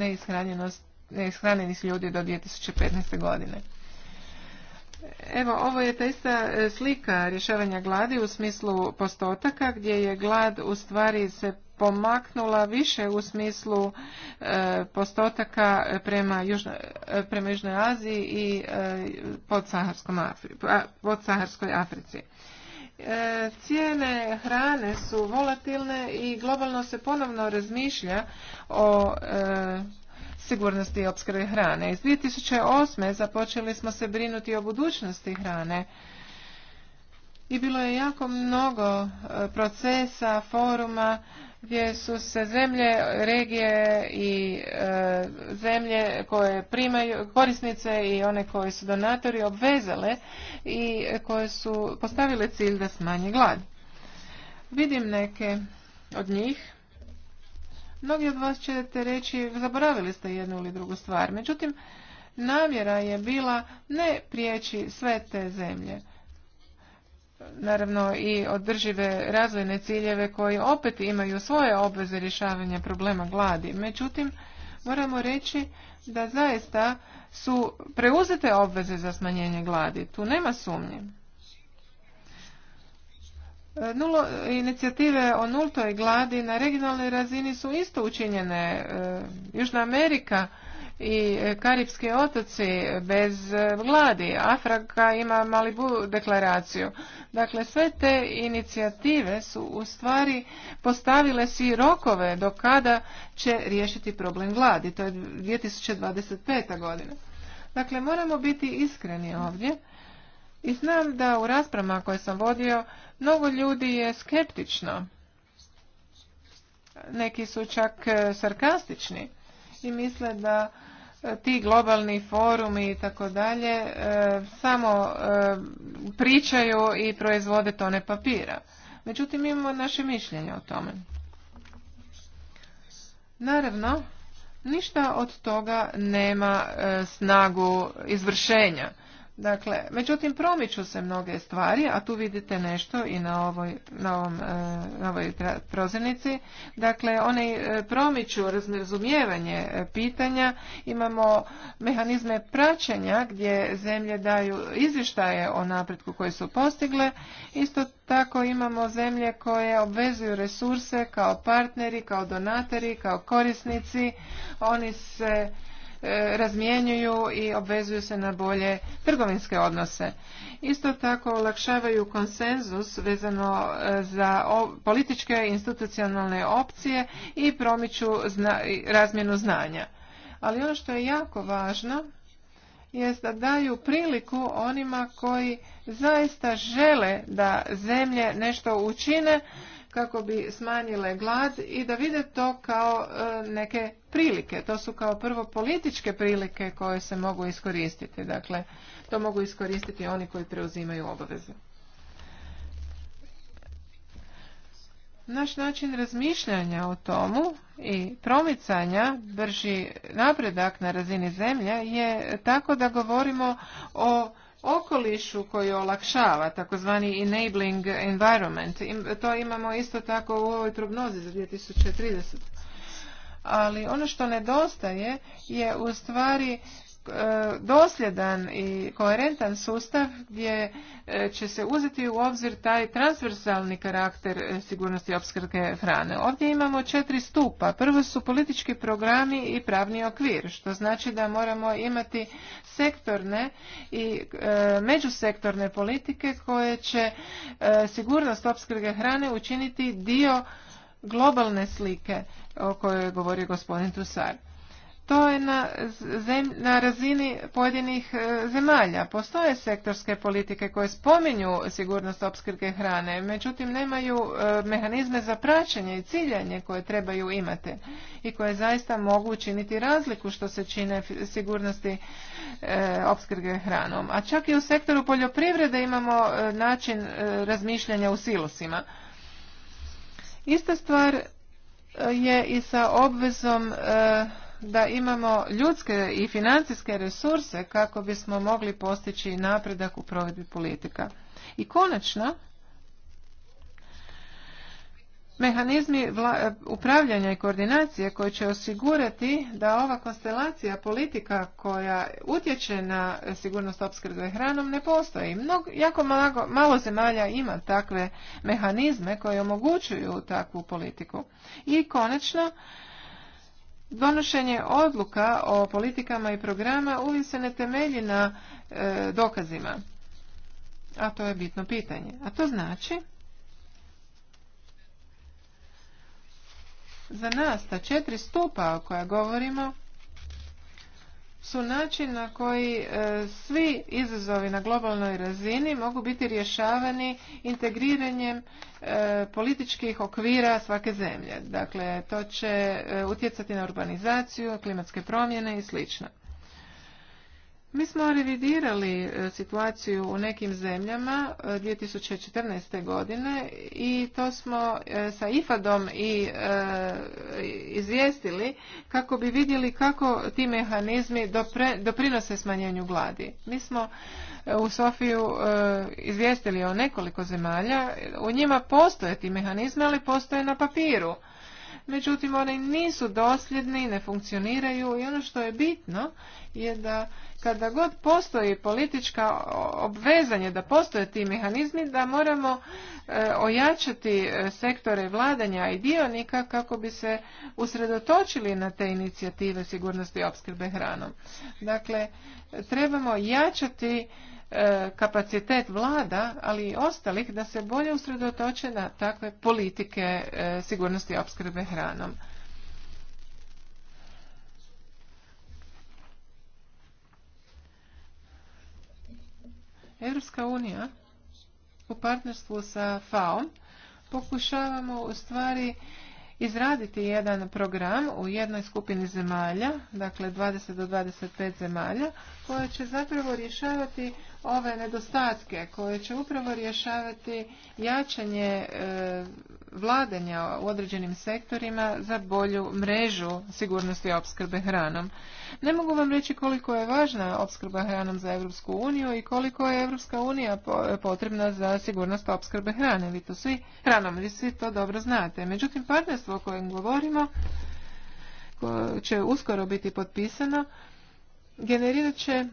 neishranjenih ljudi do 2015. godine. Evo, ovo je ta ista e, slika rješavanja gladi u smislu postotaka, gdje je glad u stvari se pomaknula više u smislu e, postotaka prema, Južno, e, prema Južnoj Aziji i e, Saharskoj Africi. cijene hrane su volatilne i globalno se ponovno razmišlja o sigurnosti opskrbe hrane. Iz 2008. započeli smo se brinuti o budućnosti hrane. I bilo je jako mnogo e, procesa, foruma gdje su se zemlje, regije i e, zemlje koje primaju korisnice i one koje su donatori obvezale i koje su postavile cilj da smanje glad. Vidim neke od njih Mnogi od vas ćete reći, zaboravili ste jednu ili drugu stvar. Međutim, namjera je bila ne prijeći sve te zemlje. Naravno i održive razvojne ciljeve koji opet imaju svoje obveze rješavanja problema gladi. Međutim, moramo reći da zaista su preuzete obveze za smanjenje gladi. Tu nema sumnje inicijative o nultoj gladi na regionalnoj razini su isto učinjene. E, Južna Amerika i Karibski otoci bez gladi. Afrika ima Malibu deklaraciju. Dakle, sve te inicijative su u stvari postavile si rokove do kada će riješiti problem gladi. To je 2025. godina. Dakle, moramo biti iskreni ovdje i znam da u raspravama koje sam vodio, mnogo ljudi je skeptično. Neki su čak e, sarkastični i misle da e, ti globalni forumi i tako dalje e, samo pričaju i proizvode tone papira. Međutim, imamo naše mišljenje o tome. Naravno, ništa od toga nema snagu izvršenja. Dakle, međutim, promiču se mnoge stvari, a tu vidite nešto i na ovoj, na ovom, e, na ovoj prozirnici. Dakle, oni e, promiču razumijevanje e, pitanja. Imamo mehanizme praćenja gdje zemlje daju izvještaje o napretku koje su postigle. Isto tako imamo zemlje koje obvezuju resurse kao partneri, kao donatori, kao korisnici. Oni se E, razmjenjuju i obvezuju se na bolje trgovinske odnose. Isto tako olakšavaju konsenzus vezano e, za političke i institucionalne opcije i promiču razmjenu znanja. Ali ono što je jako važno jest da daju priliku onima koji zaista žele da zemlje nešto učine kako bi smanjile glad i da vide to kao e, neke prilike. To su kao prvo političke prilike koje se mogu iskoristiti. Dakle, to mogu iskoristiti oni koji preuzimaju obaveze. Naš način razmišljanja o tomu i promicanja brži napredak na razini zemlje, je tako da govorimo o okolišu koji olakšava, takozvani enabling environment. To imamo isto tako u ovoj prognozi za 2030. Ali ono što nedostaje je u stvari E, dosljedan i koherentan sustav gdje e, će se uzeti u obzir taj transversalni karakter e, sigurnosti opskrbe hrane. Ovdje imamo četiri stupa. Prvo su politički programi i pravni okvir, što znači da moramo imati sektorne i međusektorne politike koje će sigurnost opskrbe hrane učiniti dio globalne slike o kojoj je govorio gospodin Tusar to je na, na razini pojedinih e, zemalja. Postoje sektorske politike koje spominju sigurnost opskrbe hrane, međutim nemaju e, mehanizme za praćenje i ciljanje koje trebaju imati i koje zaista mogu učiniti razliku što se čine sigurnosti e, opskrbe hranom. A čak i u sektoru poljoprivrede imamo način razmišljanja u silosima. Ista stvar je i sa obvezom da imamo ljudske i financijske resurse kako bismo mogli postići napredak u provedbi politika. I konačno, mehanizmi e, upravljanja i koordinacije koji će osigurati da ova konstelacija politika koja utječe na sigurnost opskrbe hranom ne postoji jako malo, malo zemalja ima takve mehanizme koji omogućuju takvu politiku i konačno Donošenje odluka o politikama i programa uvijek se ne temelji na e, dokazima, a to je bitno pitanje. A to znači za nas ta četiri stupa o koja govorimo su način na koji e, svi izazovi na globalnoj razini mogu biti rješavani integriranjem e, političkih okvira svake zemlje. Dakle, to će e, utjecati na urbanizaciju, klimatske promjene i slično. Mi smo revidirali e, situaciju u nekim zemljama 2014. E, godine i to smo e, sa IFAD-om i izvijestili kako bi vidjeli kako ti mehanizmi doprinose smanjenju gladi. Mi smo u Sofiju izvijestili o nekoliko zemalja, u njima postoje ti mehanizmi, ali postoje na papiru. Međutim, oni nisu dosljedni, ne funkcioniraju i ono što je bitno je da kada god postoji politička obvezanje da postoje ti mehanizmi da moramo e, ojačati e, sektore vladanja i dionika kako bi se usredotočili na te inicijative sigurnosti opskrbe hranom. Dakle, trebamo jačati e, kapacitet vlada, ali i ostalih da se bolje usredotoče na takve politike sigurnosti opskrbe hranom. EU unija u partnerstvu sa fao pokušavamo u stvari izraditi jedan program u jednoj skupini zemalja, dakle 20 do 25 zemalja, koja će zapravo rješavati ove nedostatke koje će upravo rješavati jačanje e, vladanja u određenim sektorima za bolju mrežu sigurnosti opskrbe hranom. Ne mogu vam reći koliko je važna opskrba hranom za Europsku uniju i koliko je Europska unija potrebna za sigurnost opskrbe hrane. Vi to svi, hranom, vi svi to dobro znate. Međutim, partnerstvo o kojem govorimo će uskoro biti potpisano generirat će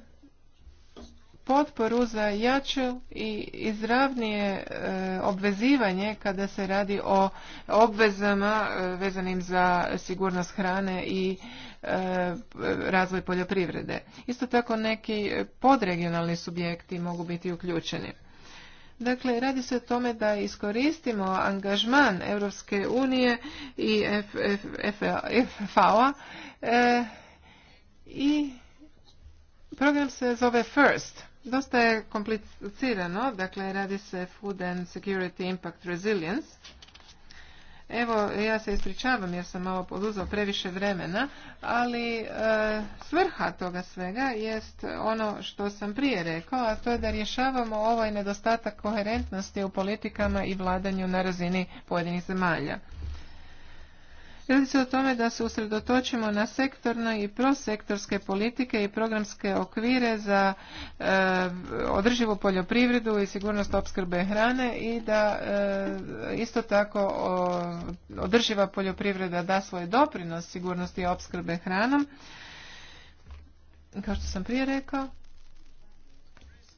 potporu za jače i izravnije e, obvezivanje kada se radi o obvezama e, vezanim za sigurnost hrane i e, razvoj poljoprivrede. Isto tako neki podregionalni subjekti mogu biti uključeni. Dakle, radi se o tome da iskoristimo angažman Europske unije i FAO-a i program se zove FIRST. Dosta je komplicirano, dakle radi se Food and Security Impact Resilience. Evo, ja se ispričavam jer sam malo poduzao previše vremena, ali e, svrha toga svega jest ono što sam prije rekao, a to je da rješavamo ovaj nedostatak koherentnosti u politikama i vladanju na razini pojedinih zemalja. Radi se o tome da se usredotočimo na sektorne i prosektorske politike i programske okvire za eh, održivu poljoprivredu i sigurnost opskrbe hrane i da eh, isto tako održiva poljoprivreda da svoj doprinos sigurnosti opskrbe hranom. Kao što sam prije rekao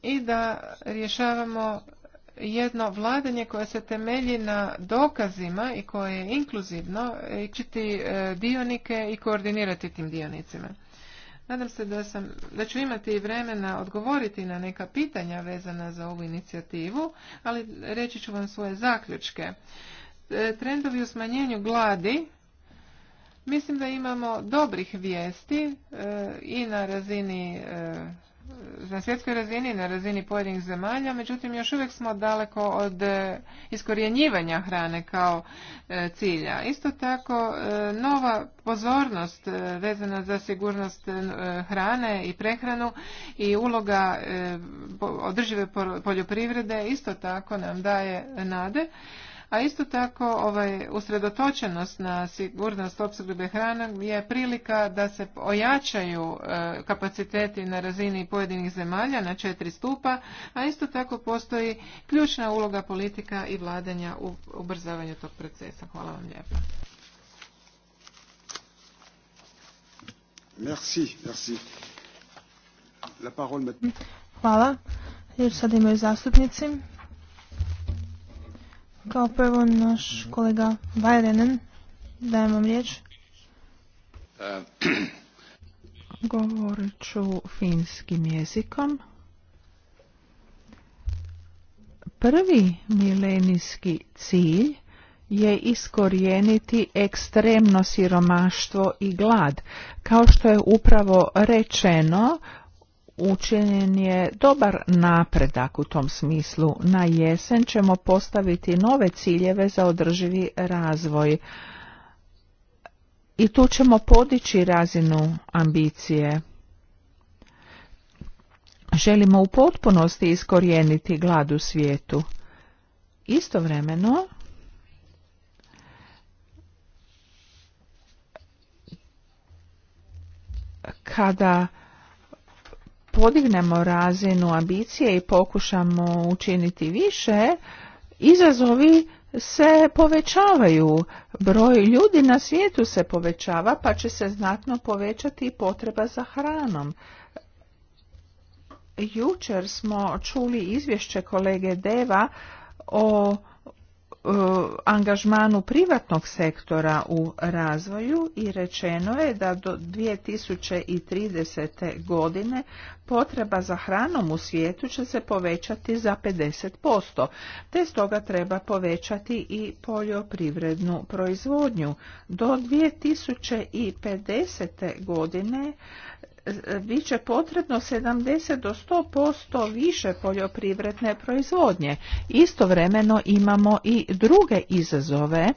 i da rješavamo jedno vladanje koje se temelji na dokazima i koje je inkluzivno čiti e, dionike i koordinirati tim dionicima. Nadam se da, sam, da ću imati i vremena odgovoriti na neka pitanja vezana za ovu inicijativu, ali reći ću vam svoje zaključke. E, trendovi u smanjenju gladi Mislim da imamo dobrih vijesti e, i na razini na svjetskoj razini, na razini pojedinih zemalja, međutim još uvijek smo daleko od e, iskorjenjivanja hrane kao e, cilja. Isto tako, e, nova pozornost vezana za sigurnost hrane i prehranu i uloga održive poljoprivrede isto tako nam daje nade a isto tako ovaj, usredotočenost na sigurnost opskrbe hranom je prilika da se ojačaju e, kapaciteti na razini pojedinih zemalja na četiri stupa, a isto tako postoji ključna uloga politika i vladanja u ubrzavanju tog procesa. Hvala vam lijepa. Merci, merci. La parole... imaju zastupnici. Kao prvo naš kolega Vajrenen, dajem vam riječ. Govorit ću finskim jezikom. Prvi milenijski cilj je iskorijeniti ekstremno siromaštvo i glad. Kao što je upravo rečeno, učinjen je dobar napredak u tom smislu. Na jesen ćemo postaviti nove ciljeve za održivi razvoj i tu ćemo podići razinu ambicije. Želimo u potpunosti iskorijeniti glad u svijetu. Istovremeno, kada podignemo razinu ambicije i pokušamo učiniti više, izazovi se povećavaju, broj ljudi na svijetu se povećava pa će se znatno povećati i potreba za hranom. Jučer smo čuli izvješće kolege Deva o E, angažmanu privatnog sektora u razvoju i rečeno je da do 2030. godine potreba za hranom u svijetu će se povećati za 50%, te stoga treba povećati i poljoprivrednu proizvodnju. Do 2050. godine bit će potrebno 70 do 100% više poljoprivredne proizvodnje. Istovremeno imamo i druge izazove,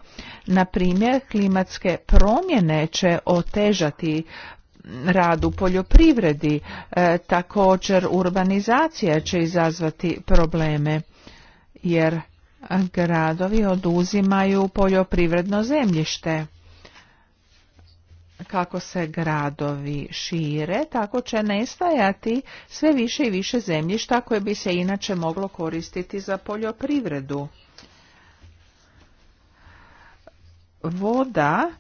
na primjer klimatske promjene će otežati rad u poljoprivredi, e, također urbanizacija će izazvati probleme jer gradovi oduzimaju poljoprivredno zemljište kako se gradovi šire, tako će nestajati sve više i više zemljišta koje bi se inače moglo koristiti za poljoprivredu. Voda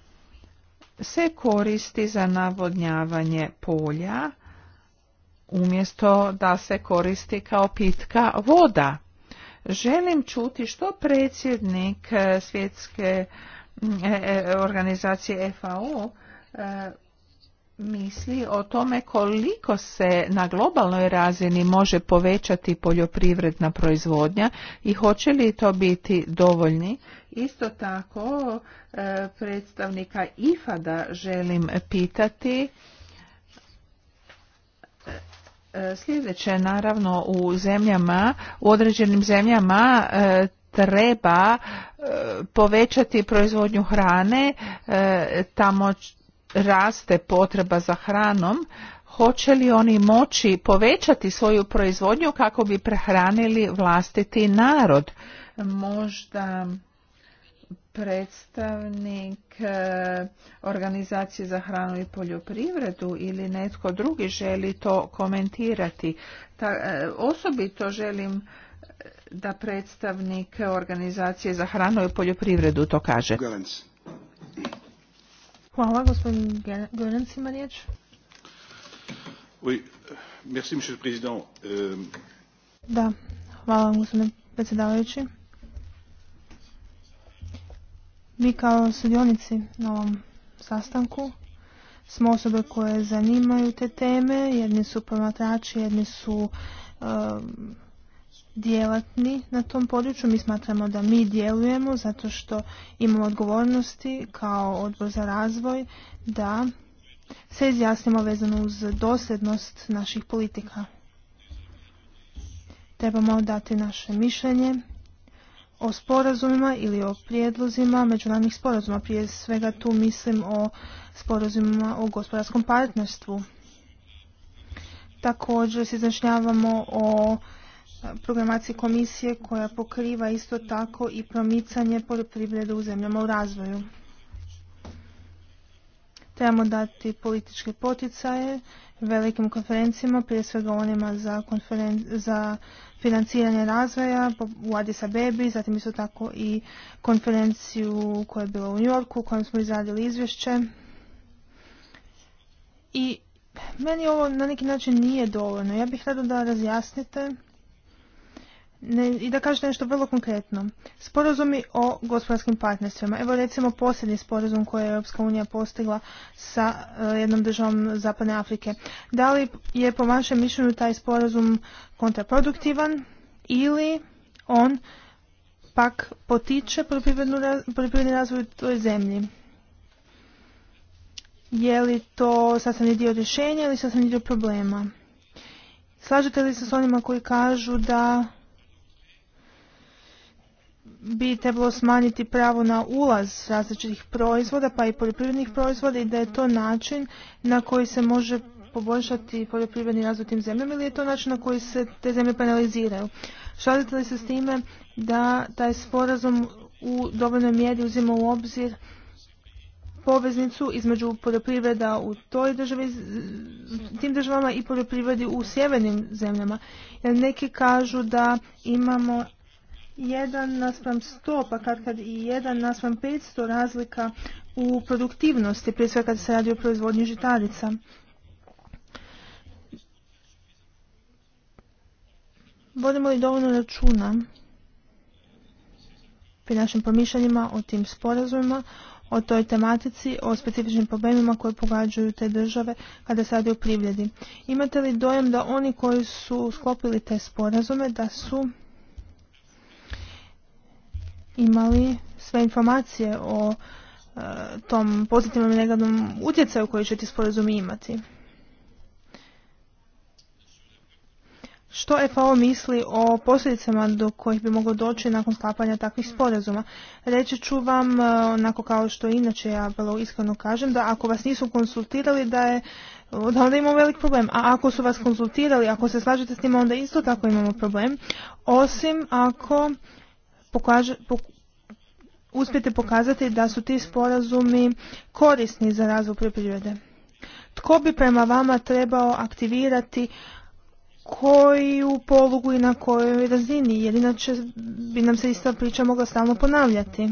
se koristi za navodnjavanje polja umjesto da se koristi kao pitka voda. Želim čuti što predsjednik eh, svjetske mm, eh, eh, organizacije FAO E, misli o tome koliko se na globalnoj razini može povećati poljoprivredna proizvodnja i hoće li to biti dovoljni. Isto tako e, predstavnika ifad želim pitati e, sljedeće naravno u zemljama u određenim zemljama treba povećati proizvodnju hrane tamo raste potreba za hranom, hoće li oni moći povećati svoju proizvodnju kako bi prehranili vlastiti narod? Možda predstavnik e, organizacije za hranu i poljoprivredu ili netko drugi želi to komentirati. Ta, e, osobito želim da predstavnik organizacije za hranu i poljoprivredu to kaže. Hvala, gospodin Gorenc ima riječ. merci, monsieur le président. Euh, da, hvala vam, gospodine predsjedavajući. Mi kao sudionici na ovom sastanku smo osobe koje zanimaju te teme, jedni su promatrači, jedni su um, djelatni na tom području. Mi smatramo da mi djelujemo zato što imamo odgovornosti kao odbor za razvoj da se izjasnimo vezano uz dosljednost naših politika. Trebamo dati naše mišljenje o sporazumima ili o prijedlozima međunarodnih sporazuma. Prije svega tu mislim o sporazumima o gospodarskom partnerstvu. Također se izjašnjavamo o programacije komisije koja pokriva isto tako i promicanje poljoprivrede u zemljama u razvoju. Trebamo dati političke poticaje velikim konferencijama, prije svega onima za, za financiranje razvoja u Addis Bebi, zatim isto tako i konferenciju koja je bila u Yorku u kojem smo izradili izvješće. I meni ovo na neki način nije dovoljno. Ja bih rado da razjasnite ne, i da kažete nešto vrlo konkretno. Sporazumi o gospodarskim partnerstvima. Evo recimo posljednji sporazum koji je Europska unija postigla sa eh, jednom državom Zapadne Afrike. Da li je po vašem mišljenju taj sporazum kontraproduktivan ili on pak potiče poljoprivredni razvoj toj zemlji? Je li to sastavni dio rješenja ili sasvim dio problema? Slažete li se s onima koji kažu da bi trebalo smanjiti pravo na ulaz različitih proizvoda, pa i poljoprivrednih proizvoda i da je to način na koji se može poboljšati poljoprivredni razvoj tim zemljama ili je to način na koji se te zemlje penaliziraju? Šalite li se s time da taj sporazum u dovoljnoj mjeri uzima u obzir poveznicu između poljoprivreda u toj državi, tim državama i poljoprivredi u sjevernim zemljama. Jer neki kažu da imamo 1 naspram 100, pa kad kad i 1 naspram 500 razlika u produktivnosti, prije svega kad se radi o proizvodnji žitarica. Vodimo li dovoljno računa pri našim pomišljanjima o tim sporazumima, o toj tematici, o specifičnim problemima koje pogađaju te države kada se radi o privljedi. Imate li dojem da oni koji su sklopili te sporazume, da su imali sve informacije o e, tom pozitivnom i negativnom utjecaju koji će ti sporazumi imati. Što FAO misli o posljedicama do kojih bi moglo doći nakon sklapanja takvih sporazuma? Reći ću vam, e, onako kao što inače ja vrlo iskreno kažem, da ako vas nisu konsultirali da je onda imamo velik problem. A ako su vas konsultirali, ako se slažete s njima, onda isto tako imamo problem. Osim ako pokaže, pokazati da su ti sporazumi korisni za razvoj poljoprivrede. Tko bi prema vama trebao aktivirati koju polugu i na kojoj razini, jer inače bi nam se ista priča mogla stalno ponavljati.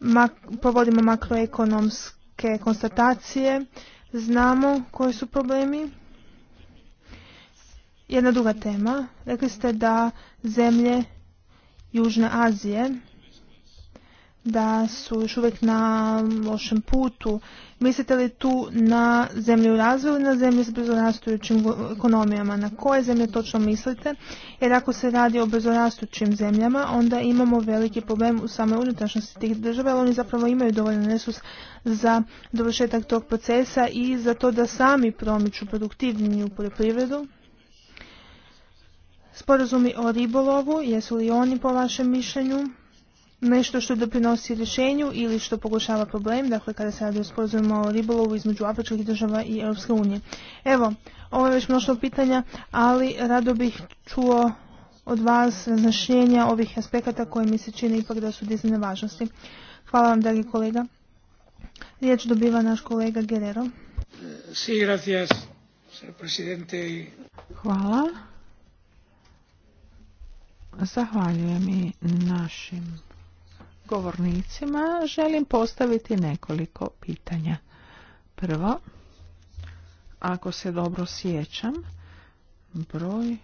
Mak provodimo makroekonomske konstatacije, znamo koji su problemi, jedna druga tema. Rekli ste da zemlje Južne Azije da su još uvijek na lošem putu. Mislite li tu na zemlje u razvoju ili na zemlje s brzorastujućim ekonomijama? Na koje zemlje točno mislite? Jer ako se radi o brzorastućim zemljama, onda imamo veliki problem u samoj unutrašnjosti tih država, ali oni zapravo imaju dovoljno resurs za dovršetak tog procesa i za to da sami promiču produktivniju poljoprivredu, Sporazumi o ribolovu, jesu li oni po vašem mišljenju nešto što doprinosi rješenju ili što pokušava problem, dakle kada se radi o sporazumima o ribolovu između afričkih država i Europske unije. Evo, ovo je već mnoštvo pitanja, ali rado bih čuo od vas značenja ovih aspekata koje mi se čine ipak da su dizane važnosti. Hvala vam, dragi kolega. Riječ dobiva naš kolega Guerrero. Eh, Hvala. Zahvaljujem i našim govornicima. Želim postaviti nekoliko pitanja. Prvo, ako se dobro sjećam, broj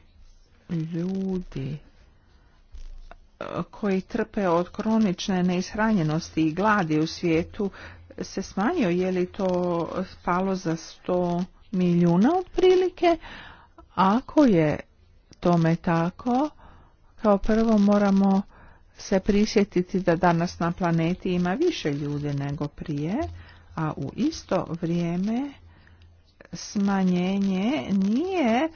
ljudi e, koji trpe od kronične neishranjenosti i gladi u svijetu se smanjio, je li to spalo za 100 milijuna otprilike? Ako je tome tako, kao prvo moramo se prisjetiti da danas na planeti ima više ljudi nego prije, a u isto vrijeme smanjenje nije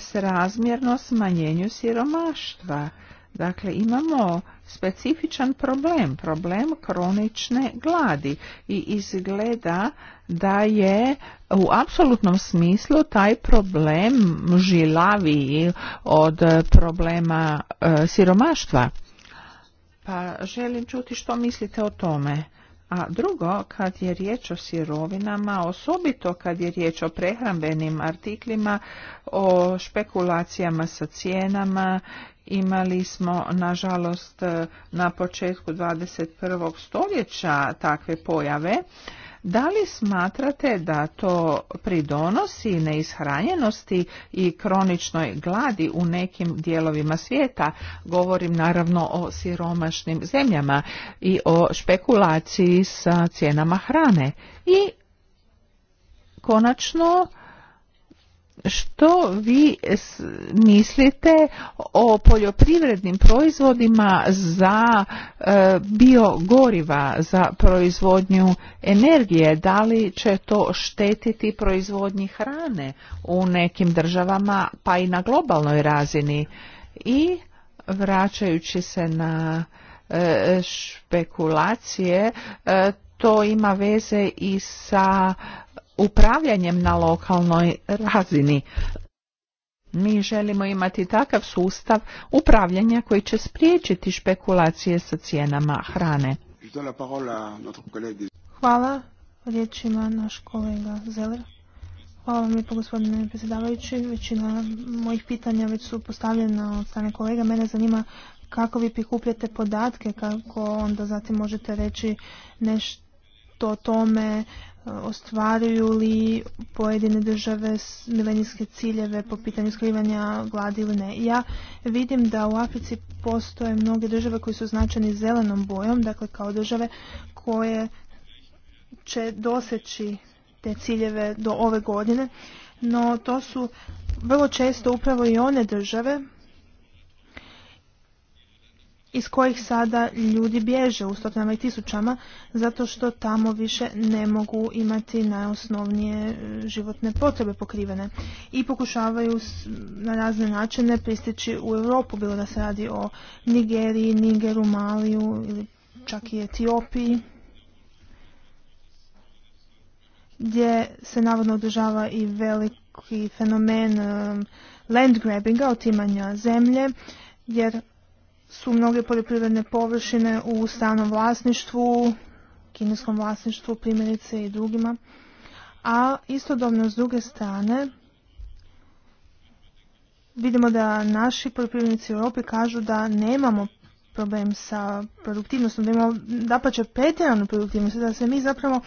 srazmjerno smanjenju siromaštva. Dakle, imamo specifičan problem, problem kronične gladi i izgleda da je u apsolutnom smislu taj problem žilaviji od problema e, siromaštva. Pa želim čuti što mislite o tome. A drugo, kad je riječ o sirovinama, osobito kad je riječ o prehrambenim artiklima, o špekulacijama sa cijenama Imali smo, nažalost, na početku 21. stoljeća takve pojave. Da li smatrate da to pridonosi neishranjenosti i kroničnoj gladi u nekim dijelovima svijeta? Govorim naravno o siromašnim zemljama i o špekulaciji sa cijenama hrane. I konačno što vi mislite o poljoprivrednim proizvodima za e, biogoriva za proizvodnju energije da li će to štetiti proizvodnji hrane u nekim državama pa i na globalnoj razini i vraćajući se na e, špekulacije e, to ima veze i sa upravljanjem na lokalnoj razini. Mi želimo imati takav sustav upravljanja koji će spriječiti špekulacije sa cijenama hrane. Hvala. Riječ ima naš kolega Zeller. Hvala vam lijepo gospodine predsjedavajući. Većina mojih pitanja već su postavljena od strane kolega. Mene zanima kako vi prikupljate podatke, kako onda zatim možete reći nešto o tome ostvaruju li pojedine države milenijske ciljeve po pitanju skrivanja gladi ili ne. Ja vidim da u Africi postoje mnoge države koje su označene zelenom bojom, dakle kao države koje će doseći te ciljeve do ove godine, no to su vrlo često upravo i one države iz kojih sada ljudi bježe u stotinama i tisućama zato što tamo više ne mogu imati najosnovnije e, životne potrebe pokrivene i pokušavaju na razne načine pristići u Europu, bilo da se radi o Nigeriji, Nigeru, Maliju ili čak i Etiopiji gdje se navodno održava i veliki fenomen e, land grabbinga, otimanja zemlje, jer su mnoge poljoprivredne površine u stranom vlasništvu, kineskom vlasništvu primjerice i drugima, a istodobno s druge strane vidimo da naši poljoprivrednici u Europi kažu da nemamo problem sa produktivnostom, da imamo dapače pretjeranu produktivnost, da se mi zapravo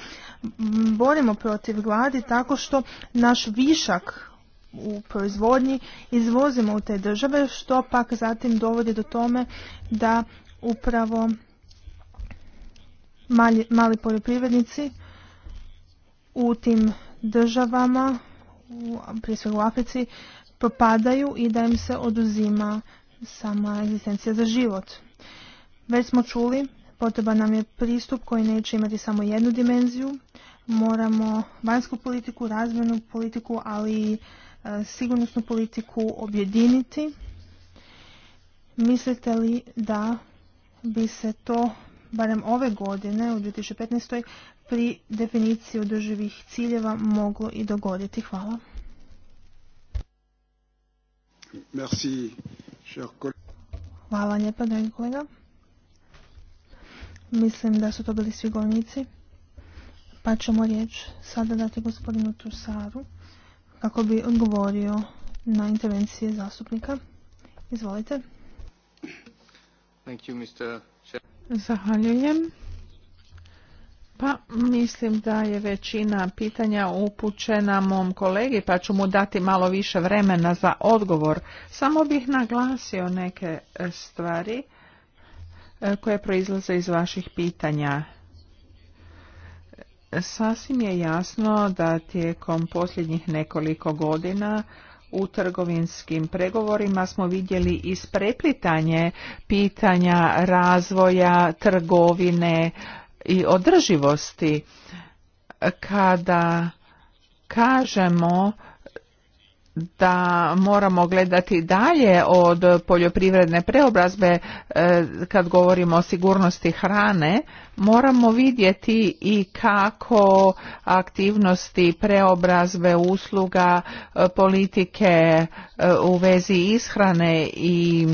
borimo protiv gladi tako što naš višak u proizvodnji izvozimo u te države, što pak zatim dovodi do tome da upravo mali, mali poljoprivrednici u tim državama, u, prije svega u Africi, propadaju i da im se oduzima sama egzistencija za život. Već smo čuli, potreban nam je pristup koji neće imati samo jednu dimenziju. Moramo vanjsku politiku, razvojnu politiku, ali i E, sigurnosnu politiku objediniti. Mislite li da bi se to barem ove godine u 2015. pri definiciji održivih ciljeva moglo i dogoditi? Hvala. Merci, Hvala lijepa, dragi kolega. Mislim da su to bili svi govornici. Pa ćemo riječ sada dati gospodinu Tusaru kako bi odgovorio na intervencije zastupnika. Izvolite. Zahvaljujem. Pa mislim da je većina pitanja upućena mom kolegi, pa ću mu dati malo više vremena za odgovor. Samo bih naglasio neke stvari e, koje proizlaze iz vaših pitanja. Sasvim je jasno da tijekom posljednjih nekoliko godina u trgovinskim pregovorima smo vidjeli ispreplitanje pitanja razvoja trgovine i održivosti kada kažemo da moramo gledati dalje od poljoprivredne preobrazbe e, kad govorimo o sigurnosti hrane moramo vidjeti i kako aktivnosti preobrazbe usluga e, politike e, u vezi ishrane i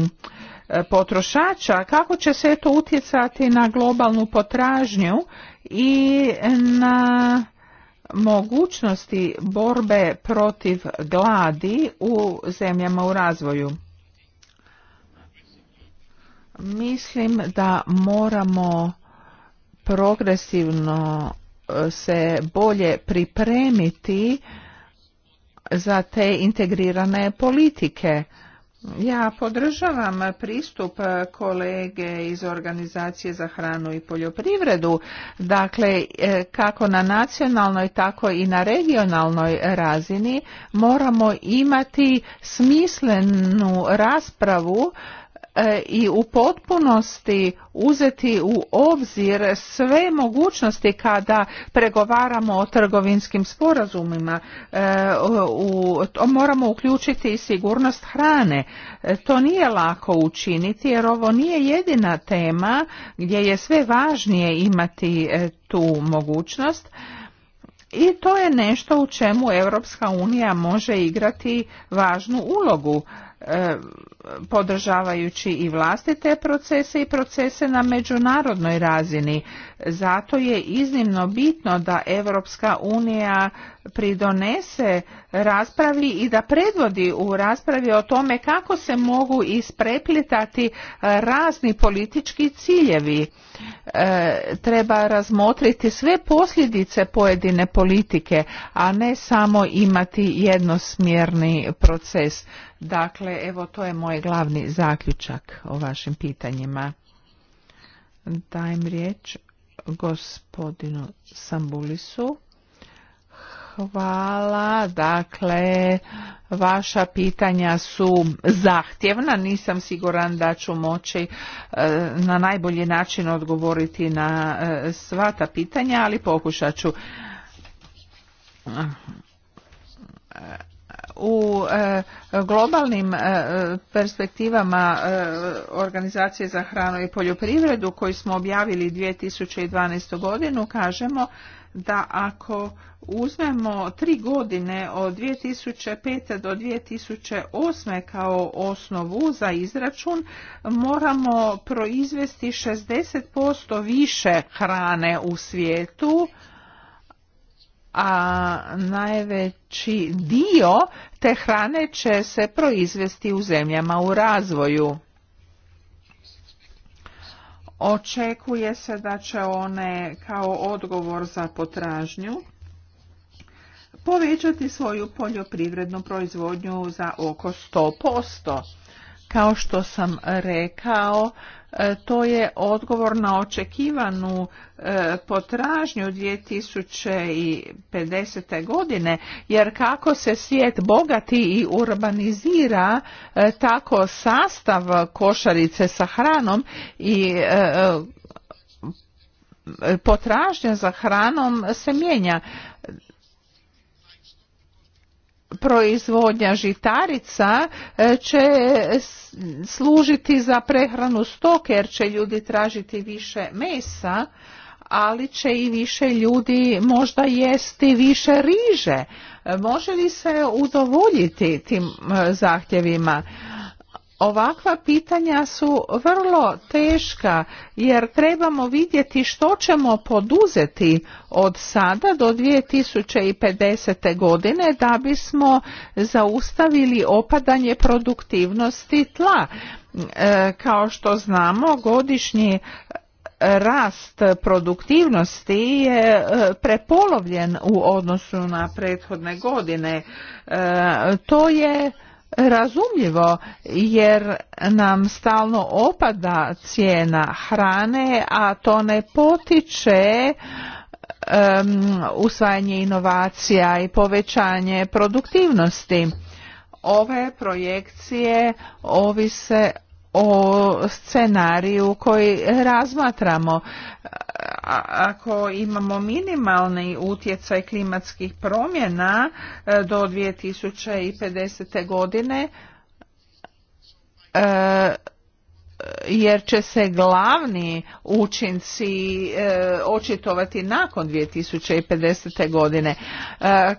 potrošača kako će se to utjecati na globalnu potražnju i na mogućnosti borbe protiv gladi u zemljama u razvoju. Mislim da moramo progresivno e, se bolje pripremiti za te integrirane politike ja podržavam pristup kolege iz Organizacije za hranu i poljoprivredu, dakle e, kako na nacionalnoj tako i na regionalnoj razini moramo imati smislenu raspravu E, i u potpunosti uzeti u obzir sve mogućnosti kada pregovaramo o trgovinskim sporazumima. E, to moramo uključiti i sigurnost hrane. E, to nije lako učiniti jer ovo nije jedina tema gdje je sve važnije imati tu mogućnost. I to je nešto u čemu Europska unija može igrati važnu ulogu podržavajući i vlastite procese i procese na međunarodnoj razini. Zato je iznimno bitno da Europska unija pridonese raspravi i da predvodi u raspravi o tome kako se mogu ispreplitati razni politički ciljevi. E, treba razmotriti sve posljedice pojedine politike, a ne samo imati jednosmjerni proces. Dakle, evo to je moje Ovaj glavni zaključak o vašim pitanjima. Dajem riječ gospodinu Sambulisu. Hvala. Dakle, vaša pitanja su zahtjevna. Nisam siguran da ću moći e, na najbolji način odgovoriti na e, sva ta pitanja, ali pokušat ću u e, globalnim e, perspektivama e, organizacije za hranu i poljoprivredu koji smo objavili 2012. godinu kažemo da ako uzmemo tri godine od 2005. do 2008. kao osnovu za izračun, moramo proizvesti 60% više hrane u svijetu a najveći dio te hrane će se proizvesti u zemljama u razvoju. Očekuje se da će one kao odgovor za potražnju povećati svoju poljoprivrednu proizvodnju za oko 100%. Kao što sam rekao, E, to je odgovor na očekivanu e, potražnju 2050. godine jer kako se svijet bogati i urbanizira e, tako sastav košarice sa hranom i potražnja za hranom se mijenja proizvodnja žitarica e, će služiti za prehranu stoke jer će ljudi tražiti više mesa, ali će i više ljudi možda jesti više riže. E, može li se udovoljiti tim e, zahtjevima? Ovakva pitanja su vrlo teška jer trebamo vidjeti što ćemo poduzeti od sada do 2050. godine da bismo zaustavili opadanje produktivnosti tla. E, kao što znamo godišnji rast produktivnosti je e, prepolovljen u odnosu na prethodne godine. E, to je razumljivo jer nam stalno opada cijena hrane a to ne potiče usvajanje inovacija i povećanje produktivnosti ove projekcije ovise o scenariju koji razmatramo. Ako imamo minimalni utjecaj klimatskih promjena e, do 2050. godine, e, jer će se glavni učinci e, očitovati nakon 2050. godine.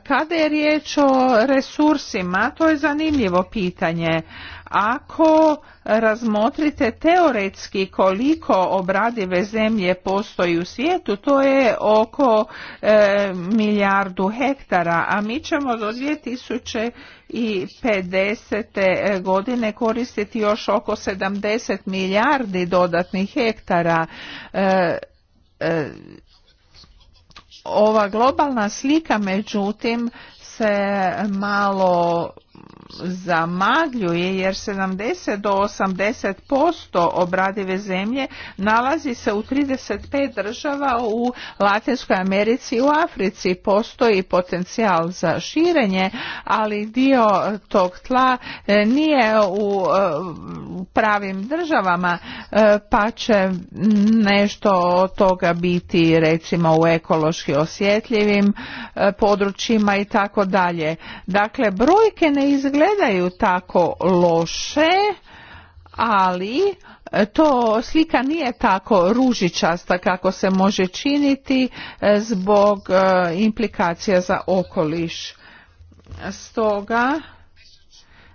kada je riječ o resursima, to je zanimljivo pitanje. Ako razmotrite teoretski koliko obradive zemlje postoji u svijetu, to je oko e, milijardu hektara, a mi ćemo do 2050. godine koristiti još oko 70 milijardi dodatnih hektara. E, e, ova globalna slika međutim se malo zamagljuje jer 70 do 80% obradive zemlje nalazi se u 35 država u Latinskoj Americi i u Africi. Postoji potencijal za širenje, ali dio tog tla e, nije e, u pravim državama e, pa će nešto od toga biti recimo u ekološki osjetljivim područjima i tako dalje. Dakle, brojke ne izgledaju tako loše, ali e, to slika nije tako ružičasta kako se može činiti e, zbog e, implikacija za okoliš. Stoga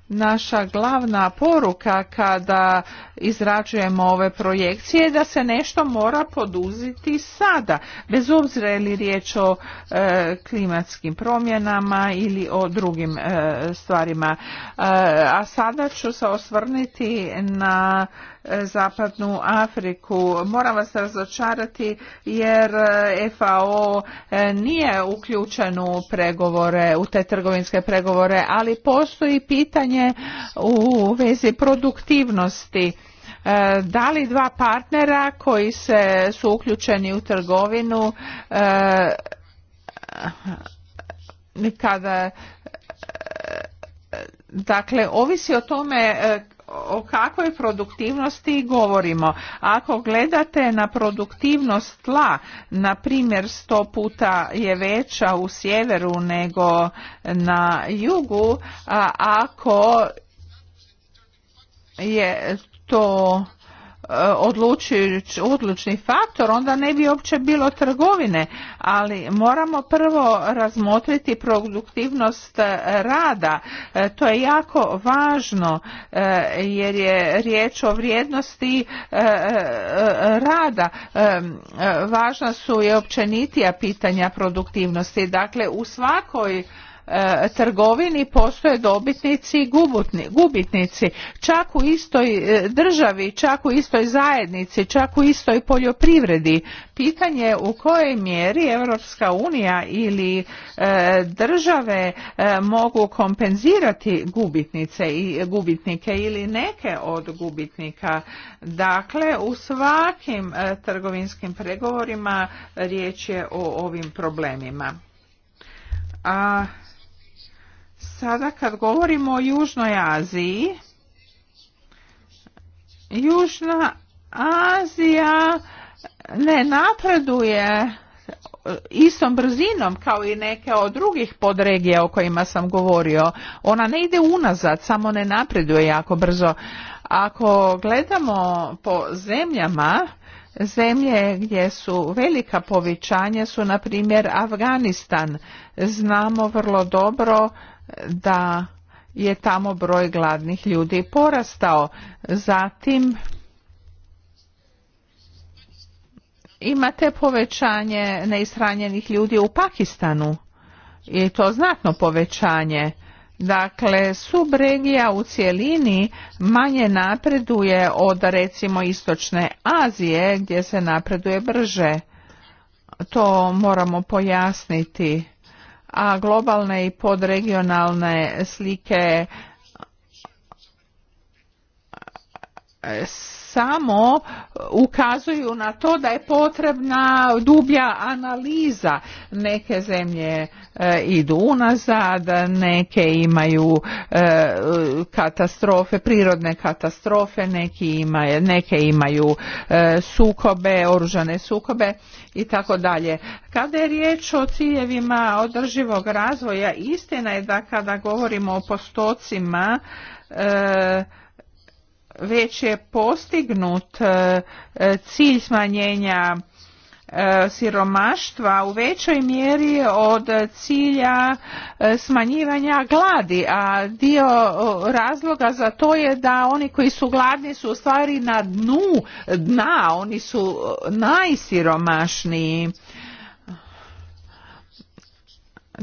naša glavna poruka kada izrađujemo ove projekcije da se nešto mora poduziti sada bez obzira je li riječ o e, klimatskim promjenama ili o drugim e, stvarima e, a sada ću se osvrniti na zapadnu Afriku. Moram vas razočarati jer eh, FAO eh, nije uključen u pregovore, u te trgovinske pregovore, ali postoji pitanje u vezi produktivnosti eh, da li dva partnera koji se su uključeni u trgovinu kada dakle ovisi o tome o kakvoj produktivnosti govorimo. Ako gledate na produktivnost tla, na primjer sto puta je veća u sjeveru nego na jugu, ako je to E, odlučujući odlučni faktor onda ne bi uopće bilo trgovine ali moramo prvo razmotriti produktivnost e, rada e, to je jako važno jer je riječ o vrijednosti rada važna su i općenitija pitanja produktivnosti dakle u svakoj E, trgovini postoje dobitnici i gubitnici čak u istoj e, državi čak u istoj zajednici čak u istoj poljoprivredi pitanje je u kojoj mjeri europska unija ili e, države mogu kompenzirati gubitnice i gubitnike ili neke od gubitnika dakle u svakim trgovinskim pregovorima riječ je o ovim problemima a sada kad govorimo o Južnoj Aziji, Južna Azija ne napreduje istom brzinom kao i neke od drugih podregija o kojima sam govorio. Ona ne ide unazad, samo ne napreduje jako brzo. Ako gledamo po zemljama, zemlje gdje su velika povećanja su na primjer Afganistan. Znamo vrlo dobro da je tamo broj gladnih ljudi porastao. Zatim imate povećanje neishranjenih ljudi u Pakistanu i to znatno povećanje. Dakle, subregija u cjelini manje napreduje od recimo istočne Azije gdje se napreduje brže. To moramo pojasniti a globalne i podregionalne slike eh, samo uh, ukazuju na to da je potrebna dublja analiza. Neke zemlje uh, idu unazad, neke imaju uh, katastrofe, prirodne katastrofe, neke imaju sukobe, oružane sukobe i tako dalje. Kada je riječ o ciljevima održivog razvoja, istina je da kada govorimo o postocima, već je postignut e, e, cilj smanjenja e, siromaštva u većoj mjeri od cilja smanjivanja gladi, a dio razloga za to je da oni koji su gladni su u stvari na dnu dna, oni su najsiromašniji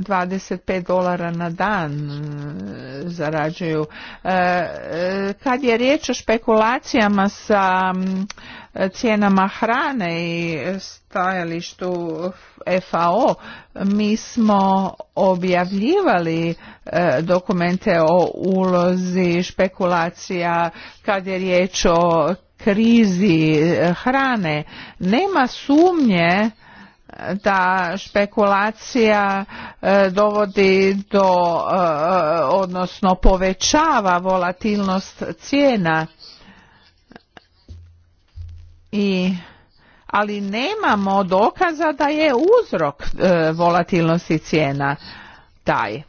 25 dolara na dan e, zarađuju. E, e, kad je riječ o špekulacijama sa cijenama hrane i stajalištu FAO, mi smo objavljivali dokumente o ulozi špekulacija kad je riječ o krizi hrane. Nema sumnje da špekulacija e, dovodi do e, odnosno povećava volatilnost cijena i ali nemamo dokaza da je uzrok e, volatilnosti cijena taj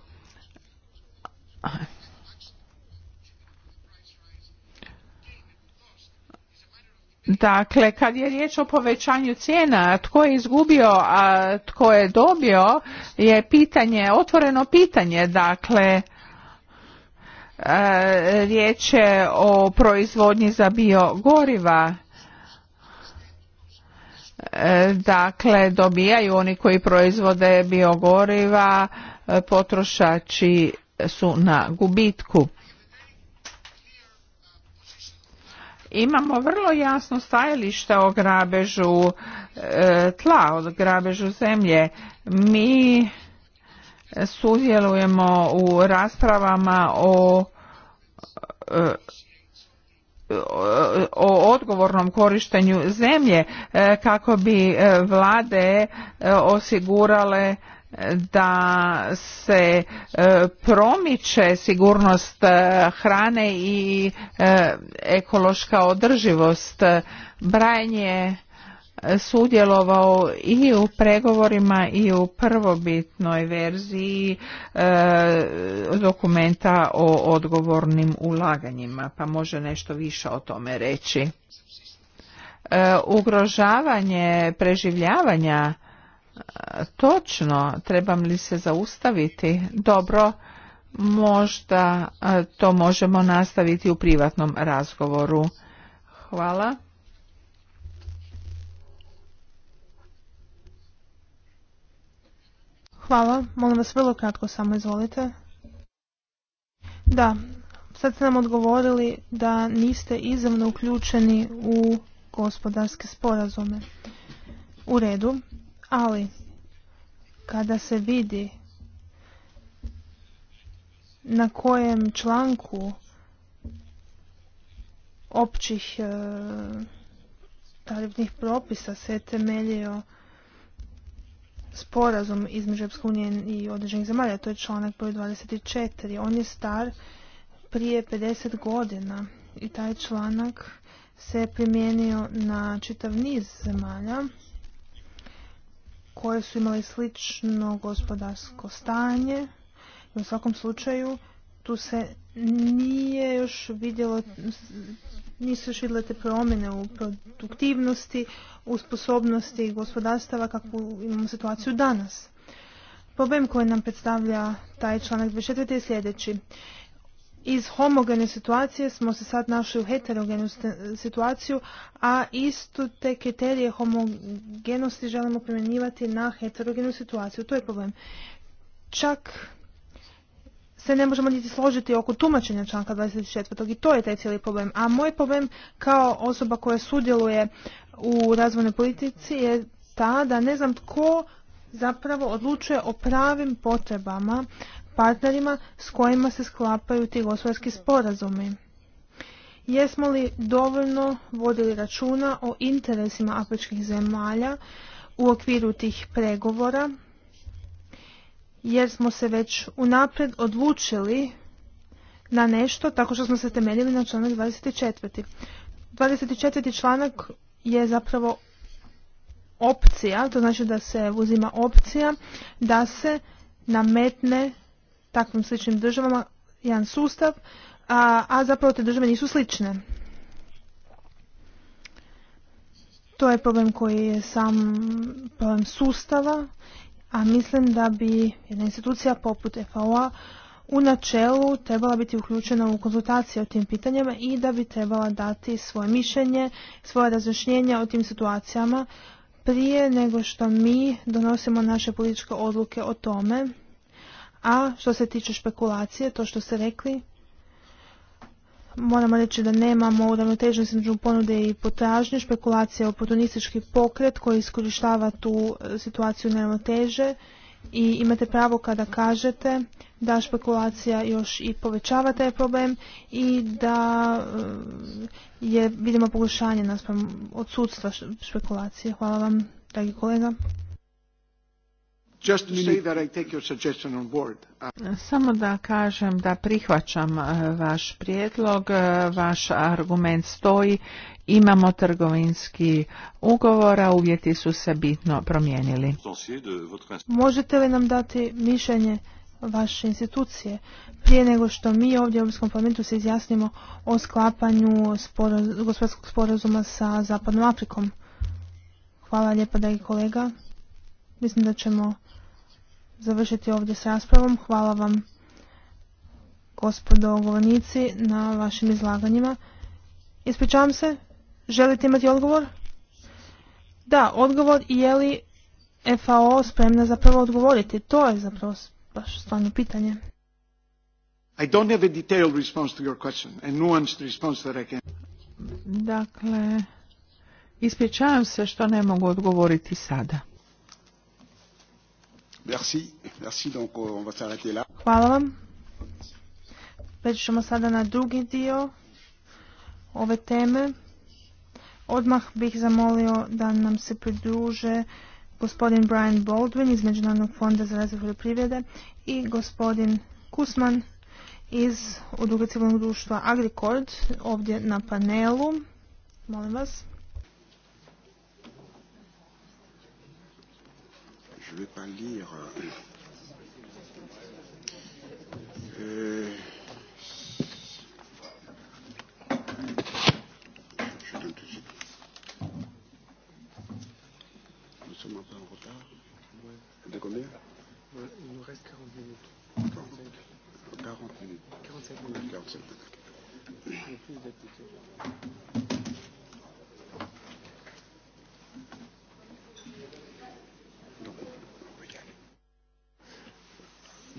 Dakle, kad je riječ o povećanju cijena, tko je izgubio, a tko je dobio, je pitanje, otvoreno pitanje. Dakle, e, riječ je o proizvodnji za biogoriva. E, dakle, dobijaju oni koji proizvode biogoriva, e, potrošači su na gubitku. Imamo vrlo jasno stajalište o grabežu e, tla, o grabežu zemlje. Mi sudjelujemo u raspravama o e, o odgovornom korištenju zemlje e, kako bi vlade osigurale da se e, promiče sigurnost e, hrane i e, ekološka održivost. je sudjelovao i u pregovorima i u prvobitnoj verziji dokumenta o odgovornim ulaganjima, pa može nešto više o tome reći. ugrožavanje preživljavanja točno trebam li se zaustaviti dobro možda e, to možemo nastaviti u privatnom razgovoru hvala Hvala. Molim vas vrlo kratko samo izvolite. Da, sad ste nam odgovorili da niste izravno uključeni u gospodarske sporazume. U redu. Ali, kada se vidi na kojem članku općih e, tarifnih propisa se temeljio sporazum između Europske unije i određenih zemalja, to je članak broj 24. On je star prije 50 godina i taj članak se primijenio na čitav niz zemalja koje su imali slično gospodarsko stanje i u svakom slučaju tu se nije još vidjelo nisu još vidjele te promjene u produktivnosti, u sposobnosti gospodarstava kakvu imamo situaciju danas. Problem koji nam predstavlja taj članak 24. je sljedeći iz homogene situacije smo se sad našli u heterogenu situaciju, a isto te kriterije homogenosti želimo primjenjivati na heterogenu situaciju. To je problem. Čak se ne možemo niti složiti oko tumačenja članka 24. i to je taj cijeli problem. A moj problem kao osoba koja sudjeluje u razvojnoj politici je ta da ne znam tko zapravo odlučuje o pravim potrebama partnerima s kojima se sklapaju ti gospodarski sporazumi. Jesmo li dovoljno vodili računa o interesima afričkih zemalja u okviru tih pregovora, jer smo se već unaprijed odlučili na nešto tako što smo se temeljili na članak 24. 24. članak je zapravo opcija, to znači da se uzima opcija da se nametne takvim sličnim državama jedan sustav, a, zapravo te države nisu slične. To je problem koji je sam problem sustava, a mislim da bi jedna institucija poput fao u načelu trebala biti uključena u konzultacije o tim pitanjama i da bi trebala dati svoje mišljenje, svoje razjašnjenja o tim situacijama prije nego što mi donosimo naše političke odluke o tome a što se tiče špekulacije, to što ste rekli, moramo reći da nemamo uravnoteženost između ponude i potražnje. Špekulacija je oportunistički pokret koji iskorištava tu e, situaciju neravnoteže i imate pravo kada kažete da špekulacija još i povećava taj problem i da e, je vidimo pogušanje naspram odsudstva špekulacije. Hvala vam, dragi kolega. Uh, Samo da kažem da prihvaćam uh, vaš prijedlog, uh, vaš argument stoji, imamo trgovinski ugovora, uvjeti su se bitno promijenili. Možete li nam dati mišljenje vaše institucije prije nego što mi ovdje u Europskom parlamentu se izjasnimo o sklapanju gospodarskog sporazuma sa Zapadnom Afrikom? Hvala lijepa, dragi kolega. Mislim da ćemo završiti ovdje s raspravom. Hvala vam gospodo govornici na vašim izlaganjima. Ispričavam se, želite imati odgovor? Da, odgovor je li FAO spremna zapravo odgovoriti. To je zapravo baš stvarno pitanje. I don't have a detailed response to your question, Dakle, ispričavam se što ne mogu odgovoriti sada. Merci. Merci. Euh, Hvala vam. sada na drugi dio ove teme. Odmah bih zamolio da nam se pridruže gospodin Brian Baldwin iz Međunarodnog fonda za razvoj poljoprivrede i gospodin Kusman iz Udruga civilnog društva AgriCord ovdje na panelu. Molim vas. je ne vais pas lire. Euh, euh, je donne tout de Nous sommes un peu en retard. Ouais. De combien ouais, Il nous reste 40 minutes. 45. 40 minutes. 45 minutes. 45 minutes. Il y a plus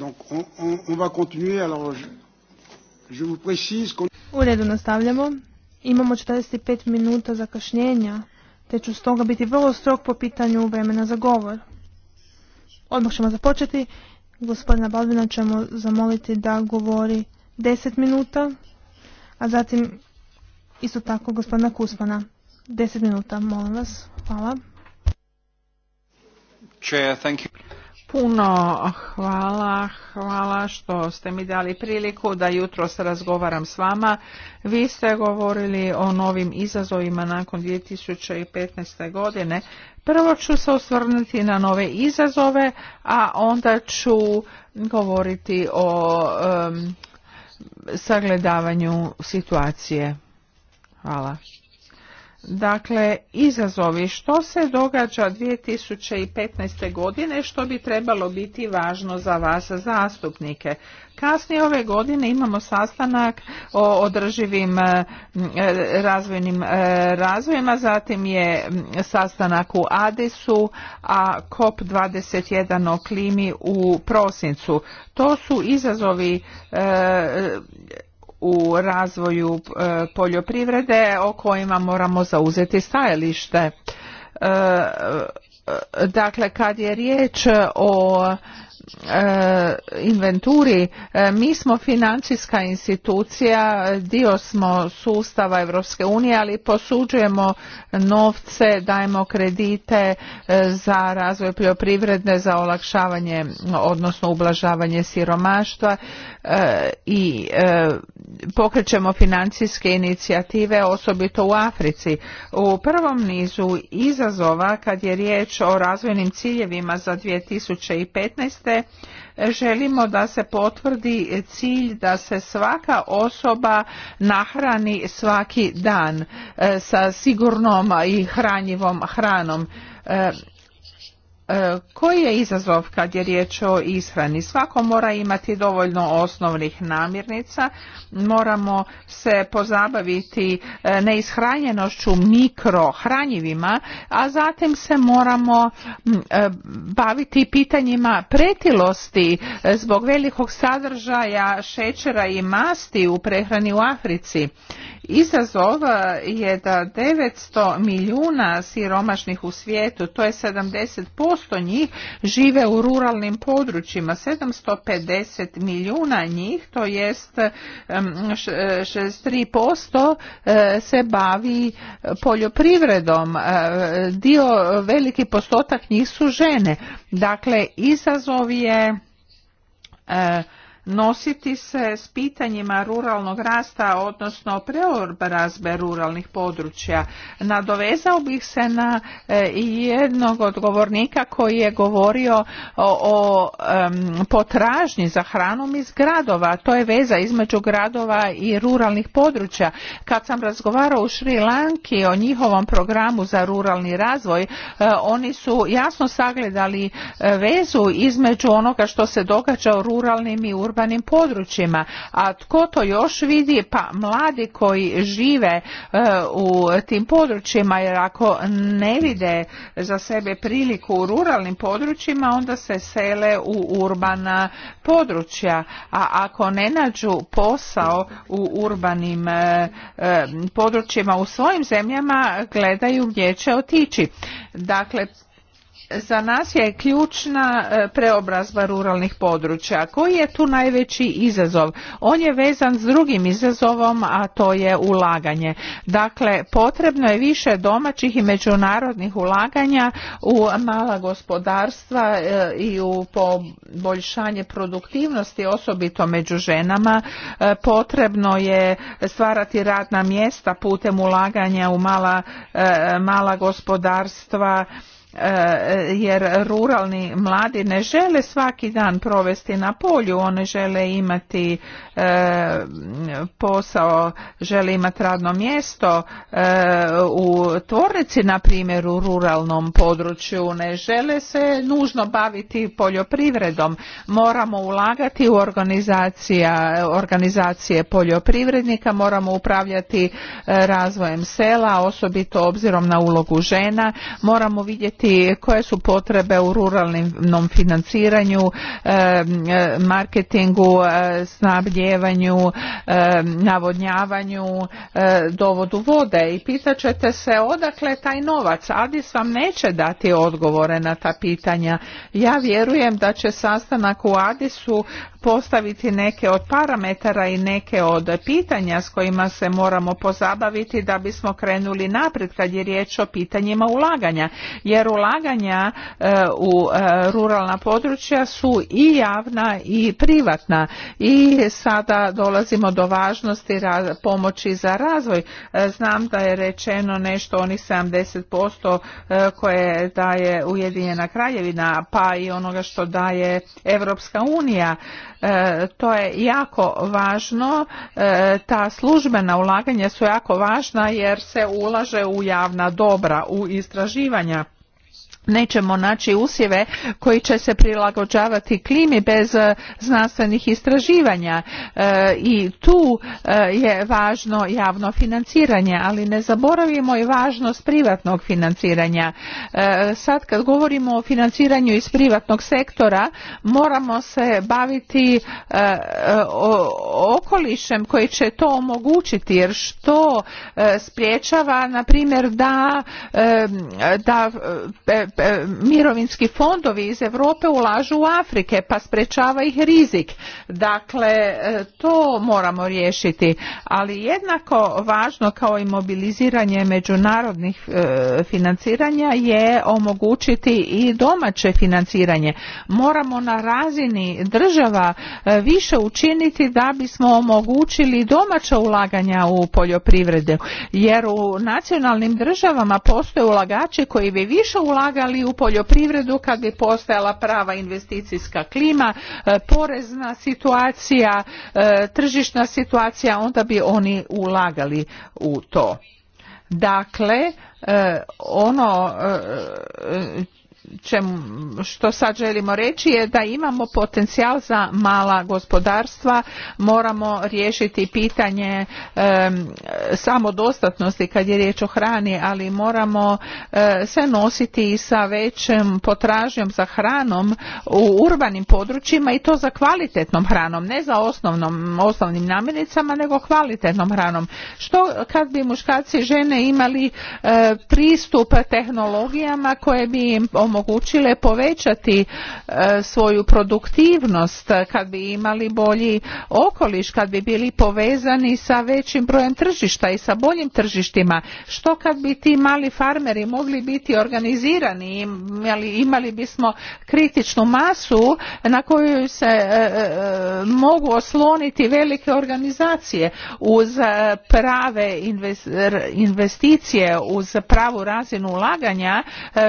Donc on, on, va continuer. Alors je, vous précise qu'on... U redu nastavljamo. Imamo 45 minuta zakašnjenja, te ću stoga biti vrlo strog po pitanju vremena za govor. Odmah ćemo započeti. Gospodina Balvina ćemo zamoliti da govori 10 minuta, a zatim isto tako gospodina Kusmana. 10 minuta, molim vas. Hvala. Chair, thank you puno hvala, hvala što ste mi dali priliku da jutro se razgovaram s vama. Vi ste govorili o novim izazovima nakon 2015. godine. Prvo ću se osvrnuti na nove izazove, a onda ću govoriti o sagledavanju situacije. Hvala. Dakle, izazovi što se događa 2015. godine što bi trebalo biti važno za vas zastupnike. Kasnije ove godine imamo sastanak o održivim e, razvojnim e, razvojima, zatim je sastanak u Adisu, a COP21 o klimi u prosincu. To su izazovi e, u razvoju e, poljoprivrede o kojima moramo zauzeti stajalište. E, e, dakle, kad je riječ o E, inventuri. E, mi smo financijska institucija, dio smo sustava Europske unije, ali posuđujemo novce, dajemo kredite e, za razvoj poljoprivredne, za olakšavanje, odnosno ublažavanje siromaštva i pokrećemo financijske inicijative, osobito u Africi. U prvom nizu izazova, kad je riječ o razvojnim ciljevima za 2015 želimo da se potvrdi cilj da se svaka osoba nahrani svaki dan e, sa sigurnom i hranjivom hranom e, E, koji je izazov kad je riječ o ishrani? Svako mora imati dovoljno osnovnih namirnica, moramo se pozabaviti e, neishranjenošću mikrohranjivima, a zatim se moramo e, baviti pitanjima pretilosti zbog velikog sadržaja šećera i masti u prehrani u Africi. Izazov je da 900 milijuna siromašnih u svijetu, to je 70% njih, žive u ruralnim područjima. 750 milijuna njih, to jest 63% e, se bavi poljoprivredom. E, dio, veliki postotak njih su žene. Dakle, izazov je e, nositi se s pitanjima ruralnog rasta, odnosno preobrazbe ruralnih područja. Nadovezao bih se na e, jednog odgovornika koji je govorio o, potražnji za hranom iz gradova. To je veza između gradova i ruralnih područja. Kad sam razgovarao u Šri Lanki o njihovom programu za ruralni razvoj, e, oni su jasno sagledali e, vezu između onoga što se događa u ruralnim i urbanim područjima. A tko to još vidi? Pa mladi koji žive e, u tim područjima jer ako ne vide za sebe priliku u ruralnim područjima onda se sele u urbana područja. A ako ne nađu posao u urbanim e, e, područjima u svojim zemljama gledaju gdje će otići. Dakle, za nas je ključna e, preobrazba ruralnih područja. Koji je tu najveći izazov? On je vezan s drugim izazovom, a to je ulaganje. Dakle, potrebno je više domaćih i međunarodnih ulaganja u mala gospodarstva e, i u poboljšanje produktivnosti, osobito među ženama. E, potrebno je stvarati radna mjesta putem ulaganja u mala, mala gospodarstva E, jer ruralni mladi ne žele svaki dan provesti na polju, one žele imati e, posao, žele imati radno mjesto e, u tvornici na primjer u ruralnom području, ne žele se nužno baviti poljoprivredom. Moramo ulagati u organizacija, organizacije poljoprivrednika, moramo upravljati razvojem sela, osobito obzirom na ulogu žena, moramo vidjeti vidjeti koje su potrebe u ruralnom financiranju, e, e, marketingu, e, snabdjevanju, navodnjavanju, dovodu vode i pitat ćete se odakle taj novac. Adis vam neće dati odgovore na ta pitanja. Ja vjerujem da će sastanak u Adisu postaviti neke od parametara i neke od pitanja s kojima se moramo pozabaviti da bismo krenuli naprijed kad je riječ o pitanjima ulaganja jer ulaganja e, u e, ruralna područja su i javna i privatna i sada dolazimo do važnosti pomoći za razvoj. E, znam da je rečeno nešto onih 70% koje daje Ujedinjena kraljevina pa i onoga što daje Europska unija. To je jako važno. Ta službena ulaganja su jako važna jer se ulaže u javna dobra, u istraživanja nećemo naći usjeve koji će se prilagođavati klimi bez e, znanstvenih istraživanja e, i tu e, je važno javno financiranje ali ne zaboravimo i važnost privatnog financiranja sad kad govorimo o financiranju iz privatnog sektora moramo se baviti okolišem koji će to omogućiti jer što spriječava na primjer da da E, mirovinski fondovi iz Europe ulažu u Afrike pa sprečava ih rizik. Dakle, e, to moramo riješiti, ali jednako važno kao i mobiliziranje međunarodnih e, financiranja je omogućiti i domaće financiranje. Moramo na razini država više učiniti da bismo omogućili domaća ulaganja u poljoprivrede. jer u nacionalnim državama postoje ulagači koji bi više ulagali ulagali u poljoprivredu kad bi postojala prava investicijska klima, e, porezna situacija, e, tržišna situacija, onda bi oni ulagali u to. Dakle, e, ono čemu, što sad želimo reći je da imamo potencijal za mala gospodarstva, moramo riješiti pitanje samodostatnosti kad je riječ o hrani, ali moramo se nositi i sa većom potražnjom za hranom u urbanim područjima i to za kvalitetnom hranom, ne za osnovnom, osnovnim namirnicama, nego kvalitetnom hranom. Što kad bi muškarci i žene imali e, pristup tehnologijama koje bi im omogućile povećati e, svoju produktivnost kad bi imali bolji okoliš, kad bi bili povezani sa većim brojem tržišta i sa boljim tržištima. Što kad bi ti mali farmeri mogli biti organizirani, imali, imali bismo kritičnu masu na koju se e, e, mogu osloniti velike organizacije uz prave investicije, uz pravu razinu ulaganja,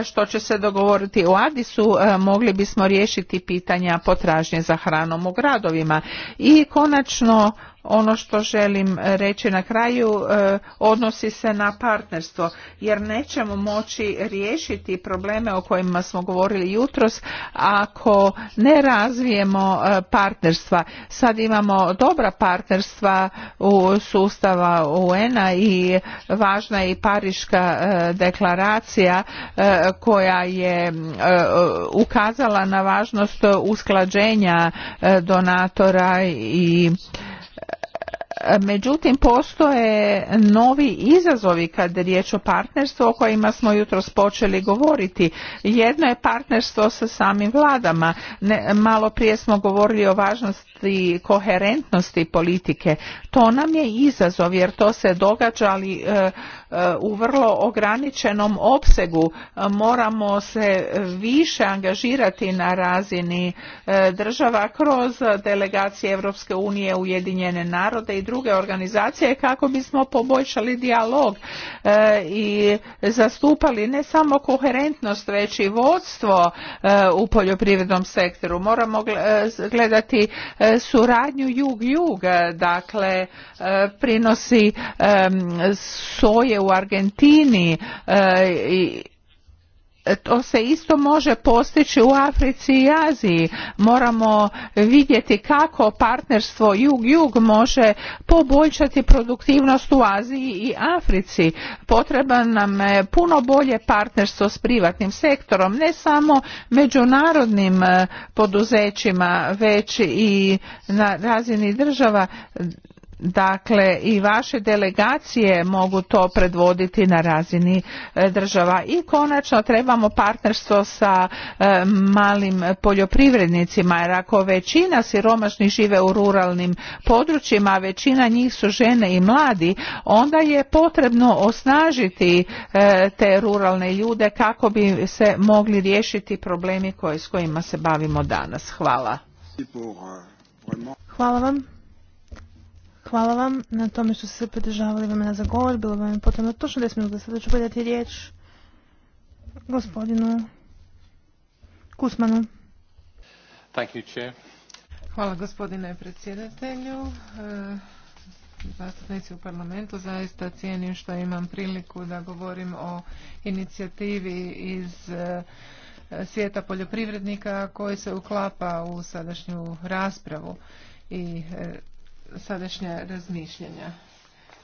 što će se dogovoriti govoriti o Adisu, e, mogli bismo riješiti pitanja potražnje za hranom u gradovima. I konačno ono što želim reći na kraju e, odnosi se na partnerstvo jer nećemo moći riješiti probleme o kojima smo govorili jutros ako ne razvijemo e, partnerstva. Sad imamo dobra partnerstva u sustava UN-a i važna je i Pariška e, deklaracija koja je ukazala na važnost usklađenja donatora i Međutim, postoje novi izazovi kad je riječ o partnerstvu o kojima smo jutros počeli govoriti. Jedno je partnerstvo sa samim vladama. Ne, malo prije smo govorili o važnosti koherentnosti politike. To nam je izazov jer to se događa, ali e, E, u vrlo ograničenom opsegu. E, moramo se više angažirati na razini e, država kroz delegacije Europske unije, Ujedinjene narode i druge organizacije kako bismo poboljšali dijalog i zastupali ne samo koherentnost već i vodstvo u poljoprivrednom sektoru. Moramo gledati suradnju jug-jug, dakle prinosi soje u Argentini e, e, to se isto može postići u Africi i Aziji. Moramo vidjeti kako partnerstvo jug-jug može poboljšati produktivnost u Aziji i Africi. Potreba nam je puno bolje partnerstvo s privatnim sektorom, ne samo međunarodnim e, poduzećima, već i na razini država Dakle, i vaše delegacije mogu to predvoditi na razini e, država. I konačno trebamo partnerstvo sa e, malim poljoprivrednicima, jer ako većina siromašnih žive u ruralnim područjima, a većina njih su žene i mladi, onda je potrebno osnažiti e, te ruralne ljude kako bi se mogli riješiti problemi s kojima se bavimo danas. Hvala. Euh, Hvala vam. Hvala vam na tome što ste se pridržavali vremena na govor. Bilo vam je potrebno točno 10 minuta. Sada ću predati riječ gospodinu Kusmanu. Thank you, Hvala gospodine predsjedatelju. E, zastupnici u parlamentu zaista cijenim što imam priliku da govorim o inicijativi iz e, svijeta poljoprivrednika koji se uklapa u sadašnju raspravu i e, sadašnja razmišljanja.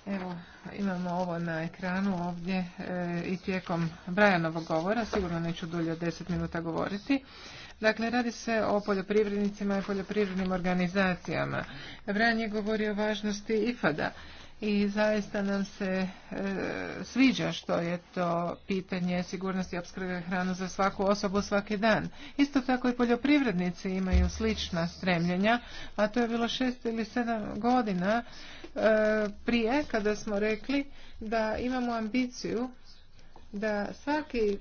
Evo, imamo ovo na ekranu ovdje e, i tijekom Brajanovog govora, sigurno neću dulje od 10 minuta govoriti. Dakle, radi se o poljoprivrednicima i poljoprivrednim organizacijama. Brajan je govorio o važnosti IFAD-a i zaista nam se e, sviđa što je to pitanje sigurnosti opskrbe hranu za svaku osobu svaki dan. Isto tako i poljoprivrednici imaju slična stremljenja, a to je bilo šest ili sedam godina e, prije kada smo rekli da imamo ambiciju da svaki e,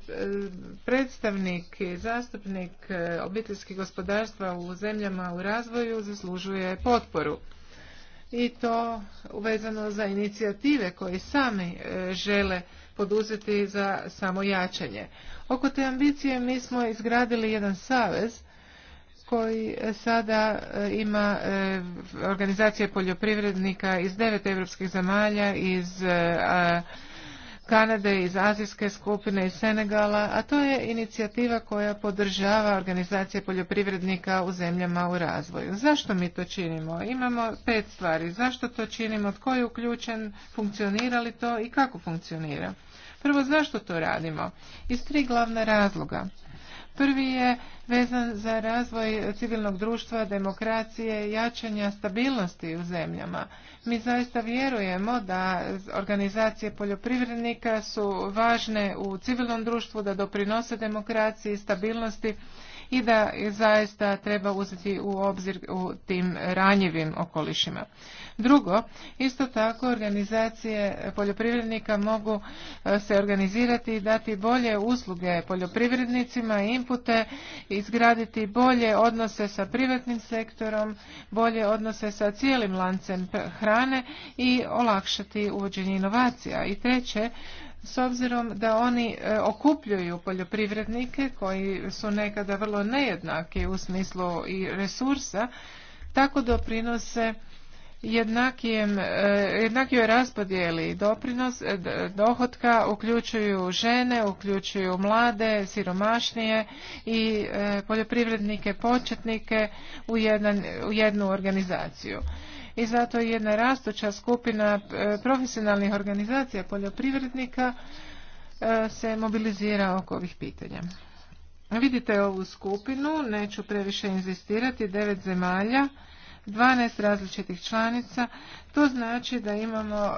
predstavnik i zastupnik obiteljskih gospodarstva u zemljama u razvoju zaslužuje potporu i to uvezano za inicijative koje sami e, žele poduzeti za samo jačanje. Oko te ambicije mi smo izgradili jedan savez koji e, sada e, ima organizacije poljoprivrednika iz devet europskih zemalja, iz Kanade, iz Azijske skupine i Senegala, a to je inicijativa koja podržava organizacije poljoprivrednika u zemljama u razvoju. Zašto mi to činimo? Imamo pet stvari. Zašto to činimo? Tko je uključen? Funkcionira li to i kako funkcionira? Prvo, zašto to radimo? Iz tri glavna razloga. Prvi je vezan za razvoj civilnog društva, demokracije, jačanja stabilnosti u zemljama. Mi zaista vjerujemo da organizacije poljoprivrednika su važne u civilnom društvu, da doprinose demokraciji, stabilnosti i da zaista treba uzeti u obzir u tim ranjivim okolišima. Drugo, isto tako organizacije poljoprivrednika mogu e, se organizirati i dati bolje usluge poljoprivrednicima, impute, izgraditi bolje odnose sa privatnim sektorom, bolje odnose sa cijelim lancem hrane i olakšati uvođenje inovacija. I treće, s obzirom da oni e, okupljuju poljoprivrednike koji su nekada vrlo nejednaki u smislu i resursa, tako doprinose e, jednakijoj raspodjeli doprinos e, dohotka uključuju žene, uključuju mlade, siromašnije i poljoprivrednike početnike u jednu organizaciju i zato jedna rastuća skupina e, profesionalnih organizacija poljoprivrednika e, se mobilizira oko ovih pitanja. Vidite ovu skupinu, neću previše inzistirati, devet zemalja, 12 različitih članica. To znači da imamo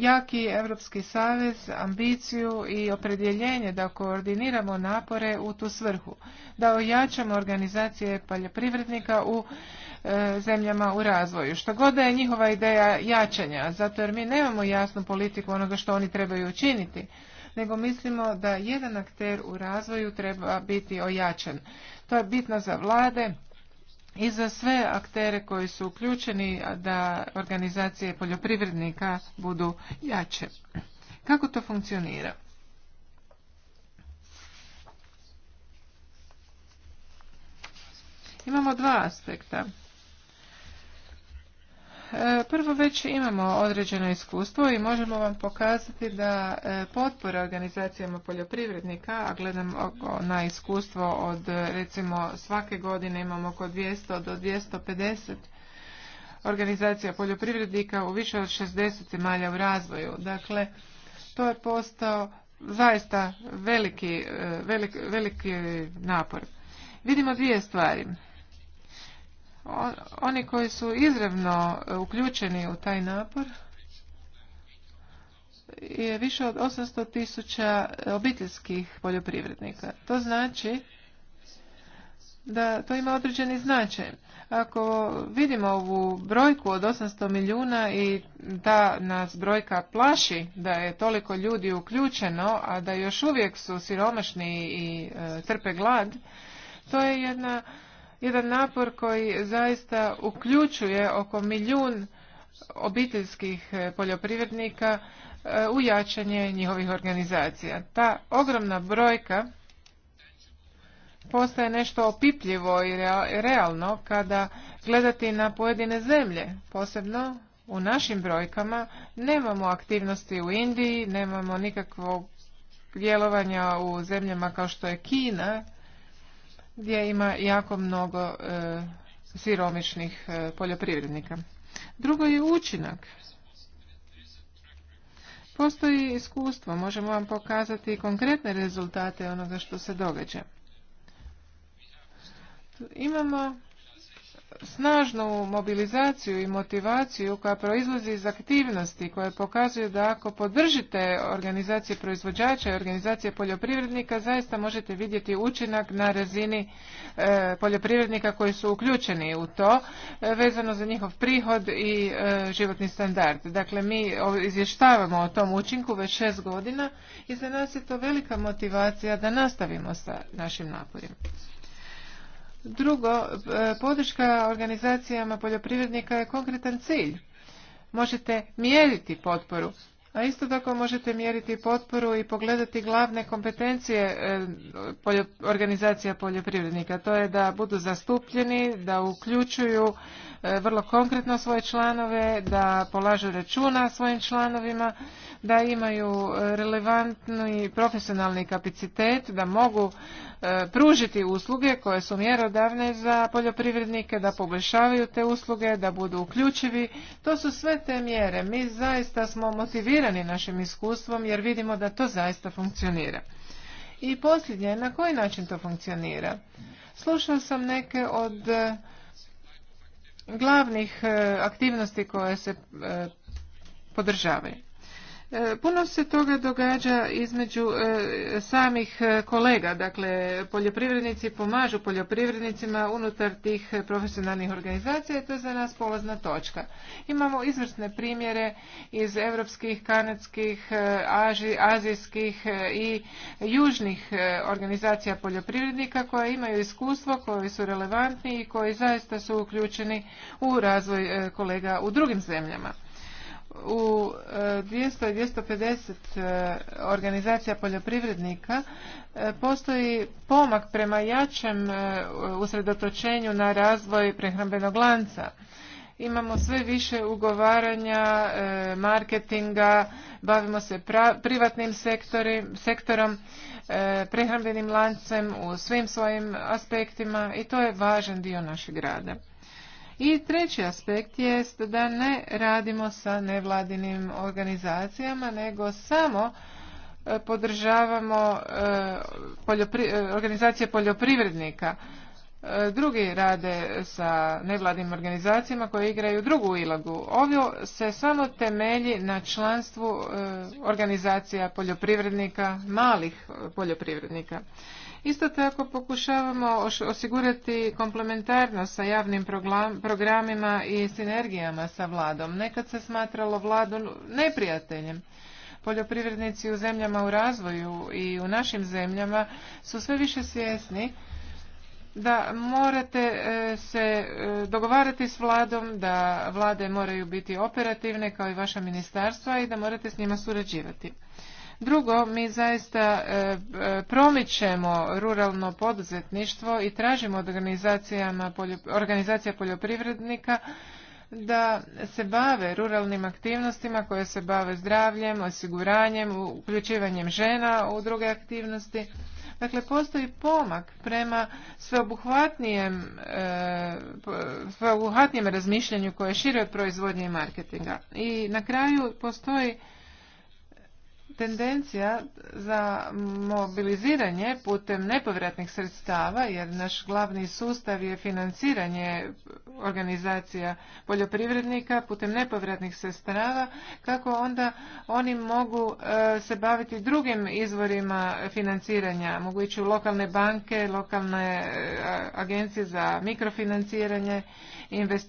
jaki Europski savez, ambiciju i opredjeljenje da koordiniramo napore u tu svrhu, da ojačamo organizacije poljoprivrednika u E, zemljama u razvoju. Što god je njihova ideja jačanja, zato jer mi nemamo jasnu politiku onoga što oni trebaju učiniti, nego mislimo da jedan akter u razvoju treba biti ojačan. To je bitno za vlade, i za sve aktere koji su uključeni da organizacije poljoprivrednika budu jače. Kako to funkcionira? Imamo dva aspekta. Prvo već imamo određeno iskustvo i možemo vam pokazati da e, potpora organizacijama poljoprivrednika, a gledam na iskustvo od recimo svake godine imamo oko 200 do 250 organizacija poljoprivrednika u više od 60 zemalja u razvoju. Dakle, to je postao zaista veliki, e, veliki napor. Vidimo dvije stvari oni koji su izravno e, uključeni u taj napor je više od 800 tisuća e, obiteljskih poljoprivrednika. To znači da to ima određeni značaj. Ako vidimo ovu brojku od 800 milijuna i da nas brojka plaši da je toliko ljudi uključeno, a da još uvijek su siromašni i e, trpe glad, to je jedna jedan napor koji zaista uključuje oko milijun obiteljskih e, poljoprivrednika e, u jačanje njihovih organizacija. Ta ogromna brojka postaje nešto opipljivo i realno kada gledati na pojedine zemlje, posebno u našim brojkama nemamo aktivnosti u Indiji, nemamo nikakvog djelovanja u zemljama kao što je Kina gdje ima jako mnogo e, siromišnih e, poljoprivrednika. Drugo je učinak. Postoji iskustvo, možemo vam pokazati konkretne rezultate onoga što se događa. Imamo snažnu mobilizaciju i motivaciju koja proizlazi iz aktivnosti koje pokazuje da ako podržite organizacije proizvođača i organizacije poljoprivrednika zaista možete vidjeti učinak na razini e, poljoprivrednika koji su uključeni u to e, vezano za njihov prihod i e, životni standard. Dakle, mi izvještavamo o tom učinku već šest godina i za nas je to velika motivacija da nastavimo sa našim naporima. Drugo, e, podrška organizacijama poljoprivrednika je konkretan cilj. Možete mjeriti potporu, a isto tako možete mjeriti potporu i pogledati glavne kompetencije e, organizacija poljoprivrednika. To je da budu zastupljeni, da uključuju e, vrlo konkretno svoje članove, da polažu računa svojim članovima, da imaju e, relevantni profesionalni kapacitet, da mogu e, pružiti usluge koje su mjerodavne za poljoprivrednike, da poboljšavaju te usluge, da budu uključivi. To su sve te mjere. Mi zaista smo motivirani našim iskustvom jer vidimo da to zaista funkcionira. I posljednje, na koji način to funkcionira? Slušao sam neke od e, glavnih aktivnosti koje se podržavaju. E, puno se toga događa između e, samih e, kolega, dakle poljoprivrednici pomažu poljoprivrednicima unutar tih profesionalnih organizacija i to je za nas polazna točka. Imamo izvrsne primjere iz europskih, kanadskih, azijskih i južnih organizacija poljoprivrednika koje imaju iskustvo, koji su relevantni i koji zaista su uključeni u razvoj kolega u drugim zemljama u 200 e, 250 e, organizacija poljoprivrednika e, postoji pomak prema jačem usredotočenju na razvoj prehrambenog lanca. Imamo sve više ugovaranja, marketinga, bavimo se privatnim sektorom, prehrambenim lancem u svim svojim aspektima i to je važan dio našeg rada. I treći aspekt je da ne radimo sa nevladinim organizacijama, nego samo e, podržavamo e, e, organizacije poljoprivrednika. Drugi rade sa nevladnim organizacijama koje igraju drugu ilagu. Ovo se samo temelji na članstvu organizacija poljoprivrednika, malih poljoprivrednika. Isto tako pokušavamo osigurati komplementarnost sa javnim programima i sinergijama sa vladom. Nekad se smatralo vladom neprijateljem. Poljoprivrednici u zemljama u razvoju i u našim zemljama su sve više svjesni da morate e, se e, dogovarati s vladom, da vlade moraju biti operativne kao i vaša ministarstva i da morate s njima surađivati. Drugo, mi zaista e, e, promičemo ruralno poduzetništvo i tražimo od organizacija poljoprivrednika da se bave ruralnim aktivnostima koje se bave zdravljem, osiguranjem, uključivanjem žena u druge aktivnosti. Dakle, postoji pomak prema sveobuhvatnijem, e, sveobuhvatnijem razmišljanju koje je šire od proizvodnje i marketinga. I na kraju postoji tendencija za mobiliziranje putem nepovratnih sredstava, jer naš glavni sustav je financiranje organizacija poljoprivrednika putem nepovratnih sredstava, kako onda oni mogu e, se baviti drugim izvorima financiranja, mogu ići u lokalne banke, lokalne e, agencije za mikrofinanciranje,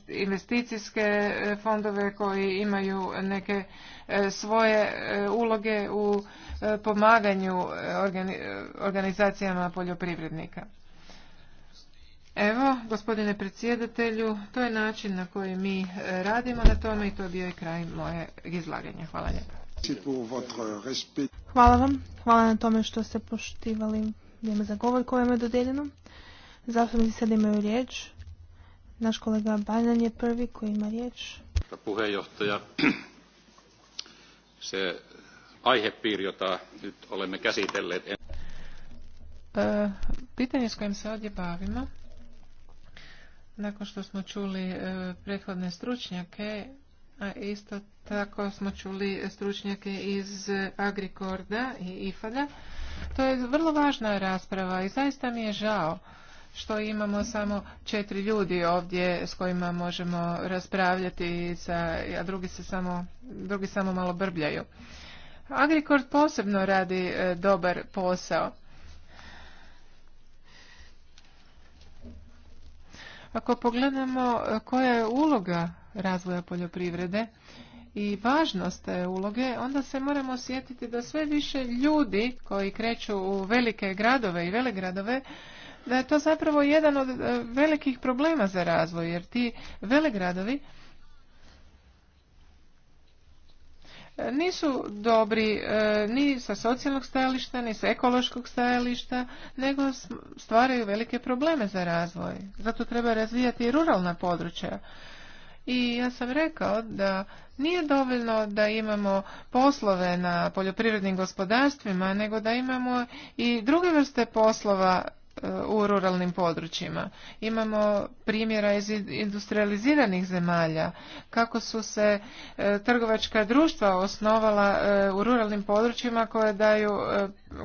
investicijske e, fondove koji imaju neke E, svoje e, uloge u e, pomaganju organizacijama poljoprivrednika. Evo, gospodine predsjedatelju, to je način na koji mi radimo na tome i to je bio i kraj moje izlaganja. Hvala lijepa. Hvala vam. Hvala na tome što ste poštivali vrijeme za govor koje vam je dodijeljeno. Zastupnici sad imaju riječ. Naš kolega Bajnan je prvi koji ima riječ se aihepiiri, jota nyt olemme käsitelleet. E, pitanje s kojim se ovdje bavimo, nakon što smo čuli e, prethodne stručnjake, a isto tako smo čuli stručnjake iz Agrikorda i IFADA, to je vrlo važna rasprava i zaista mi je žao što imamo samo četiri ljudi ovdje s kojima možemo raspravljati, a drugi se samo, drugi samo malo brbljaju. Agrikord posebno radi e, dobar posao. Ako pogledamo e, koja je uloga razvoja poljoprivrede i važnost te uloge, onda se moramo sjetiti da sve više ljudi koji kreću u velike gradove i velegradove da je to zapravo jedan od e, velikih problema za razvoj, jer ti velegradovi nisu dobri e, ni sa socijalnog stajališta, ni sa ekološkog stajališta, nego stvaraju velike probleme za razvoj. Zato treba razvijati i ruralna područja. I ja sam rekao da nije dovoljno da imamo poslove na poljoprivrednim gospodarstvima, nego da imamo i druge vrste poslova E, u ruralnim područjima. Imamo primjera iz industrializiranih zemalja, kako su se e, trgovačka društva osnovala e, u ruralnim područjima koje daju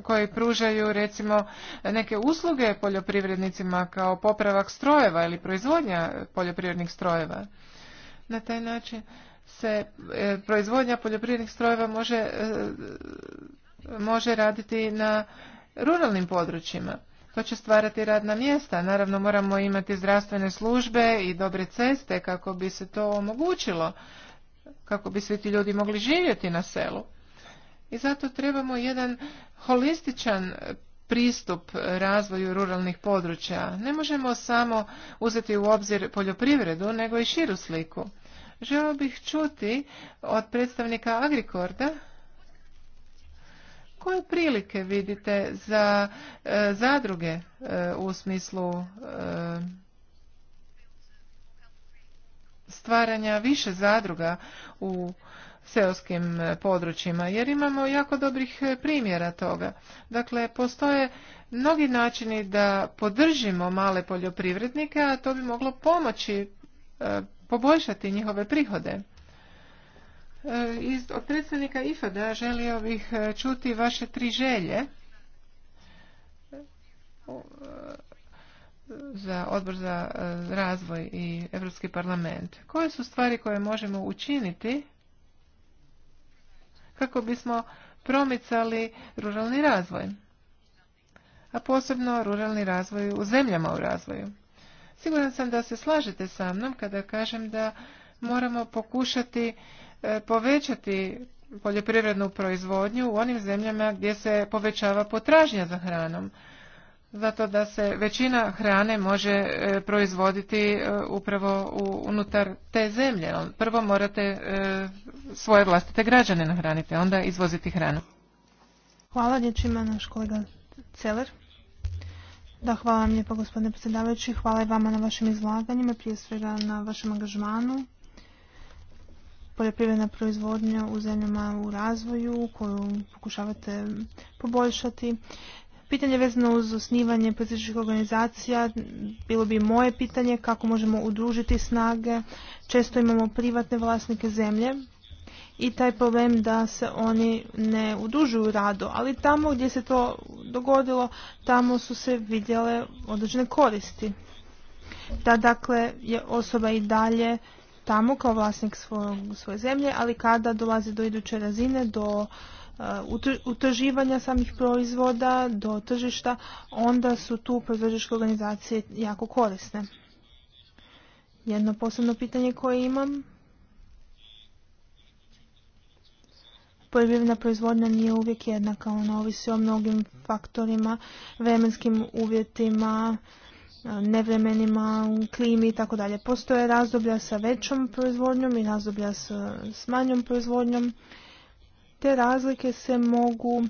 koji pružaju recimo neke usluge poljoprivrednicima kao popravak strojeva ili proizvodnja poljoprivrednih strojeva. Na taj način se proizvodnja poljoprivrednih strojeva može, može raditi na ruralnim područjima. To će stvarati radna mjesta. Naravno moramo imati zdravstvene službe i dobre ceste kako bi se to omogućilo, kako bi svi ti ljudi mogli živjeti na selu. I zato trebamo jedan holističan pristup razvoju ruralnih područja. Ne možemo samo uzeti u obzir poljoprivredu, nego i širu sliku. Želio bih čuti od predstavnika Agrikorda koje prilike vidite za e, zadruge e, u smislu e, stvaranja više zadruga u seoskim područjima jer imamo jako dobrih primjera toga. Dakle, postoje mnogi načini da podržimo male poljoprivrednike, a to bi moglo pomoći poboljšati njihove prihode. E, od predsjednika IFAD-a želio bih e, čuti vaše tri želje e, za odbor za razvoj i Europski parlament. Koje su stvari koje možemo učiniti kako bismo promicali ruralni razvoj, a posebno ruralni razvoj u zemljama u razvoju. Siguran sam da se slažete sa mnom kada kažem da moramo pokušati E, povećati poljoprivrednu proizvodnju u onim zemljama gdje se povećava potražnja za hranom zato da se većina hrane može e, proizvoditi e, upravo unutar te zemlje. Prvo morate svoje vlastite građane nahraniti, onda izvoziti hranu. Hvala, dječima, naš kolega Celer. Da, hvala vam lijepo, gospodine predsjedavajući, hvala i vama na vašim izlaganjima, prije svega na vašem angažmanu poljoprivredna proizvodnja u zemljama u razvoju koju pokušavate poboljšati. Pitanje vezano uz osnivanje političkih organizacija, bilo bi moje pitanje kako možemo udružiti snage. Često imamo privatne vlasnike zemlje i taj problem da se oni ne udružuju rado, ali tamo gdje se to dogodilo, tamo su se vidjele određene koristi. Da dakle je osoba i dalje samo kao vlasnik svoje zemlje, ali kada dolazi do iduće razine, do e, utrživanja samih proizvoda do tržišta, onda su tu proizvođačke organizacije jako korisne. Jedno posebno pitanje koje imam. Poljoprivredna proizvodnja nije uvijek jednaka, ona ovisi o mnogim faktorima, vremenskim uvjetima, nevremenima, u klimi i tako dalje. Postoje razdoblja sa većom proizvodnjom i razdoblja sa, s manjom proizvodnjom. Te razlike se mogu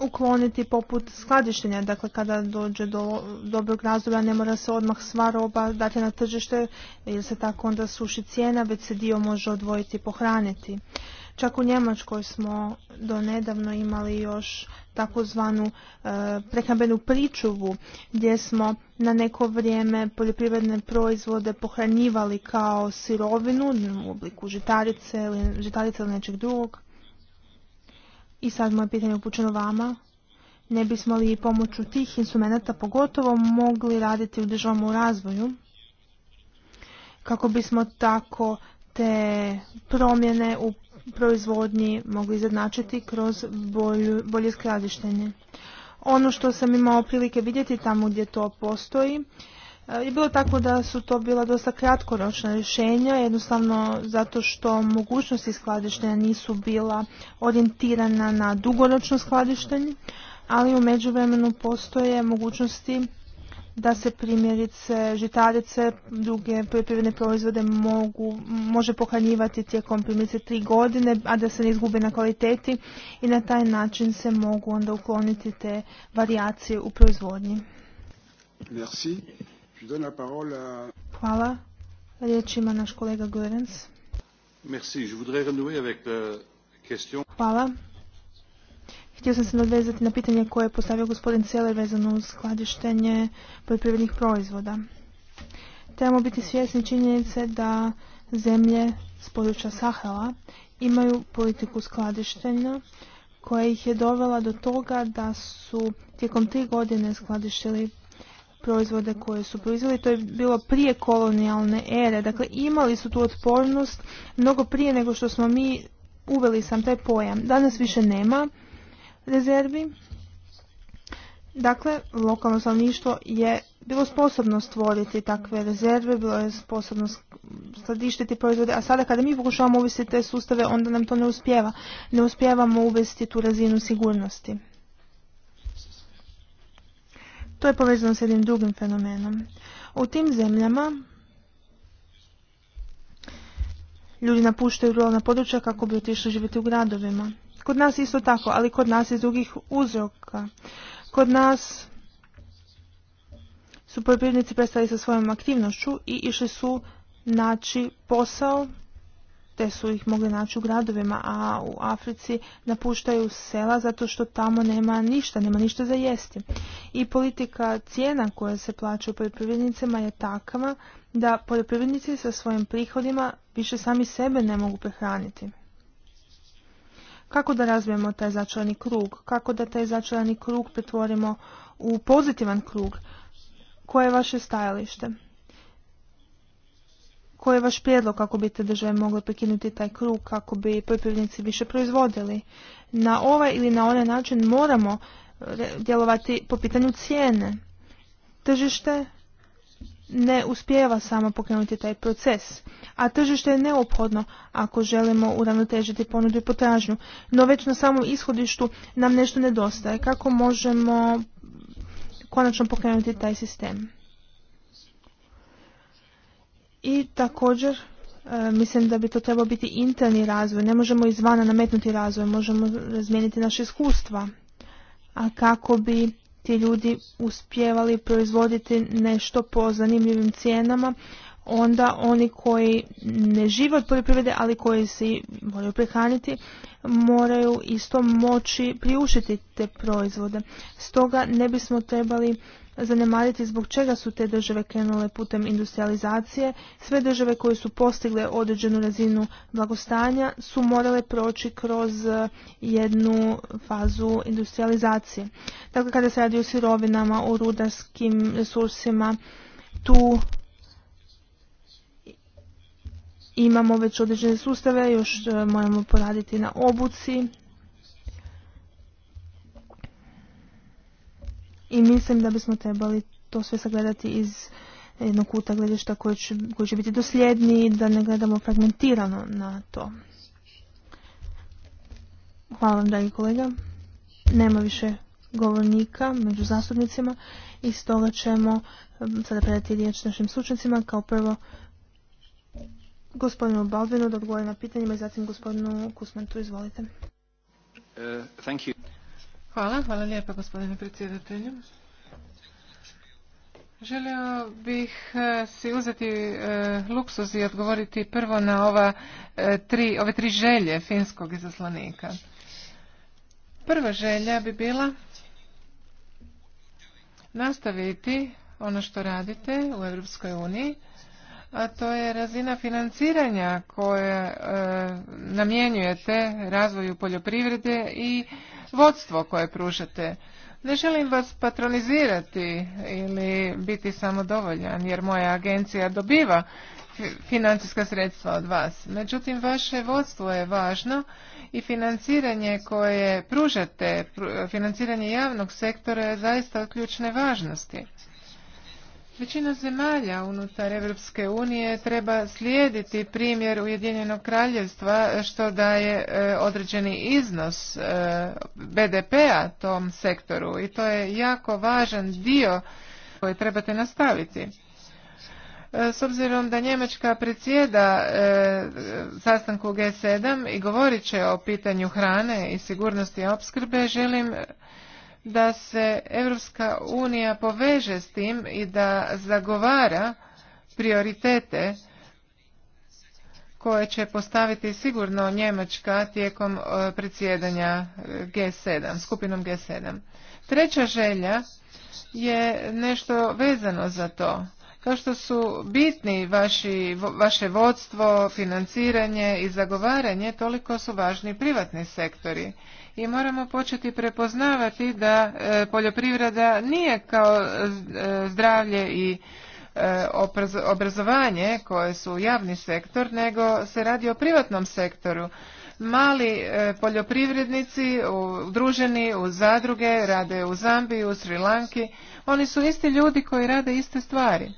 ukloniti poput skladištenja, dakle kada dođe do dobrog razdoblja ne mora se odmah sva roba dati na tržište jer se tako onda suši cijena, već se dio može odvojiti i pohraniti. Čak u Njemačkoj smo do nedavno imali još takozvanu e, prehrambenu pričuvu gdje smo na neko vrijeme poljoprivredne proizvode pohranjivali kao sirovinu u obliku žitarice ili, žitarice ili nečeg drugog. I sad moje pitanje upućeno vama. Ne bismo li pomoću tih instrumenta pogotovo mogli raditi u državnom razvoju kako bismo tako te promjene u proizvodnji mogu izjednačiti kroz bolje skladištenje. Ono što sam imao prilike vidjeti tamo gdje to postoji, e, je bilo tako da su to bila dosta kratkoročna rješenja, jednostavno zato što mogućnosti skladištenja nisu bila orijentirana na dugoročno skladištenje, ali u međuvremenu postoje mogućnosti da se primjerice žitarice, druge poljoprivredne proizvode mogu, može pohranjivati tijekom primjerice tri godine, a da se ne izgube na kvaliteti i na taj način se mogu onda ukloniti te varijacije u proizvodnji. Merci. Je donne la parole à... Hvala. Riječ ima naš kolega Gorenc. Merci. Je voudrais avec euh, question. Hvala. Htio sam se nadvezati na pitanje koje je postavio gospodin Celer vezano uz skladištenje poljoprivrednih proizvoda. Trebamo biti svjesni činjenice da zemlje s područja Sahela imaju politiku skladištenja koja ih je dovela do toga da su tijekom tri godine skladištili proizvode koje su proizveli. To je bilo prije kolonijalne ere. Dakle, imali su tu otpornost mnogo prije nego što smo mi uveli sam taj pojam. Danas više nema rezervi. Dakle, lokalno stanovništvo je bilo sposobno stvoriti takve rezerve, bilo je sposobno skladištiti proizvode, a sada kada mi pokušavamo uvesti te sustave, onda nam to ne uspjeva. Ne uspjevamo uvesti tu razinu sigurnosti. To je povezano s jednim drugim fenomenom. U tim zemljama ljudi napuštaju ruralna područja kako bi otišli živjeti u gradovima. Kod nas isto tako, ali kod nas iz drugih uzroka. Kod nas su poljoprivrednici prestali sa svojom aktivnošću i išli su naći posao, te su ih mogli naći u gradovima, a u Africi napuštaju sela zato što tamo nema ništa, nema ništa za jesti. I politika cijena koja se plaća u poljoprivrednicima je takva da poljoprivrednici sa svojim prihodima više sami sebe ne mogu prehraniti. Kako da razvijemo taj začarani krug? Kako da taj začarani krug pretvorimo u pozitivan krug? Koje je vaše stajalište? Koji je vaš prijedlog kako bi te države mogle prekinuti taj krug, kako bi poljoprivrednici više proizvodili? Na ovaj ili na onaj način moramo e, djelovati po pitanju cijene. Tržište ne uspijeva samo pokrenuti taj proces, a tržište je neophodno ako želimo uravnotežiti ponudu i potražnju. No već na samom ishodištu nam nešto nedostaje. Kako možemo konačno pokrenuti taj sistem? I također e, mislim da bi to trebao biti interni razvoj. Ne možemo izvana nametnuti razvoj, možemo razmijeniti naše iskustva. A kako bi ti ljudi uspjevali proizvoditi nešto po zanimljivim cijenama, onda oni koji ne žive od poljoprivrede, ali koji se moraju prehraniti, moraju isto moći priušiti te proizvode. Stoga ne bismo trebali zanemariti zbog čega su te države krenule putem industrializacije. Sve države koje su postigle određenu razinu blagostanja su morale proći kroz e, jednu fazu industrializacije. Dakle, kada se radi o sirovinama, o rudarskim resursima, tu imamo već određene sustave, još e, moramo poraditi na obuci, I mislim da bismo trebali to sve sagledati iz jednog kuta gledišta koji će, koji će biti dosljedniji, da ne gledamo fragmentirano na to. Hvala vam, dragi kolega. Nema više govornika među zastupnicima i stoga ćemo um, sada predati riječ našim slučnicima. Kao prvo, gospodinu Balvinu da odgovori na pitanjima i zatim gospodinu Kusmentu. Izvolite. Uh, thank you. Hvala, hvala lijepa gospodine predsjedatelju. Želio bih e, si uzeti e, luksuz i odgovoriti prvo na ova e, tri, ove tri želje finskog izaslanika. Prva želja bi bila nastaviti ono što radite u Europskoj uniji, a to je razina financiranja koje namjenjujete razvoju poljoprivrede i vodstvo koje pružate. Ne želim vas patronizirati ili biti samodovoljan jer moja agencija dobiva financijska sredstva od vas. Međutim, vaše vodstvo je važno i financiranje koje pružate, financiranje javnog sektora je zaista od ključne važnosti. Većina zemalja unutar Europske unije treba slijediti primjer Ujedinjenog kraljevstva što daje e, određeni iznos e, BDP-a tom sektoru i to je jako važan dio koji trebate nastaviti. E, s obzirom da Njemačka predsjeda sastanku G7 i govorit će o pitanju hrane i sigurnosti opskrbe, želim da se Europska unija poveže s tim i da zagovara prioritete koje će postaviti sigurno Njemačka tijekom e, predsjedanja e, G7, skupinom G7. Treća želja je nešto vezano za to. Kao što su bitni vaši, vaše vodstvo, financiranje i zagovaranje, toliko su važni privatni sektori i moramo početi prepoznavati da e, poljoprivreda nije kao e, zdravlje i e, obrazovanje koje su javni sektor, nego se radi o privatnom sektoru. Mali poljoprivrednici udruženi u zadruge, rade u Zambiji, u Sri Lanki, oni su isti ljudi koji rade iste stvari.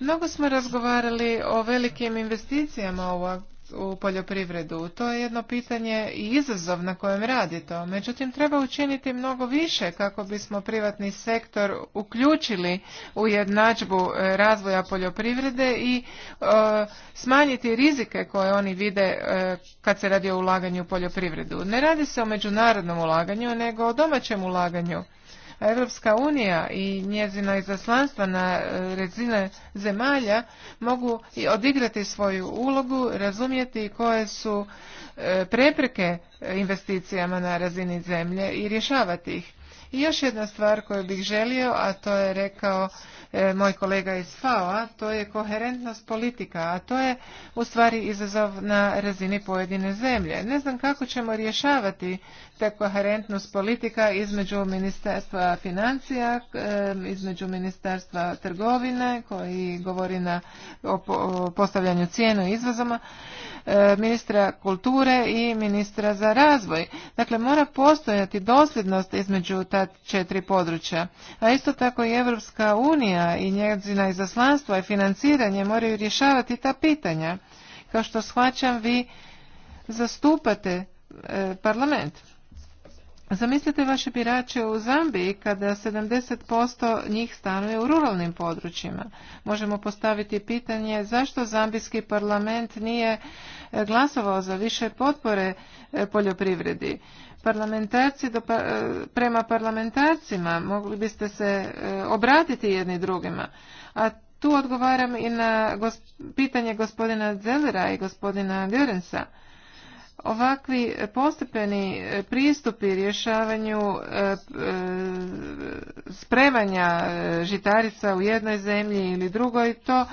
Mnogo smo razgovarali o velikim investicijama u u poljoprivredu. To je jedno pitanje i izazov na kojem radi to. Međutim, treba učiniti mnogo više kako bismo privatni sektor uključili u jednadžbu e, razvoja poljoprivrede i e, smanjiti rizike koje oni vide e, kad se radi o ulaganju u poljoprivredu. Ne radi se o međunarodnom ulaganju, nego o domaćem ulaganju Europska unija i njezina izaslanstva na e, rezine zemalja mogu i odigrati svoju ulogu, razumjeti koje su e, prepreke investicijama na razini zemlje i rješavati ih. I još jedna stvar koju bih želio, a to je rekao e, moj kolega iz FAO-a, to je koherentnost politika, a to je u stvari izazov na razini pojedine zemlje. Ne znam kako ćemo rješavati te koherentnost politika između Ministarstva financija, e, između Ministarstva trgovine koji govori na o, o postavljanju cijenu izvozama E, ministra kulture i ministra za razvoj. Dakle, mora postojati dosljednost između ta četiri područja. A isto tako i Evropska unija i njezina izaslanstva i financiranje moraju rješavati ta pitanja. Kao što shvaćam, vi zastupate e, parlament. Zamislite vaše birače u Zambiji kada 70% njih stanuje u ruralnim područjima. Možemo postaviti pitanje zašto zambijski parlament nije e, glasovao za više potpore e, poljoprivredi. Parlamentarci do, pa, e, prema parlamentarcima mogli biste se obratiti jedni drugima. A tu odgovaram i na pitanje gospodina Zelera i gospodina Görensa. Ovakvi postepeni e, pristupi rješavanju e, e, spremanja žitarica u jednoj zemlji ili drugoj, to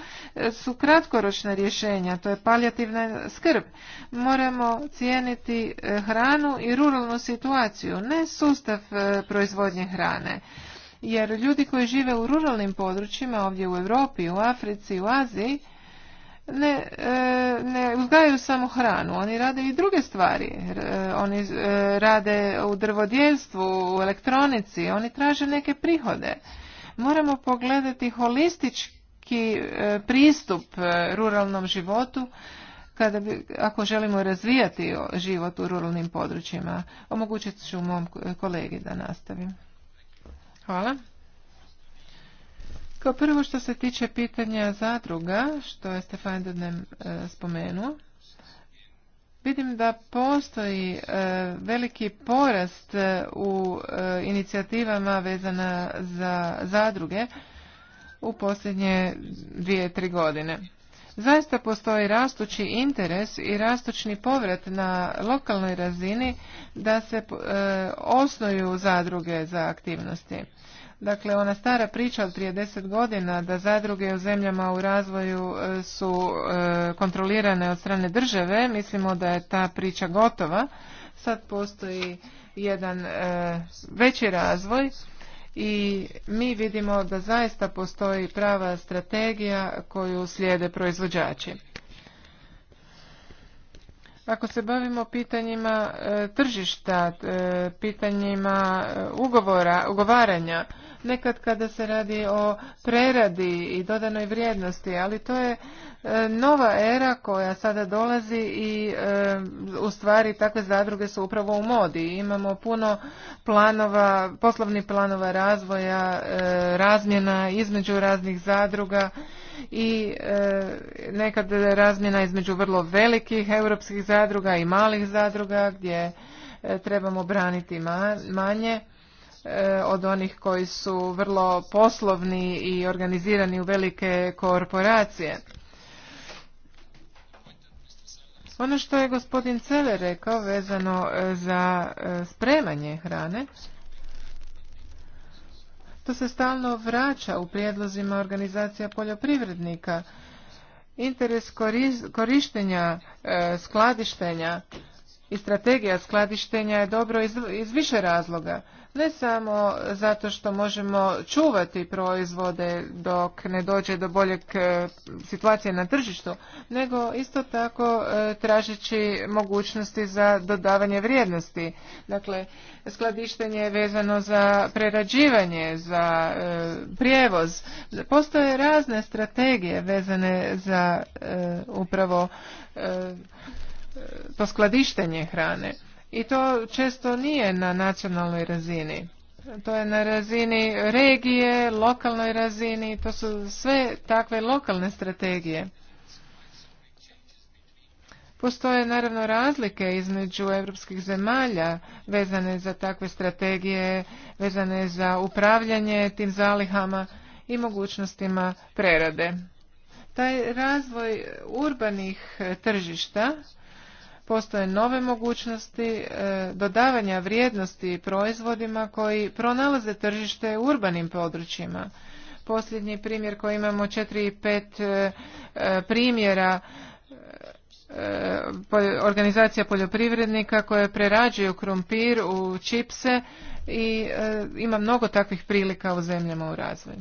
su kratkoročna rješenja, to je paljativna skrb. Moramo cijeniti hranu i ruralnu situaciju, ne sustav proizvodnje hrane. Jer ljudi koji žive u ruralnim područjima ovdje u Europi, u Africi, u Aziji, ne, e, ne uzgajaju samo hranu, oni rade i druge stvari. Oni e, rade u drvodjelstvu, u elektronici, oni traže neke prihode. Moramo pogledati holistički e, pristup ruralnom životu kada bi, ako želimo razvijati život u ruralnim područjima. Omogućit ću mom kolegi da nastavim. Hvala. Kao prvo što se tiče pitanja zadruga, što je Stefan Dodnem e, spomenuo, vidim da postoji e, veliki porast e, u inicijativama vezana za zadruge u posljednje dvije, tri godine. Zaista postoji rastući interes i rastućni povrat na lokalnoj razini da se osnuju zadruge za aktivnosti. Dakle, ona stara priča od prije deset godina da zadruge u zemljama u razvoju e, su e, kontrolirane od strane države, mislimo da je ta priča gotova. Sad postoji jedan e, veći razvoj i mi vidimo da zaista postoji prava strategija koju slijede proizvođači. Ako se bavimo pitanjima e, tržišta, e, pitanjima e, ugovora, ugovaranja, nekad kada se radi o preradi i dodanoj vrijednosti, ali to je nova era koja sada dolazi i u stvari takve zadruge su upravo u modi. Imamo puno planova, poslovnih planova razvoja, razmjena između raznih zadruga i e, nekad razmjena između vrlo velikih europskih zadruga i malih zadruga gdje e, trebamo braniti manje e, od onih koji su vrlo poslovni i organizirani u velike korporacije. Ono što je gospodin Cele rekao vezano za spremanje hrane, to se stalno vraća u prijedlozima organizacija poljoprivrednika. Interes korištenja, e, skladištenja i strategija skladištenja je dobro iz, više razloga. Ne samo zato što možemo čuvati proizvode dok ne dođe do boljeg e, situacije na tržištu, nego isto tako e, tražeći mogućnosti za dodavanje vrijednosti. Dakle, skladištenje je vezano za prerađivanje, za e, prijevoz. Postoje razne strategije vezane za upravo to skladištenje hrane i to često nije na nacionalnoj razini to je na razini regije lokalnoj razini to su sve takve lokalne strategije Postoje naravno razlike između europskih zemalja vezane za takve strategije, vezane za upravljanje tim zalihama i mogućnostima prerade. Taj razvoj urbanih tržišta postoje nove mogućnosti e, dodavanja vrijednosti proizvodima koji pronalaze tržište u urbanim područjima. Posljednji primjer koji imamo četiri i pet e, e, primjera organizacija poljoprivrednika koje prerađuju krumpir u čipse i ima mnogo takvih prilika u zemljama u razvoju.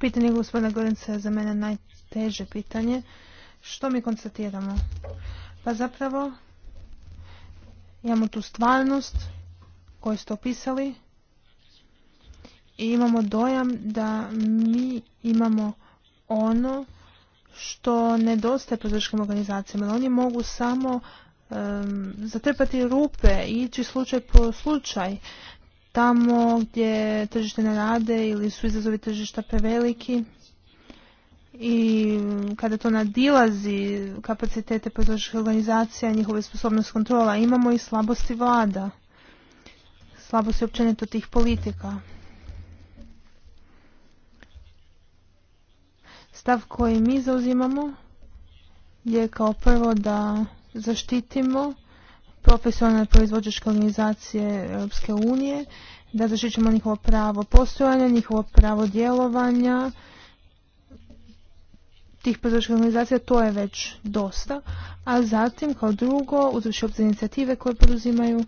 Pitanje gospodina Gorenca je za mene najteže pitanje što mi konstatiramo? Pa zapravo imamo tu stvarnost koju ste opisali i imamo dojam da mi imamo ono što nedostaje podrškim organizacijama. oni mogu samo zatrpati rupe i ići slučaj po slučaj tamo gdje tržište ne rade ili su izazovi tržišta preveliki i kada to nadilazi kapacitete proizvođačkih organizacija, njihove sposobnost kontrola, imamo i slabosti vlada, slabosti općenito tih politika. Stav koji mi zauzimamo je kao prvo da zaštitimo profesionalne proizvođačke organizacije Europske unije, da zaštitimo njihovo pravo postojanja, njihovo pravo djelovanja, tih potrošnjih organizacija, to je već dosta. A zatim, kao drugo, uzvrši obzir inicijative koje poduzimaju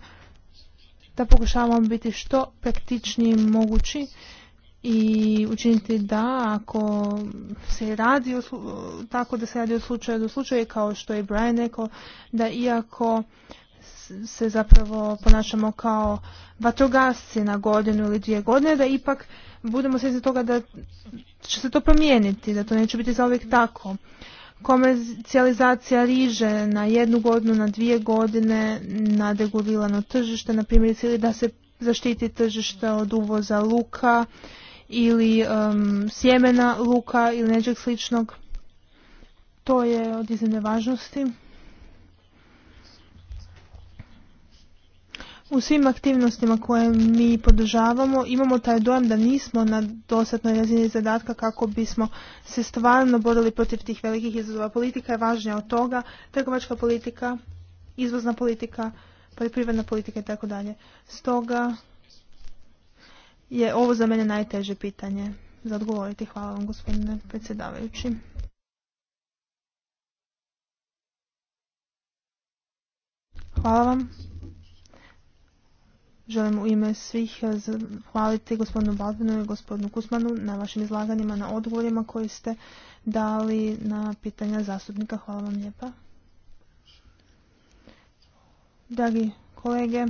da pokušavamo biti što praktičniji mogući i učiniti da ako se radi tako da se radi od slučaja do slučaja kao što je Brian rekao da iako se zapravo ponašamo kao vatrogasci na godinu ili dvije godine da ipak budemo svjesni toga da će se to promijeniti, da to neće biti zauvijek tako. Komercijalizacija riže na jednu godinu, na dvije godine, na degulirano tržište, na primjer, ili da se zaštiti tržište od uvoza luka ili sjemena luka ili nečeg sličnog. To je od iznimne važnosti. U svim aktivnostima koje mi podržavamo imamo taj dojam da nismo na dostatnoj razini zadatka kako bismo se stvarno borili protiv tih velikih izazova. Politika je važnija od toga, trgovačka politika, izvozna politika, poljoprivredna politika i tako dalje. Stoga je ovo za mene najteže pitanje za odgovoriti. Hvala vam gospodine predsjedavajući. Hvala vam. Želim u ime svih eh, hvaliti gospodinu Balvinu i gospodinu Kusmanu na vašim izlaganjima, na odgovorima koji ste dali na pitanja zastupnika. Hvala vam lijepa. Dragi kolege,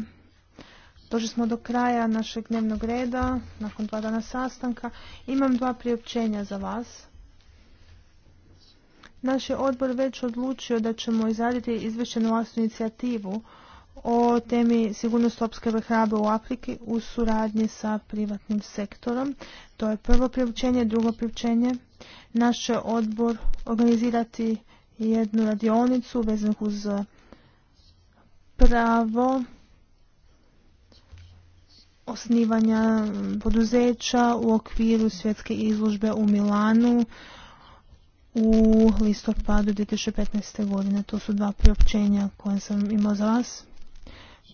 došli smo do kraja našeg dnevnog reda, nakon dva dana sastanka. Imam dva priopćenja za vas. Naš je odbor već odlučio da ćemo izraditi izvršenu vlastnu inicijativu o temi sigurnosti opskrbe hrabe u Afriki u suradnji sa privatnim sektorom. To je prvo priopćenje, Drugo priopćenje. naš će odbor organizirati jednu radionicu vezanu uz pravo osnivanja poduzeća u okviru svjetske izložbe u Milanu u listopadu 2015. godine. To su dva priopćenja koje sam imao za vas.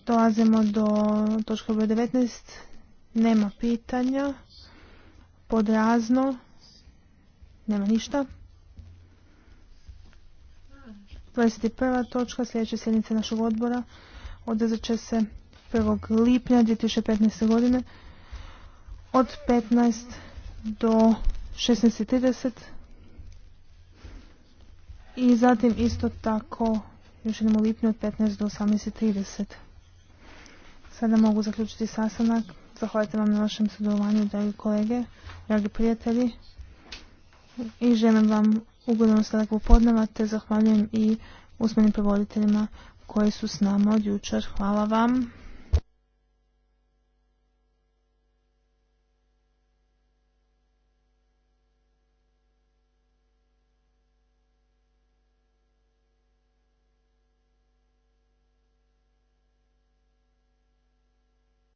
Dolazimo do točke broj 19. Nema pitanja. Podrazno. Nema ništa. 21. točka sljedeće sjednice našeg odbora održat će se 1. lipnja 2015. godine od 15 do 16.30 i zatim isto tako još jednom u lipnju od 15 do 18.30. Sada mogu zaključiti sastanak. Zahvaljujem vam na vašem sudjelovanju, dragi kolege, dragi prijatelji. I želim vam ugodan ostatak popodneva, te zahvaljujem i usmenim prevoditeljima koji su s nama od jučer. Hvala vam.